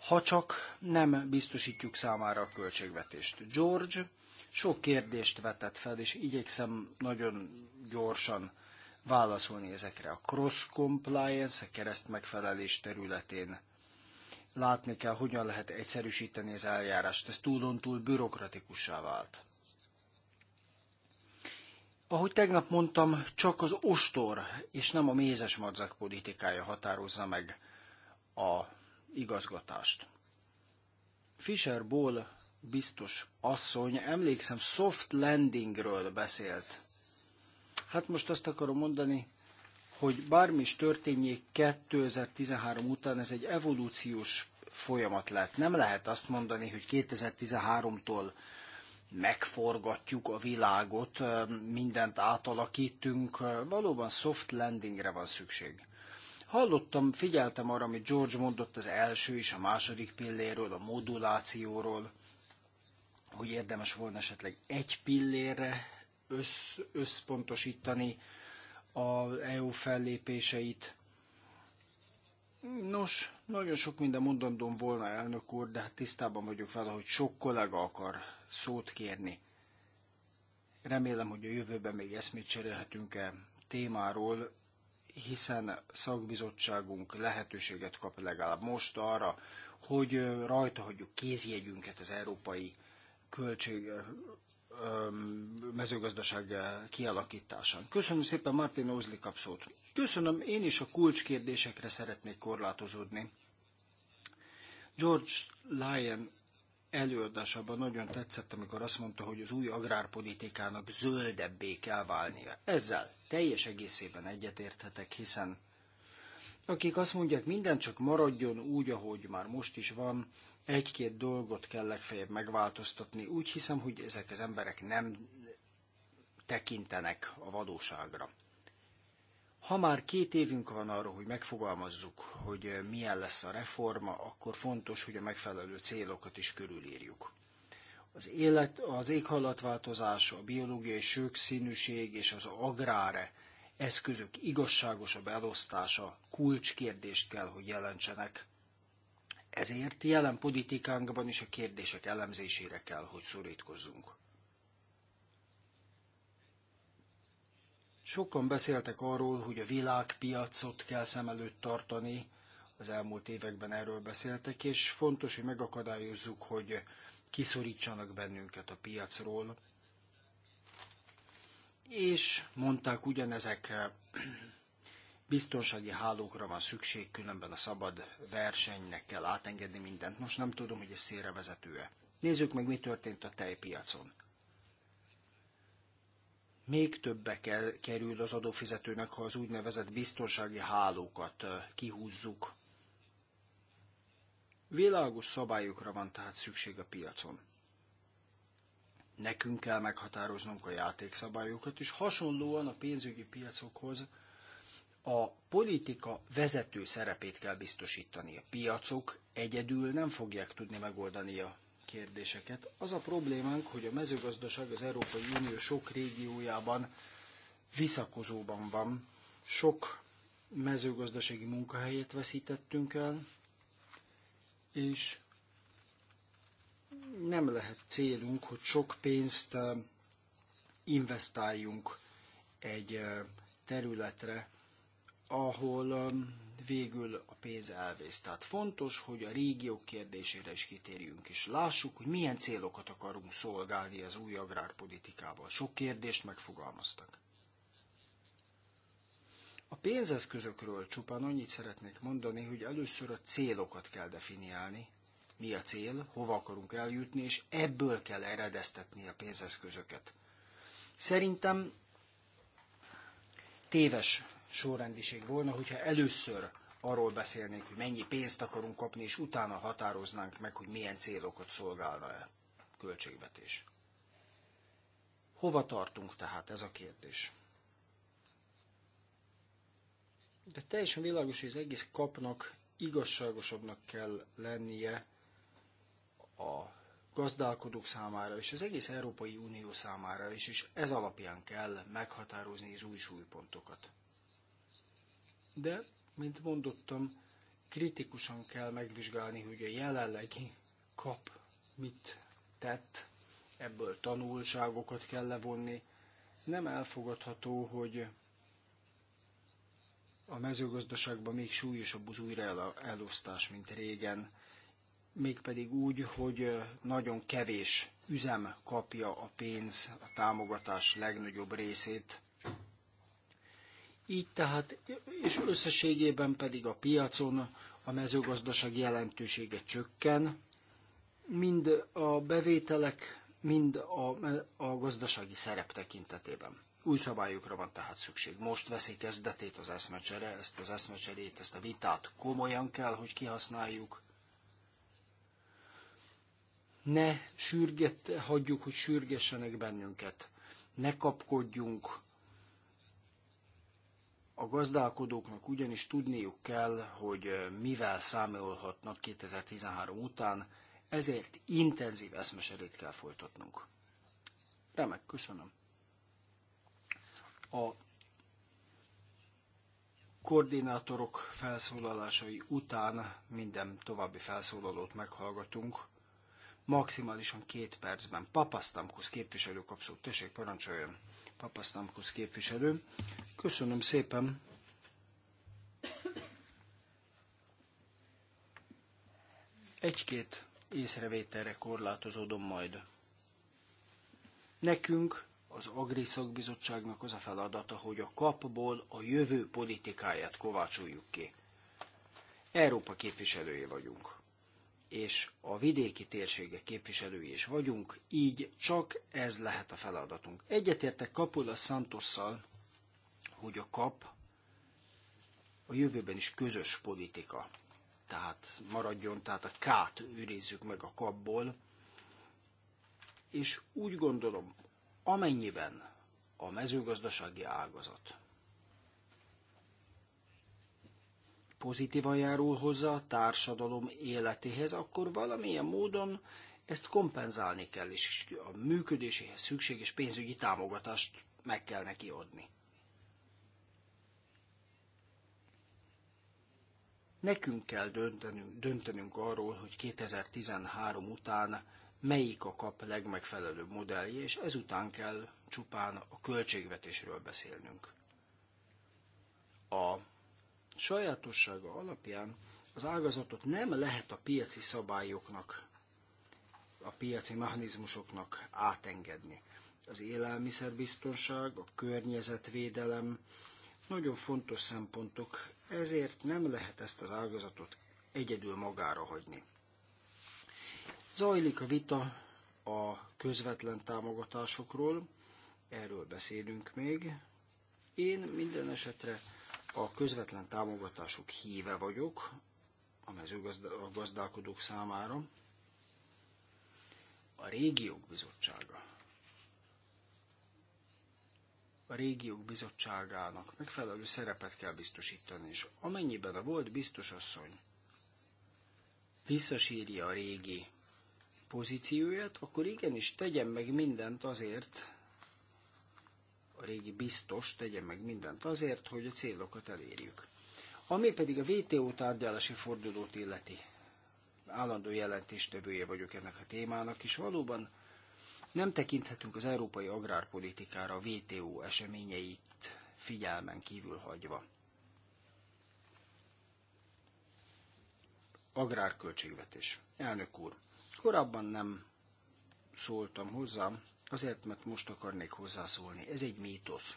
ha csak nem biztosítjuk számára a költségvetést. George sok kérdést vetett fel, és igyekszem nagyon gyorsan válaszolni ezekre. A cross-compliance, a kereszt megfelelés területén látni kell, hogyan lehet egyszerűsíteni az eljárást. Ez túlontúl bürokratikussá vált. Ahogy tegnap mondtam, csak az ostor és nem a mézes madzak politikája határozza meg a igazgatást. Fisher biztos asszony, emlékszem, soft landingről beszélt. Hát most azt akarom mondani, hogy bármi is történjék 2013 után, ez egy evolúciós folyamat lett. Nem lehet azt mondani, hogy 2013-tól megforgatjuk a világot, mindent átalakítunk, valóban soft landingre van szükség. Hallottam, figyeltem arra, amit George mondott az első és a második pilléről, a modulációról hogy érdemes volna esetleg egy pillérre össz, összpontosítani a EU fellépéseit. Nos, nagyon sok minden mondandóm volna, elnök úr, de hát tisztában vagyok vele, hogy sok kollega akar szót kérni. Remélem, hogy a jövőben még eszmét cserélhetünk e témáról, hiszen szakbizottságunk lehetőséget kap legalább most arra, hogy rajta hagyjuk kézjegyünket az európai költség mezőgazdaság kialakításán. Köszönöm szépen Martin Ózli kapszót. Köszönöm, én is a kulcskérdésekre szeretnék korlátozódni. George Lyon előadásában nagyon tetszett, amikor azt mondta, hogy az új agrárpolitikának zöldebbé kell válnia. Ezzel teljes egészében egyetérthetek, hiszen akik azt mondják, minden csak maradjon úgy, ahogy már most is van, egy-két dolgot kell legfeljebb megváltoztatni. Úgy hiszem, hogy ezek az emberek nem tekintenek a valóságra. Ha már két évünk van arra, hogy megfogalmazzuk, hogy milyen lesz a reforma, akkor fontos, hogy a megfelelő célokat is körülírjuk. Az, élet, az éghajlatváltozás, a biológiai sőkszínűség és az agráre eszközök igazságosabb elosztása kulcskérdést kell, hogy jelentsenek ezért jelen politikánkban is a kérdések elemzésére kell, hogy szorítkozzunk. Sokan beszéltek arról, hogy a világpiacot kell szem előtt tartani, az elmúlt években erről beszéltek, és fontos, hogy megakadályozzuk, hogy kiszorítsanak bennünket a piacról. És mondták ugyanezek biztonsági hálókra van szükség, különben a szabad versenynek kell átengedni mindent. Most nem tudom, hogy ez vezető e Nézzük meg, mi történt a tejpiacon. Még többe kell, kerül az adófizetőnek, ha az úgynevezett biztonsági hálókat kihúzzuk. Világos szabályokra van tehát szükség a piacon. Nekünk kell meghatároznunk a játékszabályokat, és hasonlóan a pénzügyi piacokhoz a politika vezető szerepét kell biztosítani. A piacok egyedül nem fogják tudni megoldani a kérdéseket. Az a problémánk, hogy a mezőgazdaság az Európai Unió sok régiójában visszakozóban van. Sok mezőgazdasági munkahelyet veszítettünk el, és nem lehet célunk, hogy sok pénzt eh, investáljunk egy eh, területre, ahol um, végül a pénz elvész. Tehát fontos, hogy a régiók kérdésére is kitérjünk, és lássuk, hogy milyen célokat akarunk szolgálni az új agrárpolitikával. Sok kérdést megfogalmaztak. A pénzeszközökről csupán annyit szeretnék mondani, hogy először a célokat kell definiálni, mi a cél, hova akarunk eljutni, és ebből kell eredeztetni a pénzeszközöket. Szerintem téves sorrendiség volna, hogyha először arról beszélnénk, hogy mennyi pénzt akarunk kapni, és utána határoznánk meg, hogy milyen célokat szolgálna el költségvetés. Hova tartunk tehát ez a kérdés? De teljesen világos, hogy az egész kapnak igazságosabbnak kell lennie a gazdálkodók számára, és az egész Európai Unió számára is, és ez alapján kell meghatározni az új súlypontokat de, mint mondottam, kritikusan kell megvizsgálni, hogy a jelenlegi kap mit tett, ebből tanulságokat kell levonni. Nem elfogadható, hogy a mezőgazdaságban még súlyosabb az újraelosztás, mint régen, mégpedig úgy, hogy nagyon kevés üzem kapja a pénz, a támogatás legnagyobb részét. Így tehát, és összességében pedig a piacon a mezőgazdaság jelentősége csökken, mind a bevételek, mind a, a gazdasági szerep tekintetében. Új szabályokra van tehát szükség. Most veszi kezdetét az eszmecsere, ezt az eszmecserét, ezt a vitát komolyan kell, hogy kihasználjuk. Ne sürget, hagyjuk, hogy sürgessenek bennünket. Ne kapkodjunk, a gazdálkodóknak ugyanis tudniuk kell, hogy mivel számolhatnak 2013 után, ezért intenzív eszmeserét kell folytatnunk. Remek, köszönöm. A koordinátorok felszólalásai után minden további felszólalót meghallgatunk. Maximálisan két percben. Papasztamkusz képviselő kapszót. Tessék, parancsoljon. Papasztamkusz képviselő. Köszönöm szépen. Egy-két észrevételre korlátozódom majd. Nekünk, az Agri Szakbizottságnak az a feladata, hogy a kapból a jövő politikáját kovácsoljuk ki. Európa képviselője vagyunk, és a vidéki térsége képviselői is vagyunk, így csak ez lehet a feladatunk. Egyetértek Kapula Santosszal, hogy a kap a jövőben is közös politika. Tehát maradjon, tehát a kát őrizzük meg a kapból. És úgy gondolom, amennyiben a mezőgazdasági ágazat pozitívan járul hozzá a társadalom életéhez, akkor valamilyen módon ezt kompenzálni kell, és a működéséhez szükséges pénzügyi támogatást meg kell neki adni. Nekünk kell döntenünk, döntenünk arról, hogy 2013 után melyik a kap legmegfelelőbb modellje, és ezután kell csupán a költségvetésről beszélnünk. A sajátossága alapján az ágazatot nem lehet a piaci szabályoknak, a piaci mechanizmusoknak átengedni. Az élelmiszerbiztonság, a környezetvédelem nagyon fontos szempontok, ezért nem lehet ezt az ágazatot egyedül magára hagyni. Zajlik a vita a közvetlen támogatásokról, erről beszélünk még. Én minden esetre a közvetlen támogatások híve vagyok a mezőgazdálkodók számára. A régiók bizottsága a régiók bizottságának megfelelő szerepet kell biztosítani, és amennyiben a volt biztos asszony visszasírja a régi pozícióját, akkor igenis tegyen meg mindent azért, a régi biztos tegyen meg mindent azért, hogy a célokat elérjük. Ami pedig a VTO tárgyalási fordulót illeti. Állandó jelentéstevője vagyok ennek a témának, és valóban nem tekinthetünk az európai agrárpolitikára a WTO eseményeit figyelmen kívül hagyva. Agrárköltségvetés. Elnök úr, korábban nem szóltam hozzá, azért, mert most akarnék hozzászólni. Ez egy mítosz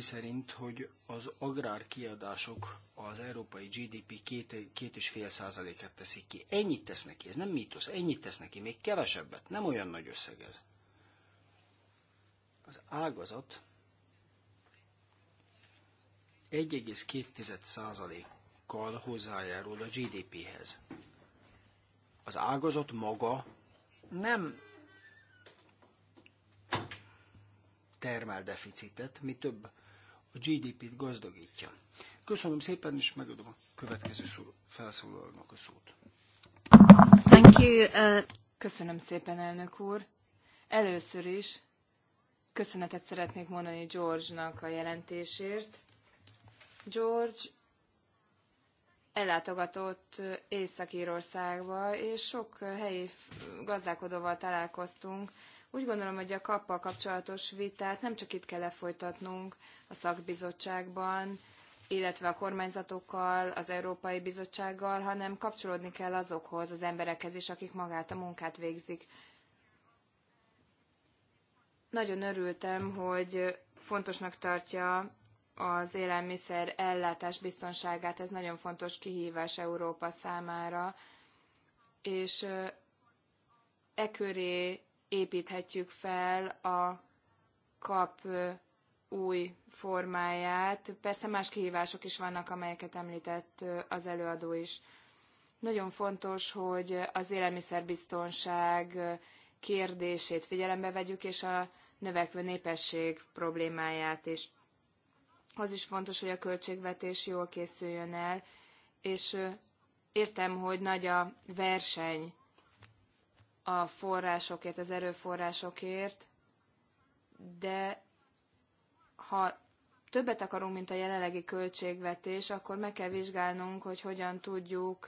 szerint, hogy az agrárkiadások az európai GDP 2,5%-et teszik ki. Ennyit tesz neki, ez nem mítosz, ennyit tesz neki, még kevesebbet, nem olyan nagy összeg ez. Az ágazat 1,2%-kal hozzájárul a GDP-hez. Az ágazat maga nem termeldeficitet, mi több a GDP-t gazdagítja. Köszönöm szépen, és megadom a következő szó, felszólalónak a szót.
Thank you. Uh... Köszönöm szépen, elnök úr. Először is köszönetet szeretnék mondani George-nak a jelentésért. George ellátogatott uh, Észak-Írországba, és sok uh, helyi gazdálkodóval találkoztunk, úgy gondolom, hogy a kappal kapcsolatos vitát nem csak itt kell lefolytatnunk a szakbizottságban, illetve a kormányzatokkal, az Európai Bizottsággal, hanem kapcsolódni kell azokhoz, az emberekhez is, akik magát a munkát végzik. Nagyon örültem, hogy fontosnak tartja az élelmiszer ellátás biztonságát. Ez nagyon fontos kihívás Európa számára, és e köré építhetjük fel a kap új formáját. Persze más kihívások is vannak, amelyeket említett az előadó is. Nagyon fontos, hogy az élelmiszerbiztonság kérdését figyelembe vegyük, és a növekvő népesség problémáját is. Az is fontos, hogy a költségvetés jól készüljön el, és értem, hogy nagy a verseny a forrásokért, az erőforrásokért, de ha többet akarunk, mint a jelenlegi költségvetés, akkor meg kell vizsgálnunk, hogy hogyan tudjuk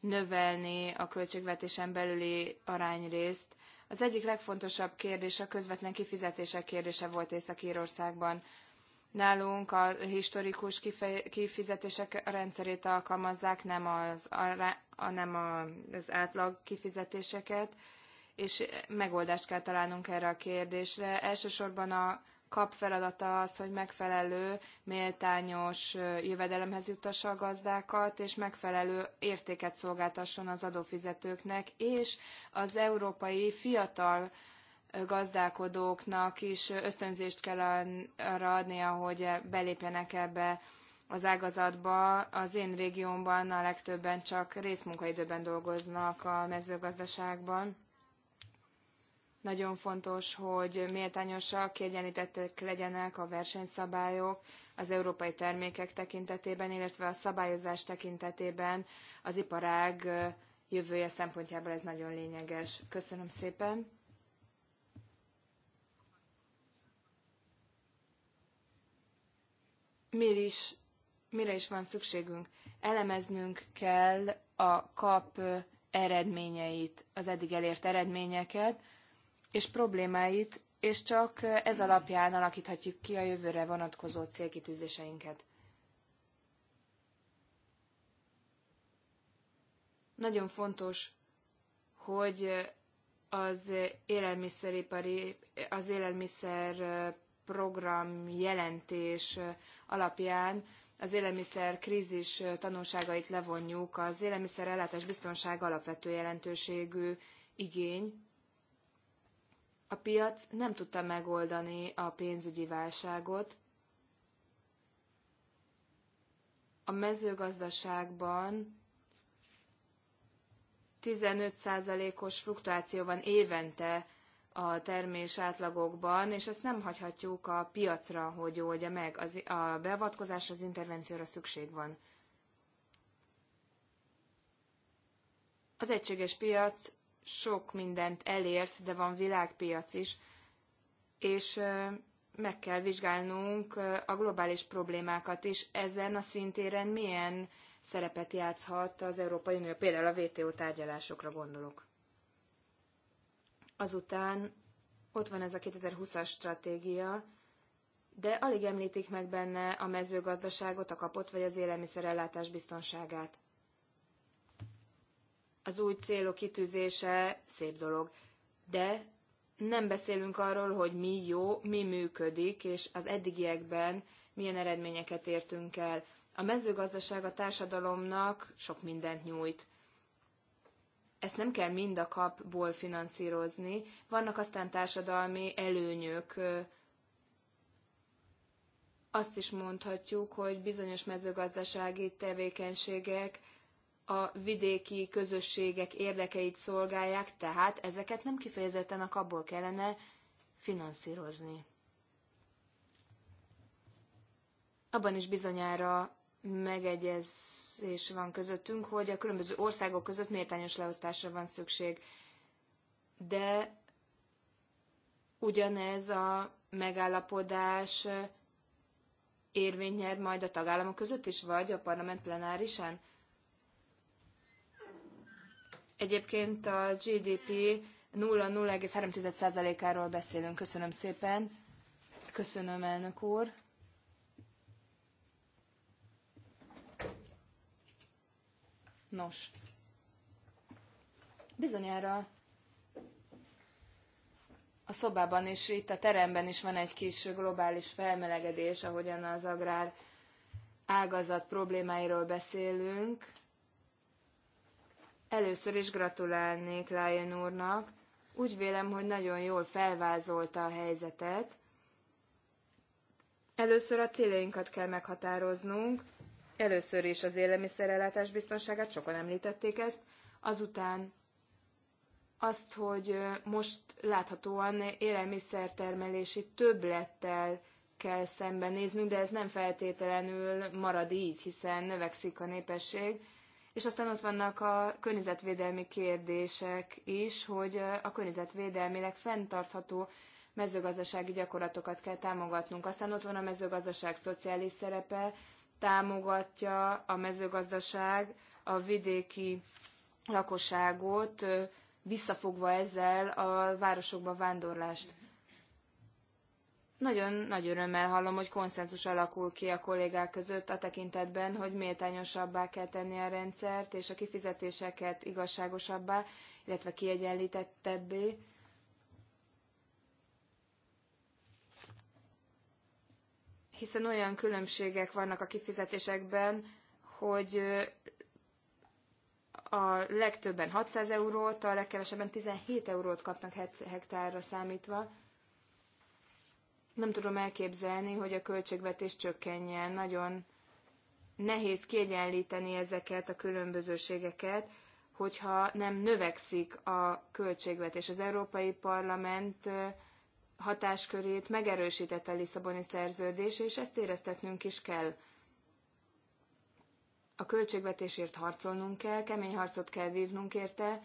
növelni a költségvetésen belüli arányrészt. Az egyik legfontosabb kérdés a közvetlen kifizetések kérdése volt Észak-Írországban. Nálunk a historikus kifizetések rendszerét alkalmazzák, nem az, a, nem az átlag kifizetéseket, és megoldást kell találnunk erre a kérdésre. Elsősorban a kap feladata az, hogy megfelelő, méltányos jövedelemhez juttassa a gazdákat, és megfelelő értéket szolgáltasson az adófizetőknek, és az európai fiatal gazdálkodóknak is ösztönzést kell arra adnia, hogy belépjenek ebbe az ágazatba. Az én régiómban a legtöbben csak részmunkaidőben dolgoznak a mezőgazdaságban. Nagyon fontos, hogy méltányosak, kiegyenlítettek legyenek a versenyszabályok az európai termékek tekintetében, illetve a szabályozás tekintetében az iparág jövője szempontjából ez nagyon lényeges. Köszönöm szépen! mir is, mire is van szükségünk. Elemeznünk kell a kap eredményeit, az eddig elért eredményeket és problémáit, és csak ez alapján alakíthatjuk ki a jövőre vonatkozó célkitűzéseinket. Nagyon fontos, hogy az élelmiszeripari, az élelmiszer program jelentés alapján az élelmiszer krízis tanulságait levonjuk. Az élelmiszer ellátás biztonság alapvető jelentőségű igény. A piac nem tudta megoldani a pénzügyi válságot. A mezőgazdaságban 15%-os fluktuáció van évente a termés átlagokban, és ezt nem hagyhatjuk a piacra, hogy oldja meg. Az, a beavatkozásra, az intervencióra szükség van. Az egységes piac sok mindent elért, de van világpiac is, és meg kell vizsgálnunk a globális problémákat is. Ezen a szintéren milyen szerepet játszhat az Európai Unió, például a WTO tárgyalásokra gondolok. Azután ott van ez a 2020-as stratégia, de alig említik meg benne a mezőgazdaságot, a kapot vagy az élelmiszerellátás biztonságát. Az új célok kitűzése szép dolog, de nem beszélünk arról, hogy mi jó, mi működik, és az eddigiekben milyen eredményeket értünk el. A mezőgazdaság a társadalomnak sok mindent nyújt ezt nem kell mind a kapból finanszírozni, vannak aztán társadalmi előnyök. Azt is mondhatjuk, hogy bizonyos mezőgazdasági tevékenységek a vidéki közösségek érdekeit szolgálják, tehát ezeket nem kifejezetten a kapból kellene finanszírozni. Abban is bizonyára megegyez egyetértés van közöttünk, hogy a különböző országok között méltányos leosztásra van szükség. De ugyanez a megállapodás érvényt nyer majd a tagállamok között is, vagy a parlament plenárisán? Egyébként a GDP 0,3%-áról beszélünk. Köszönöm szépen. Köszönöm, elnök úr. Nos, bizonyára a szobában is, itt a teremben is van egy kis globális felmelegedés, ahogyan az agrár ágazat problémáiról beszélünk. Először is gratulálnék Lájen úrnak. Úgy vélem, hogy nagyon jól felvázolta a helyzetet. Először a céljainkat kell meghatároznunk, Először is az élelmiszerellátás biztonságát, sokan említették ezt, azután azt, hogy most láthatóan élelmiszertermelési többlettel kell szembenéznünk, de ez nem feltételenül marad így, hiszen növekszik a népesség. És aztán ott vannak a környezetvédelmi kérdések is, hogy a környezetvédelmileg fenntartható mezőgazdasági gyakorlatokat kell támogatnunk. Aztán ott van a mezőgazdaság szociális szerepe, támogatja a mezőgazdaság a vidéki lakosságot, visszafogva ezzel a városokba vándorlást. Nagyon nagy örömmel hallom, hogy konszenzus alakul ki a kollégák között a tekintetben, hogy méltányosabbá kell tenni a rendszert, és a kifizetéseket igazságosabbá, illetve kiegyenlítettebbé hiszen olyan különbségek vannak a kifizetésekben, hogy a legtöbben 600 eurót, a legkevesebben 17 eurót kapnak hektárra számítva. Nem tudom elképzelni, hogy a költségvetés csökkenjen. Nagyon nehéz kiegyenlíteni ezeket a különbözőségeket, hogyha nem növekszik a költségvetés. Az Európai Parlament hatáskörét megerősített a Lisszaboni szerződés, és ezt éreztetnünk is kell. A költségvetésért harcolnunk kell, kemény harcot kell vívnunk érte.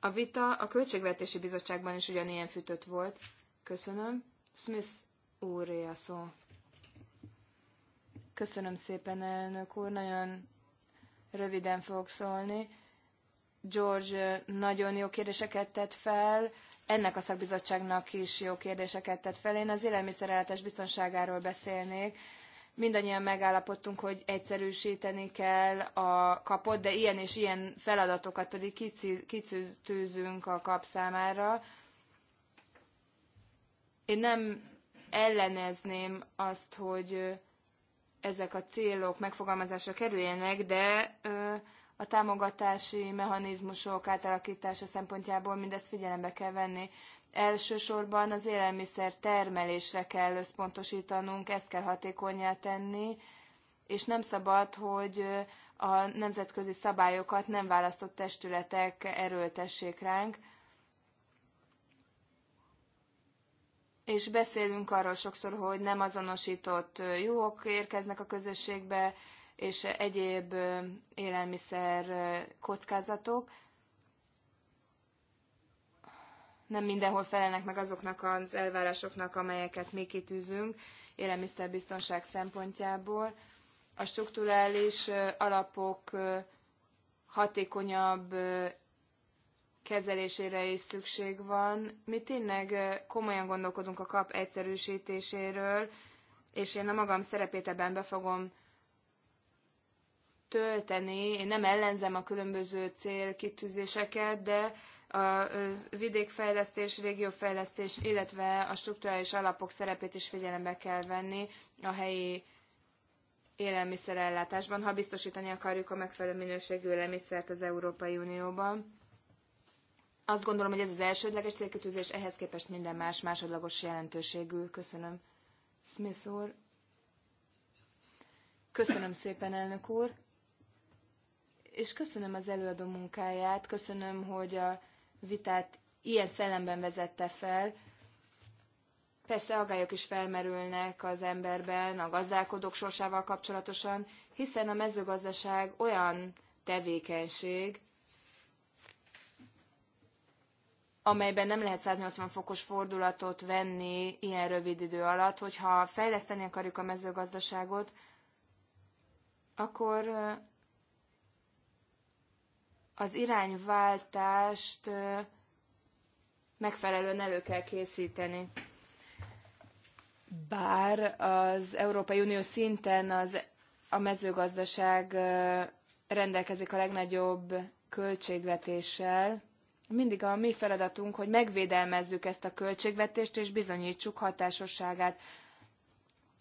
A vita a Költségvetési Bizottságban is ugyanilyen fűtött volt. Köszönöm. Smith úré a szó. Köszönöm szépen, elnök úr. Nagyon röviden fogok szólni George nagyon jó kérdéseket tett fel, ennek a szakbizottságnak is jó kérdéseket tett fel. Én az élelmiszerellátás biztonságáról beszélnék. Mindannyian megállapodtunk, hogy egyszerűsíteni kell a kapot, de ilyen és ilyen feladatokat pedig kicitűzünk a kap számára. Én nem ellenezném azt, hogy ezek a célok megfogalmazásra kerüljenek, de a támogatási mechanizmusok átalakítása szempontjából mindezt figyelembe kell venni. Elsősorban az élelmiszer termelésre kell összpontosítanunk, ezt kell hatékonyá tenni, és nem szabad, hogy a nemzetközi szabályokat nem választott testületek erőltessék ránk. És beszélünk arról sokszor, hogy nem azonosított juhok érkeznek a közösségbe, és egyéb élelmiszer kockázatok nem mindenhol felelnek meg azoknak az elvárásoknak, amelyeket mi kitűzünk élelmiszerbiztonság szempontjából. A strukturális alapok hatékonyabb kezelésére is szükség van. Mi tényleg komolyan gondolkodunk a kap egyszerűsítéséről, és én a magam szerepét ebben be fogom tölteni. Én nem ellenzem a különböző célkitűzéseket, de a vidékfejlesztés, régiófejlesztés, illetve a strukturális alapok szerepét is figyelembe kell venni a helyi élelmiszerellátásban, ha biztosítani akarjuk a megfelelő minőségű élelmiszert az Európai Unióban. Azt gondolom, hogy ez az elsődleges célkütőzés, ehhez képest minden más másodlagos jelentőségű. Köszönöm. Smith úr. Köszönöm szépen, elnök úr és köszönöm az előadó munkáját, köszönöm, hogy a vitát ilyen szellemben vezette fel. Persze agályok is felmerülnek az emberben, a gazdálkodók sorsával kapcsolatosan, hiszen a mezőgazdaság olyan tevékenység, amelyben nem lehet 180 fokos fordulatot venni ilyen rövid idő alatt, hogyha fejleszteni akarjuk a mezőgazdaságot, akkor az irányváltást megfelelően elő kell készíteni. Bár az Európai Unió szinten az, a mezőgazdaság rendelkezik a legnagyobb költségvetéssel, mindig a mi feladatunk, hogy megvédelmezzük ezt a költségvetést, és bizonyítsuk hatásosságát.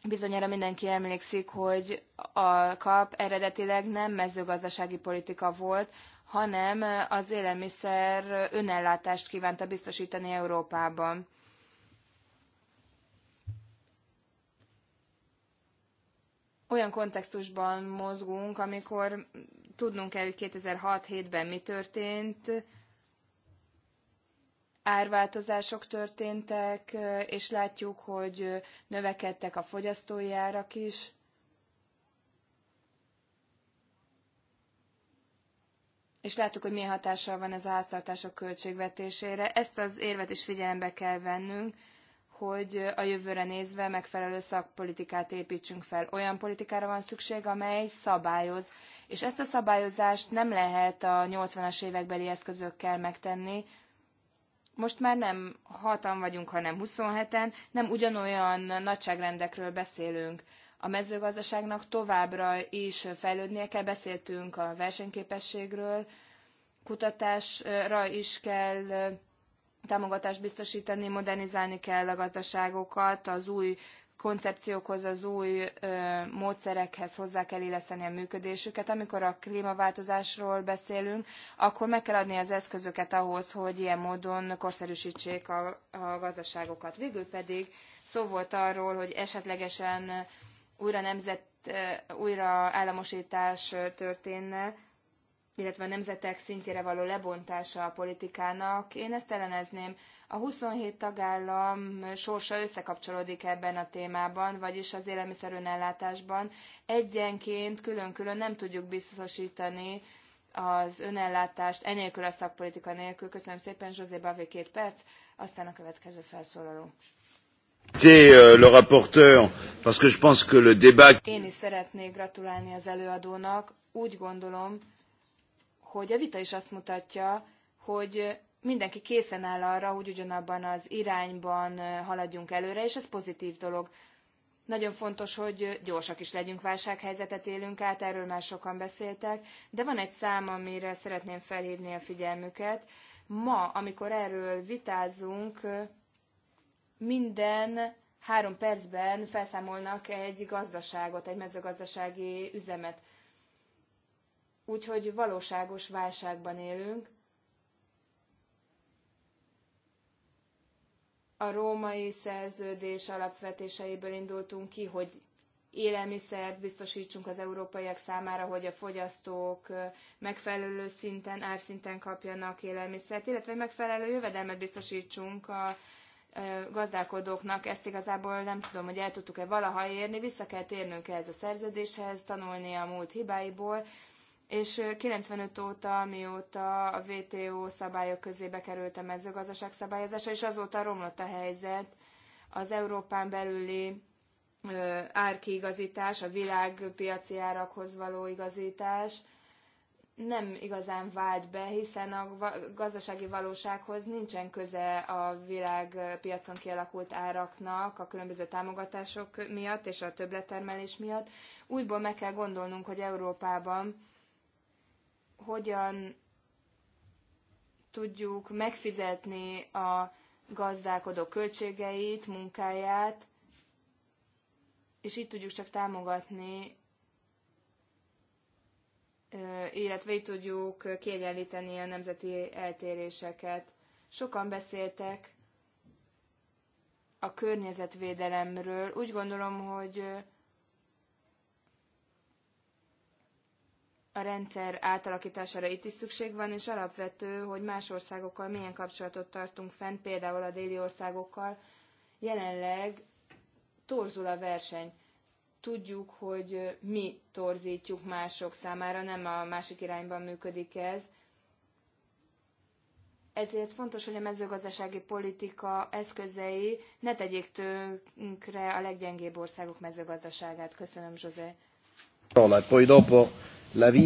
Bizonyára mindenki emlékszik, hogy a kap eredetileg nem mezőgazdasági politika volt, hanem az élelmiszer önellátást kívánta biztosítani Európában. Olyan kontextusban mozgunk, amikor tudnunk kell, hogy 2006-7-ben mi történt, árváltozások történtek, és látjuk, hogy növekedtek a fogyasztói árak is. és láttuk, hogy milyen hatással van ez a háztartások költségvetésére. Ezt az érvet is figyelembe kell vennünk, hogy a jövőre nézve megfelelő szakpolitikát építsünk fel. Olyan politikára van szükség, amely szabályoz, és ezt a szabályozást nem lehet a 80-as évekbeli eszközökkel megtenni. Most már nem hatan vagyunk, hanem 27-en, nem ugyanolyan nagyságrendekről beszélünk a mezőgazdaságnak továbbra is fejlődnie kell, beszéltünk a versenyképességről, kutatásra is kell támogatást biztosítani, modernizálni kell a gazdaságokat, az új koncepciókhoz, az új módszerekhez hozzá kell illeszteni a működésüket. Amikor a klímaváltozásról beszélünk, akkor meg kell adni az eszközöket ahhoz, hogy ilyen módon korszerűsítsék a, a gazdaságokat. Végül pedig szó volt arról, hogy esetlegesen újra nemzet, újra államosítás történne, illetve a nemzetek szintjére való lebontása a politikának. Én ezt ellenezném. A 27 tagállam sorsa összekapcsolódik ebben a témában, vagyis az élelmiszerönellátásban. Egyenként külön-külön nem tudjuk biztosítani az önellátást, enélkül a szakpolitika nélkül. Köszönöm szépen, José Bavé két perc, aztán a következő felszólaló.
Euh,
Én is szeretnék gratulálni az előadónak. Úgy gondolom, hogy a vita is azt mutatja, hogy mindenki készen áll arra, hogy ugyanabban az irányban haladjunk előre, és ez pozitív dolog. Nagyon fontos, hogy gyorsak is legyünk, válsághelyzetet élünk át, erről már sokan beszéltek, de van egy szám, amire szeretném felhívni a figyelmüket. Ma, amikor erről vitázunk, minden három percben felszámolnak egy gazdaságot, egy mezőgazdasági üzemet. Úgyhogy valóságos válságban élünk. A római szerződés alapvetéseiből indultunk ki, hogy élelmiszert biztosítsunk az európaiak számára, hogy a fogyasztók megfelelő szinten, árszinten kapjanak élelmiszert, illetve megfelelő jövedelmet biztosítsunk a gazdálkodóknak ezt igazából nem tudom, hogy el tudtuk-e valaha érni, vissza kell térnünk ehhez a szerződéshez, tanulni a múlt hibáiból, és 95 óta, mióta a WTO szabályok közébe került a mezőgazdaság szabályozása, és azóta romlott a helyzet az Európán belüli árkiigazítás, a világpiaci árakhoz való igazítás – nem igazán vált be, hiszen a gazdasági valósághoz nincsen köze a világpiacon kialakult áraknak a különböző támogatások miatt és a többlettermelés miatt. Úgyból meg kell gondolnunk, hogy Európában hogyan tudjuk megfizetni a gazdálkodó költségeit, munkáját, és így tudjuk csak támogatni illetve így tudjuk kiegyenlíteni a nemzeti eltéréseket. Sokan beszéltek a környezetvédelemről. Úgy gondolom, hogy a rendszer átalakítására itt is szükség van, és alapvető, hogy más országokkal milyen kapcsolatot tartunk fenn, például a déli országokkal. Jelenleg torzul a verseny tudjuk, hogy mi torzítjuk mások számára, nem a másik irányban működik ez. Ezért fontos, hogy a mezőgazdasági politika eszközei ne tegyék tönkre a
leggyengébb országok mezőgazdaságát. Köszönöm, José.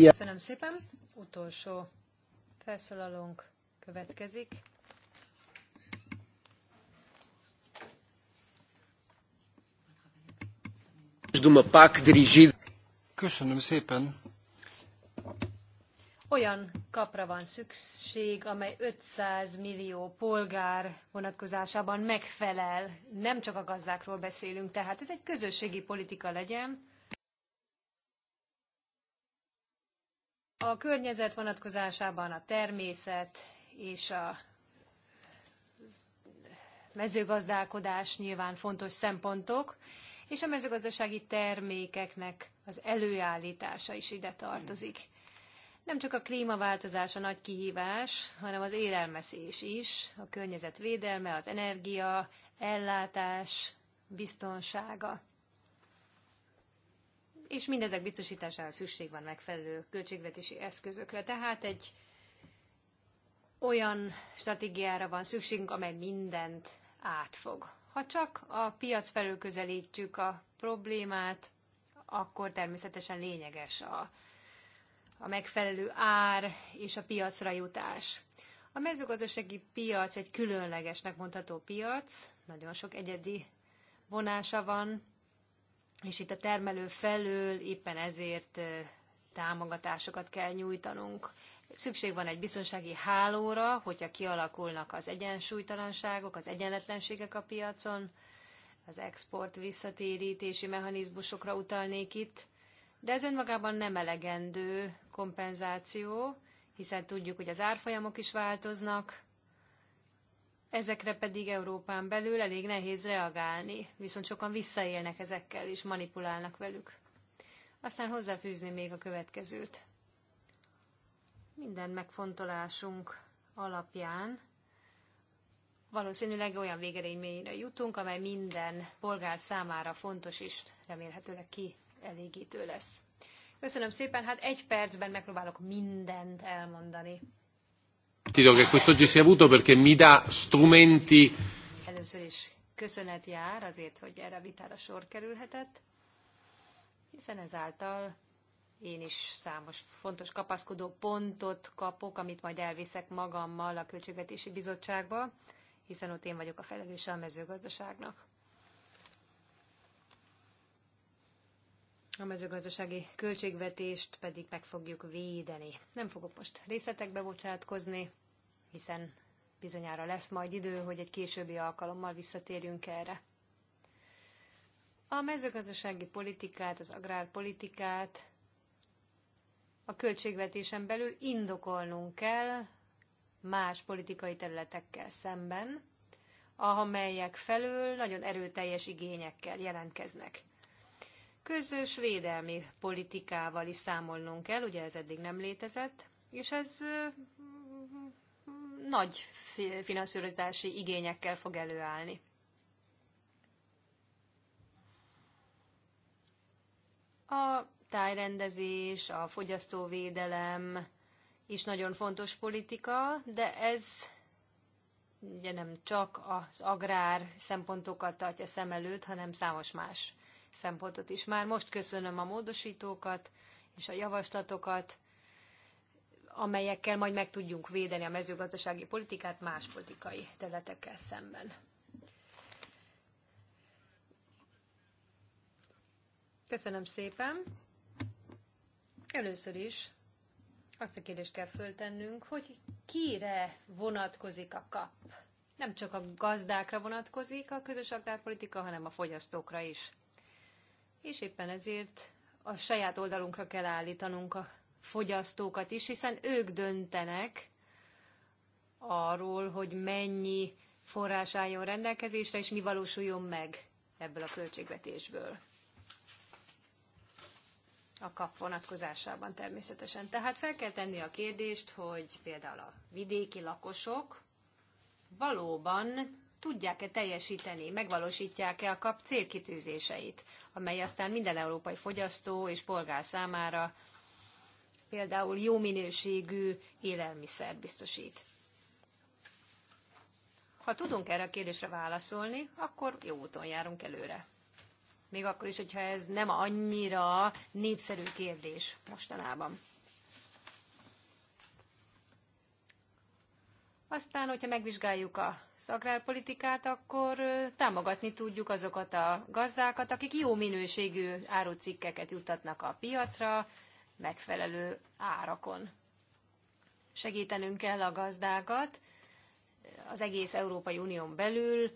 Köszönöm szépen. Utolsó felszólalónk következik.
Köszönöm szépen.
Olyan kapra van szükség, amely 500 millió polgár vonatkozásában megfelel. Nem csak a gazdákról beszélünk, tehát ez egy közösségi politika legyen. A környezet vonatkozásában a természet és a mezőgazdálkodás nyilván fontos szempontok, és a mezőgazdasági termékeknek az előállítása is ide tartozik. Nem csak a klímaváltozás a nagy kihívás, hanem az élelmeszés is, a környezet védelme, az energia, ellátás, biztonsága. És mindezek biztosítására szükség van megfelelő költségvetési eszközökre. Tehát egy olyan stratégiára van szükségünk, amely mindent átfog. Ha csak a piac felől közelítjük a problémát, akkor természetesen lényeges a, a megfelelő ár és a piacra jutás. A mezőgazdasági piac egy különlegesnek mondható piac, nagyon sok egyedi vonása van, és itt a termelő felől éppen ezért támogatásokat kell nyújtanunk. Szükség van egy biztonsági hálóra, hogyha kialakulnak az egyensúlytalanságok, az egyenletlenségek a piacon, az export visszatérítési mechanizmusokra utalnék itt, de ez önmagában nem elegendő kompenzáció, hiszen tudjuk, hogy az árfolyamok is változnak, ezekre pedig Európán belül elég nehéz reagálni, viszont sokan visszaélnek ezekkel és manipulálnak velük. Aztán hozzáfűzni még a következőt minden megfontolásunk alapján valószínűleg olyan végeredményre jutunk, amely minden polgár számára fontos és remélhetőleg kielégítő lesz. Köszönöm szépen, hát egy percben megpróbálok mindent elmondani.
Che quest'oggi sia avuto perché mi dà strumenti.
Először is köszönet jár azért, hogy erre a vitára sor kerülhetett, hiszen ezáltal én is számos fontos kapaszkodó pontot kapok, amit majd elviszek magammal a Költségvetési Bizottságba, hiszen ott én vagyok a felelőse a mezőgazdaságnak. A mezőgazdasági költségvetést pedig meg fogjuk védeni. Nem fogok most részletekbe bocsátkozni, hiszen bizonyára lesz majd idő, hogy egy későbbi alkalommal visszatérjünk erre. A mezőgazdasági politikát, az agrárpolitikát a költségvetésen belül indokolnunk kell más politikai területekkel szemben, amelyek felől nagyon erőteljes igényekkel jelentkeznek. Közös védelmi politikával is számolnunk kell, ugye ez eddig nem létezett, és ez nagy finanszírozási igényekkel fog előállni. A tájrendezés, a fogyasztóvédelem is nagyon fontos politika, de ez ugye nem csak az agrár szempontokat tartja szem előtt, hanem számos más szempontot is. Már most köszönöm a módosítókat és a javaslatokat, amelyekkel majd meg tudjunk védeni a mezőgazdasági politikát más politikai területekkel szemben. Köszönöm szépen! Először is azt a kérdést kell föltennünk, hogy kire vonatkozik a kap. Nem csak a gazdákra vonatkozik a közös agrárpolitika, hanem a fogyasztókra is. És éppen ezért a saját oldalunkra kell állítanunk a fogyasztókat is, hiszen ők döntenek arról, hogy mennyi forrás álljon rendelkezésre, és mi valósuljon meg ebből a költségvetésből a kap vonatkozásában természetesen. Tehát fel kell tenni a kérdést, hogy például a vidéki lakosok valóban tudják-e teljesíteni, megvalósítják-e a kap célkitűzéseit, amely aztán minden európai fogyasztó és polgár számára például jó minőségű élelmiszer biztosít. Ha tudunk erre a kérdésre válaszolni, akkor jó úton járunk előre még akkor is, hogyha ez nem annyira népszerű kérdés mostanában. Aztán, hogyha megvizsgáljuk a agrárpolitikát, akkor támogatni tudjuk azokat a gazdákat, akik jó minőségű árucikkeket juttatnak a piacra, megfelelő árakon. Segítenünk kell a gazdákat az egész Európai Unión belül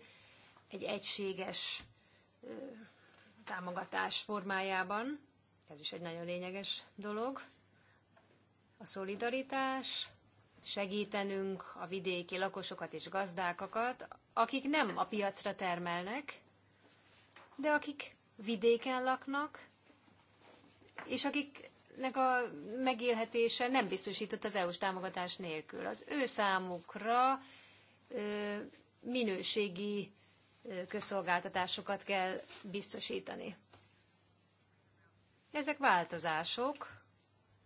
egy egységes támogatás formájában. Ez is egy nagyon lényeges dolog. A szolidaritás, segítenünk a vidéki lakosokat és gazdákakat, akik nem a piacra termelnek, de akik vidéken laknak, és akiknek a megélhetése nem biztosított az EU-s támogatás nélkül. Az ő számukra minőségi közszolgáltatásokat kell biztosítani. Ezek változások,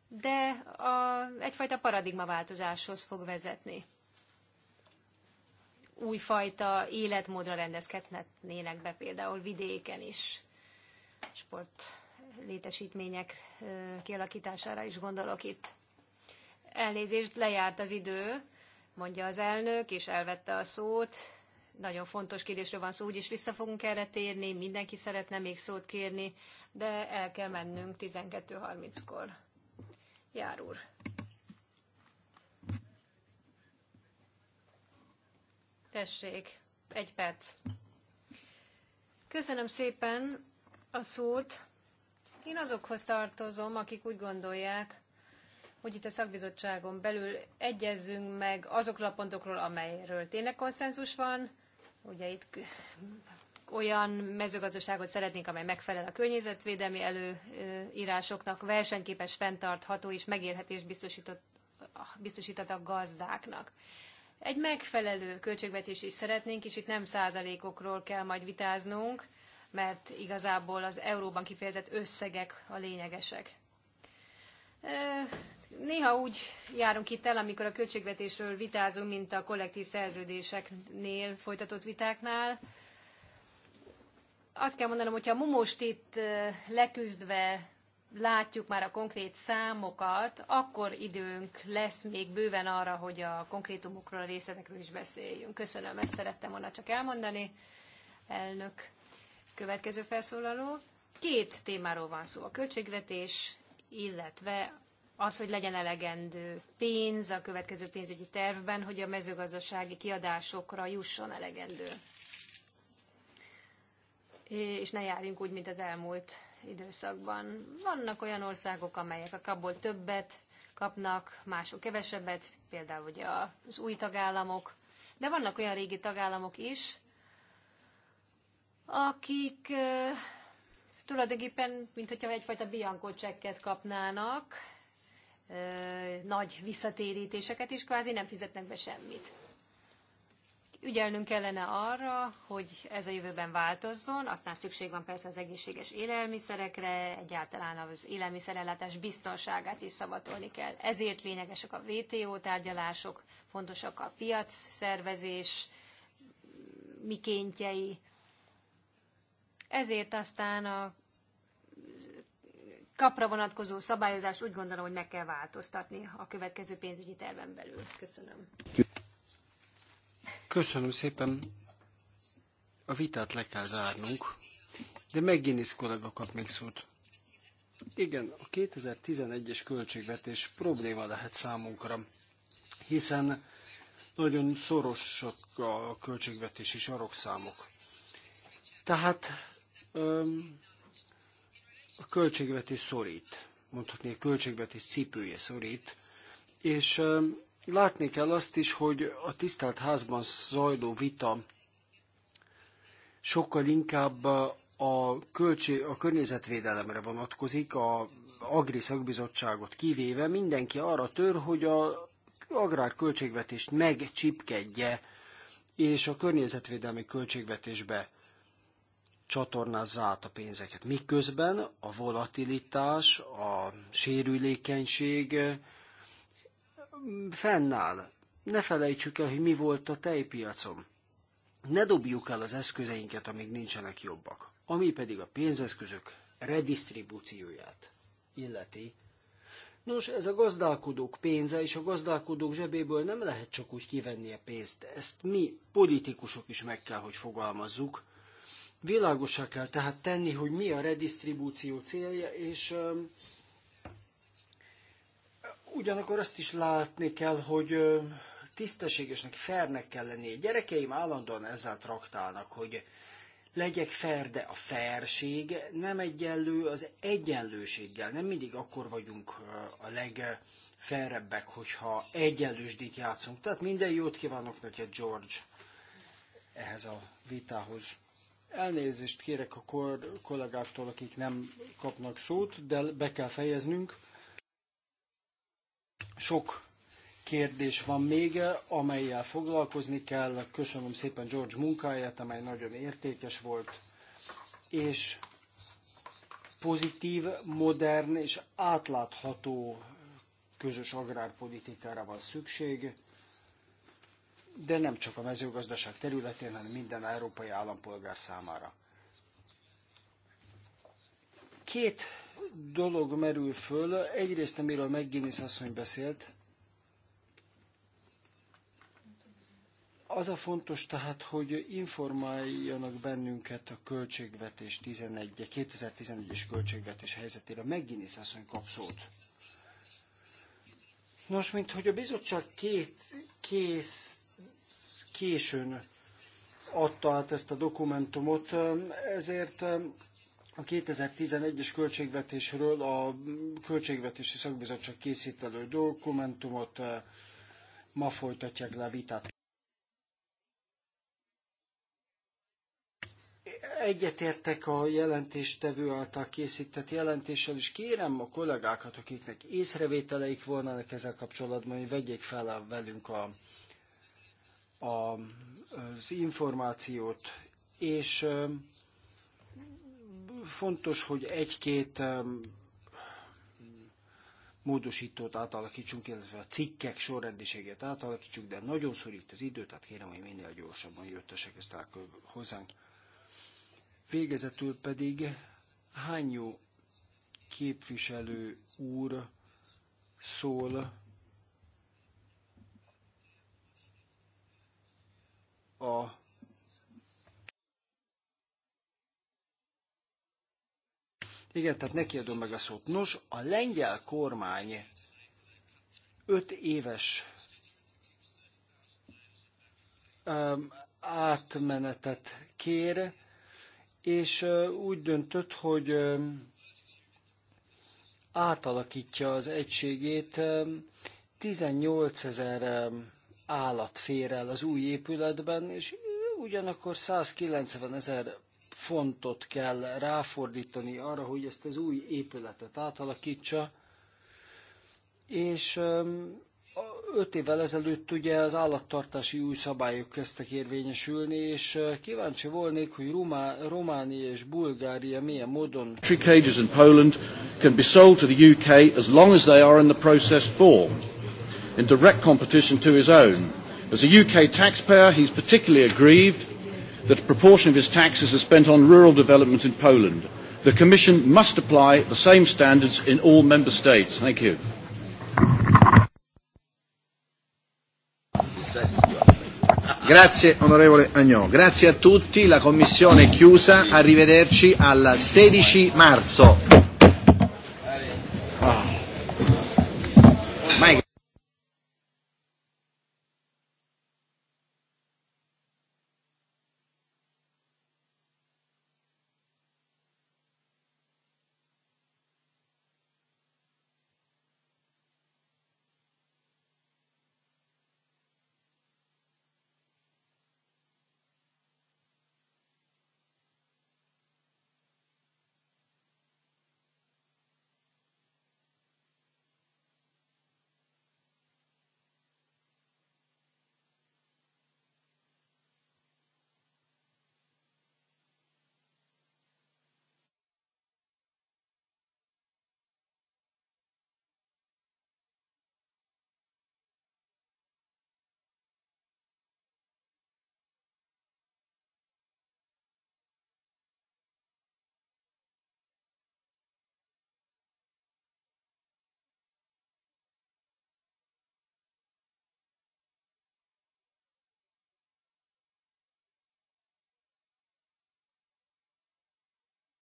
de a, egyfajta paradigmaváltozáshoz fog vezetni. Újfajta életmódra rendezkednének be például vidéken is. Sport létesítmények kialakítására is gondolok itt. Elnézést, lejárt az idő, mondja az elnök, és elvette a szót nagyon fontos kérdésről van szó, úgyis vissza fogunk erre térni, mindenki szeretne még szót kérni, de el kell mennünk 12.30-kor. Jár úr. Tessék, egy perc. Köszönöm szépen a szót. Én azokhoz tartozom, akik úgy gondolják, hogy itt a szakbizottságon belül egyezzünk meg azokról a pontokról, amelyről tényleg konszenzus van, Ugye itt olyan mezőgazdaságot szeretnénk, amely megfelel a környezetvédelmi előírásoknak, versenyképes, fenntartható és megélhetés biztosított, biztosított a gazdáknak. Egy megfelelő költségvetés is szeretnénk, és itt nem százalékokról kell majd vitáznunk, mert igazából az euróban kifejezett összegek a lényegesek néha úgy járunk itt el, amikor a költségvetésről vitázunk, mint a kollektív szerződéseknél folytatott vitáknál. Azt kell mondanom, hogyha most itt leküzdve látjuk már a konkrét számokat, akkor időnk lesz még bőven arra, hogy a konkrétumokról, a részletekről is beszéljünk. Köszönöm, ezt szerettem volna csak elmondani. Elnök, következő felszólaló. Két témáról van szó, a költségvetés, illetve az, hogy legyen elegendő pénz a következő pénzügyi tervben, hogy a mezőgazdasági kiadásokra jusson elegendő. És ne járjunk úgy, mint az elmúlt időszakban. Vannak olyan országok, amelyek a kapból többet kapnak, mások kevesebbet, például ugye az új tagállamok, de vannak olyan régi tagállamok is, akik tulajdonképpen, mint egyfajta bianco csekket kapnának, nagy visszatérítéseket, és kvázi nem fizetnek be semmit. Ügyelnünk kellene arra, hogy ez a jövőben változzon, aztán szükség van persze az egészséges élelmiszerekre, egyáltalán az élelmiszerellátás biztonságát is szavatolni kell. Ezért lényegesek a WTO tárgyalások, fontosak a piac szervezés, mikéntjei. Ezért aztán a kapra vonatkozó szabályozást úgy gondolom, hogy meg kell változtatni a következő pénzügyi terven belül. Köszönöm.
Köszönöm szépen. A vitát le kell zárnunk, de megint kollega kap még szót. Igen, a 2011-es költségvetés probléma lehet számunkra, hiszen nagyon szorosak a költségvetési sarokszámok. Tehát a költségvetés szorít, mondhatni a költségvetés cipője szorít, és um, látni kell azt is, hogy a tisztelt házban zajló vita sokkal inkább a, költség, a környezetvédelemre vonatkozik, a Agri szakbizottságot kivéve mindenki arra tör, hogy a agrárköltségvetést megcsipkedje, és a környezetvédelmi költségvetésbe csatornázza át a pénzeket. Miközben a volatilitás, a sérülékenység fennáll. Ne felejtsük el, hogy mi volt a tejpiacon. Ne dobjuk el az eszközeinket, amíg nincsenek jobbak. Ami pedig a pénzeszközök redistribúcióját illeti. Nos, ez a gazdálkodók pénze, és a gazdálkodók zsebéből nem lehet csak úgy kivenni a pénzt. Ezt mi, politikusok is meg kell, hogy fogalmazzuk, Világosá kell tehát tenni, hogy mi a redistribúció célja, és ugyanakkor azt is látni kell, hogy tisztességesnek, fernek kell lenni. A gyerekeim állandóan ezzel traktálnak, hogy legyek fair, de a fairség nem egyenlő az egyenlőséggel. Nem mindig akkor vagyunk a legferrebbek, hogyha egyenlősdik játszunk. Tehát minden jót kívánok neked, George, ehhez a vitához. Elnézést kérek a kollégáktól, akik nem kapnak szót, de be kell fejeznünk. Sok kérdés van még, amelyel foglalkozni kell. Köszönöm szépen George munkáját, amely nagyon értékes volt, és pozitív, modern és átlátható közös agrárpolitikára van szükség de nem csak a mezőgazdaság területén, hanem minden európai állampolgár számára. Két dolog merül föl. Egyrészt, amiről McGuinness asszony beszélt, az a fontos tehát, hogy informáljanak bennünket a költségvetés 11, 2011-es költségvetés helyzetére. McGuinness asszony kap szót. Nos, mint hogy a bizottság két, kész, későn adta át ezt a dokumentumot, ezért a 2011-es költségvetésről a Költségvetési Szakbizottság készítelő elő dokumentumot, eh, ma folytatják le a vitát. Egyetértek a jelentéstevő által készített jelentéssel, és kérem a kollégákat, akiknek észrevételeik volnának ezzel kapcsolatban, hogy vegyék fel velünk a a, az információt, és fontos, hogy egy-két módosítót átalakítsunk, illetve a cikkek sorrendiségét átalakítsunk, de nagyon szorít az idő, tehát kérem, hogy minél gyorsabban jöttesek ezt hozzánk. Végezetül pedig hányó képviselő úr szól a igen, tehát neki adom meg a szót. Nos, a lengyel kormány öt éves um, átmenetet kér, és uh, úgy döntött, hogy um, átalakítja az egységét. Um, 18 ezer um, állat fér el az új épületben, és ugyanakkor 190 ezer fontot kell ráfordítani arra, hogy ezt az új épületet átalakítsa, és öt évvel ezelőtt ugye az állattartási új szabályok kezdtek érvényesülni, és kíváncsi volnék, hogy Rumá, Románia és Bulgária milyen
módon... Tree cages in Poland can be sold to the UK as long as they are in the process in direct competition to his own. As a UK taxpayer, he's particularly aggrieved that a proportion of his taxes are spent on rural development in Poland. The Commission must apply the same standards in all Member States. Thank you. Grazie
onorevole Agnò, grazie a tutti, la Commissione è chiusa, arrivederci al 16 marzo.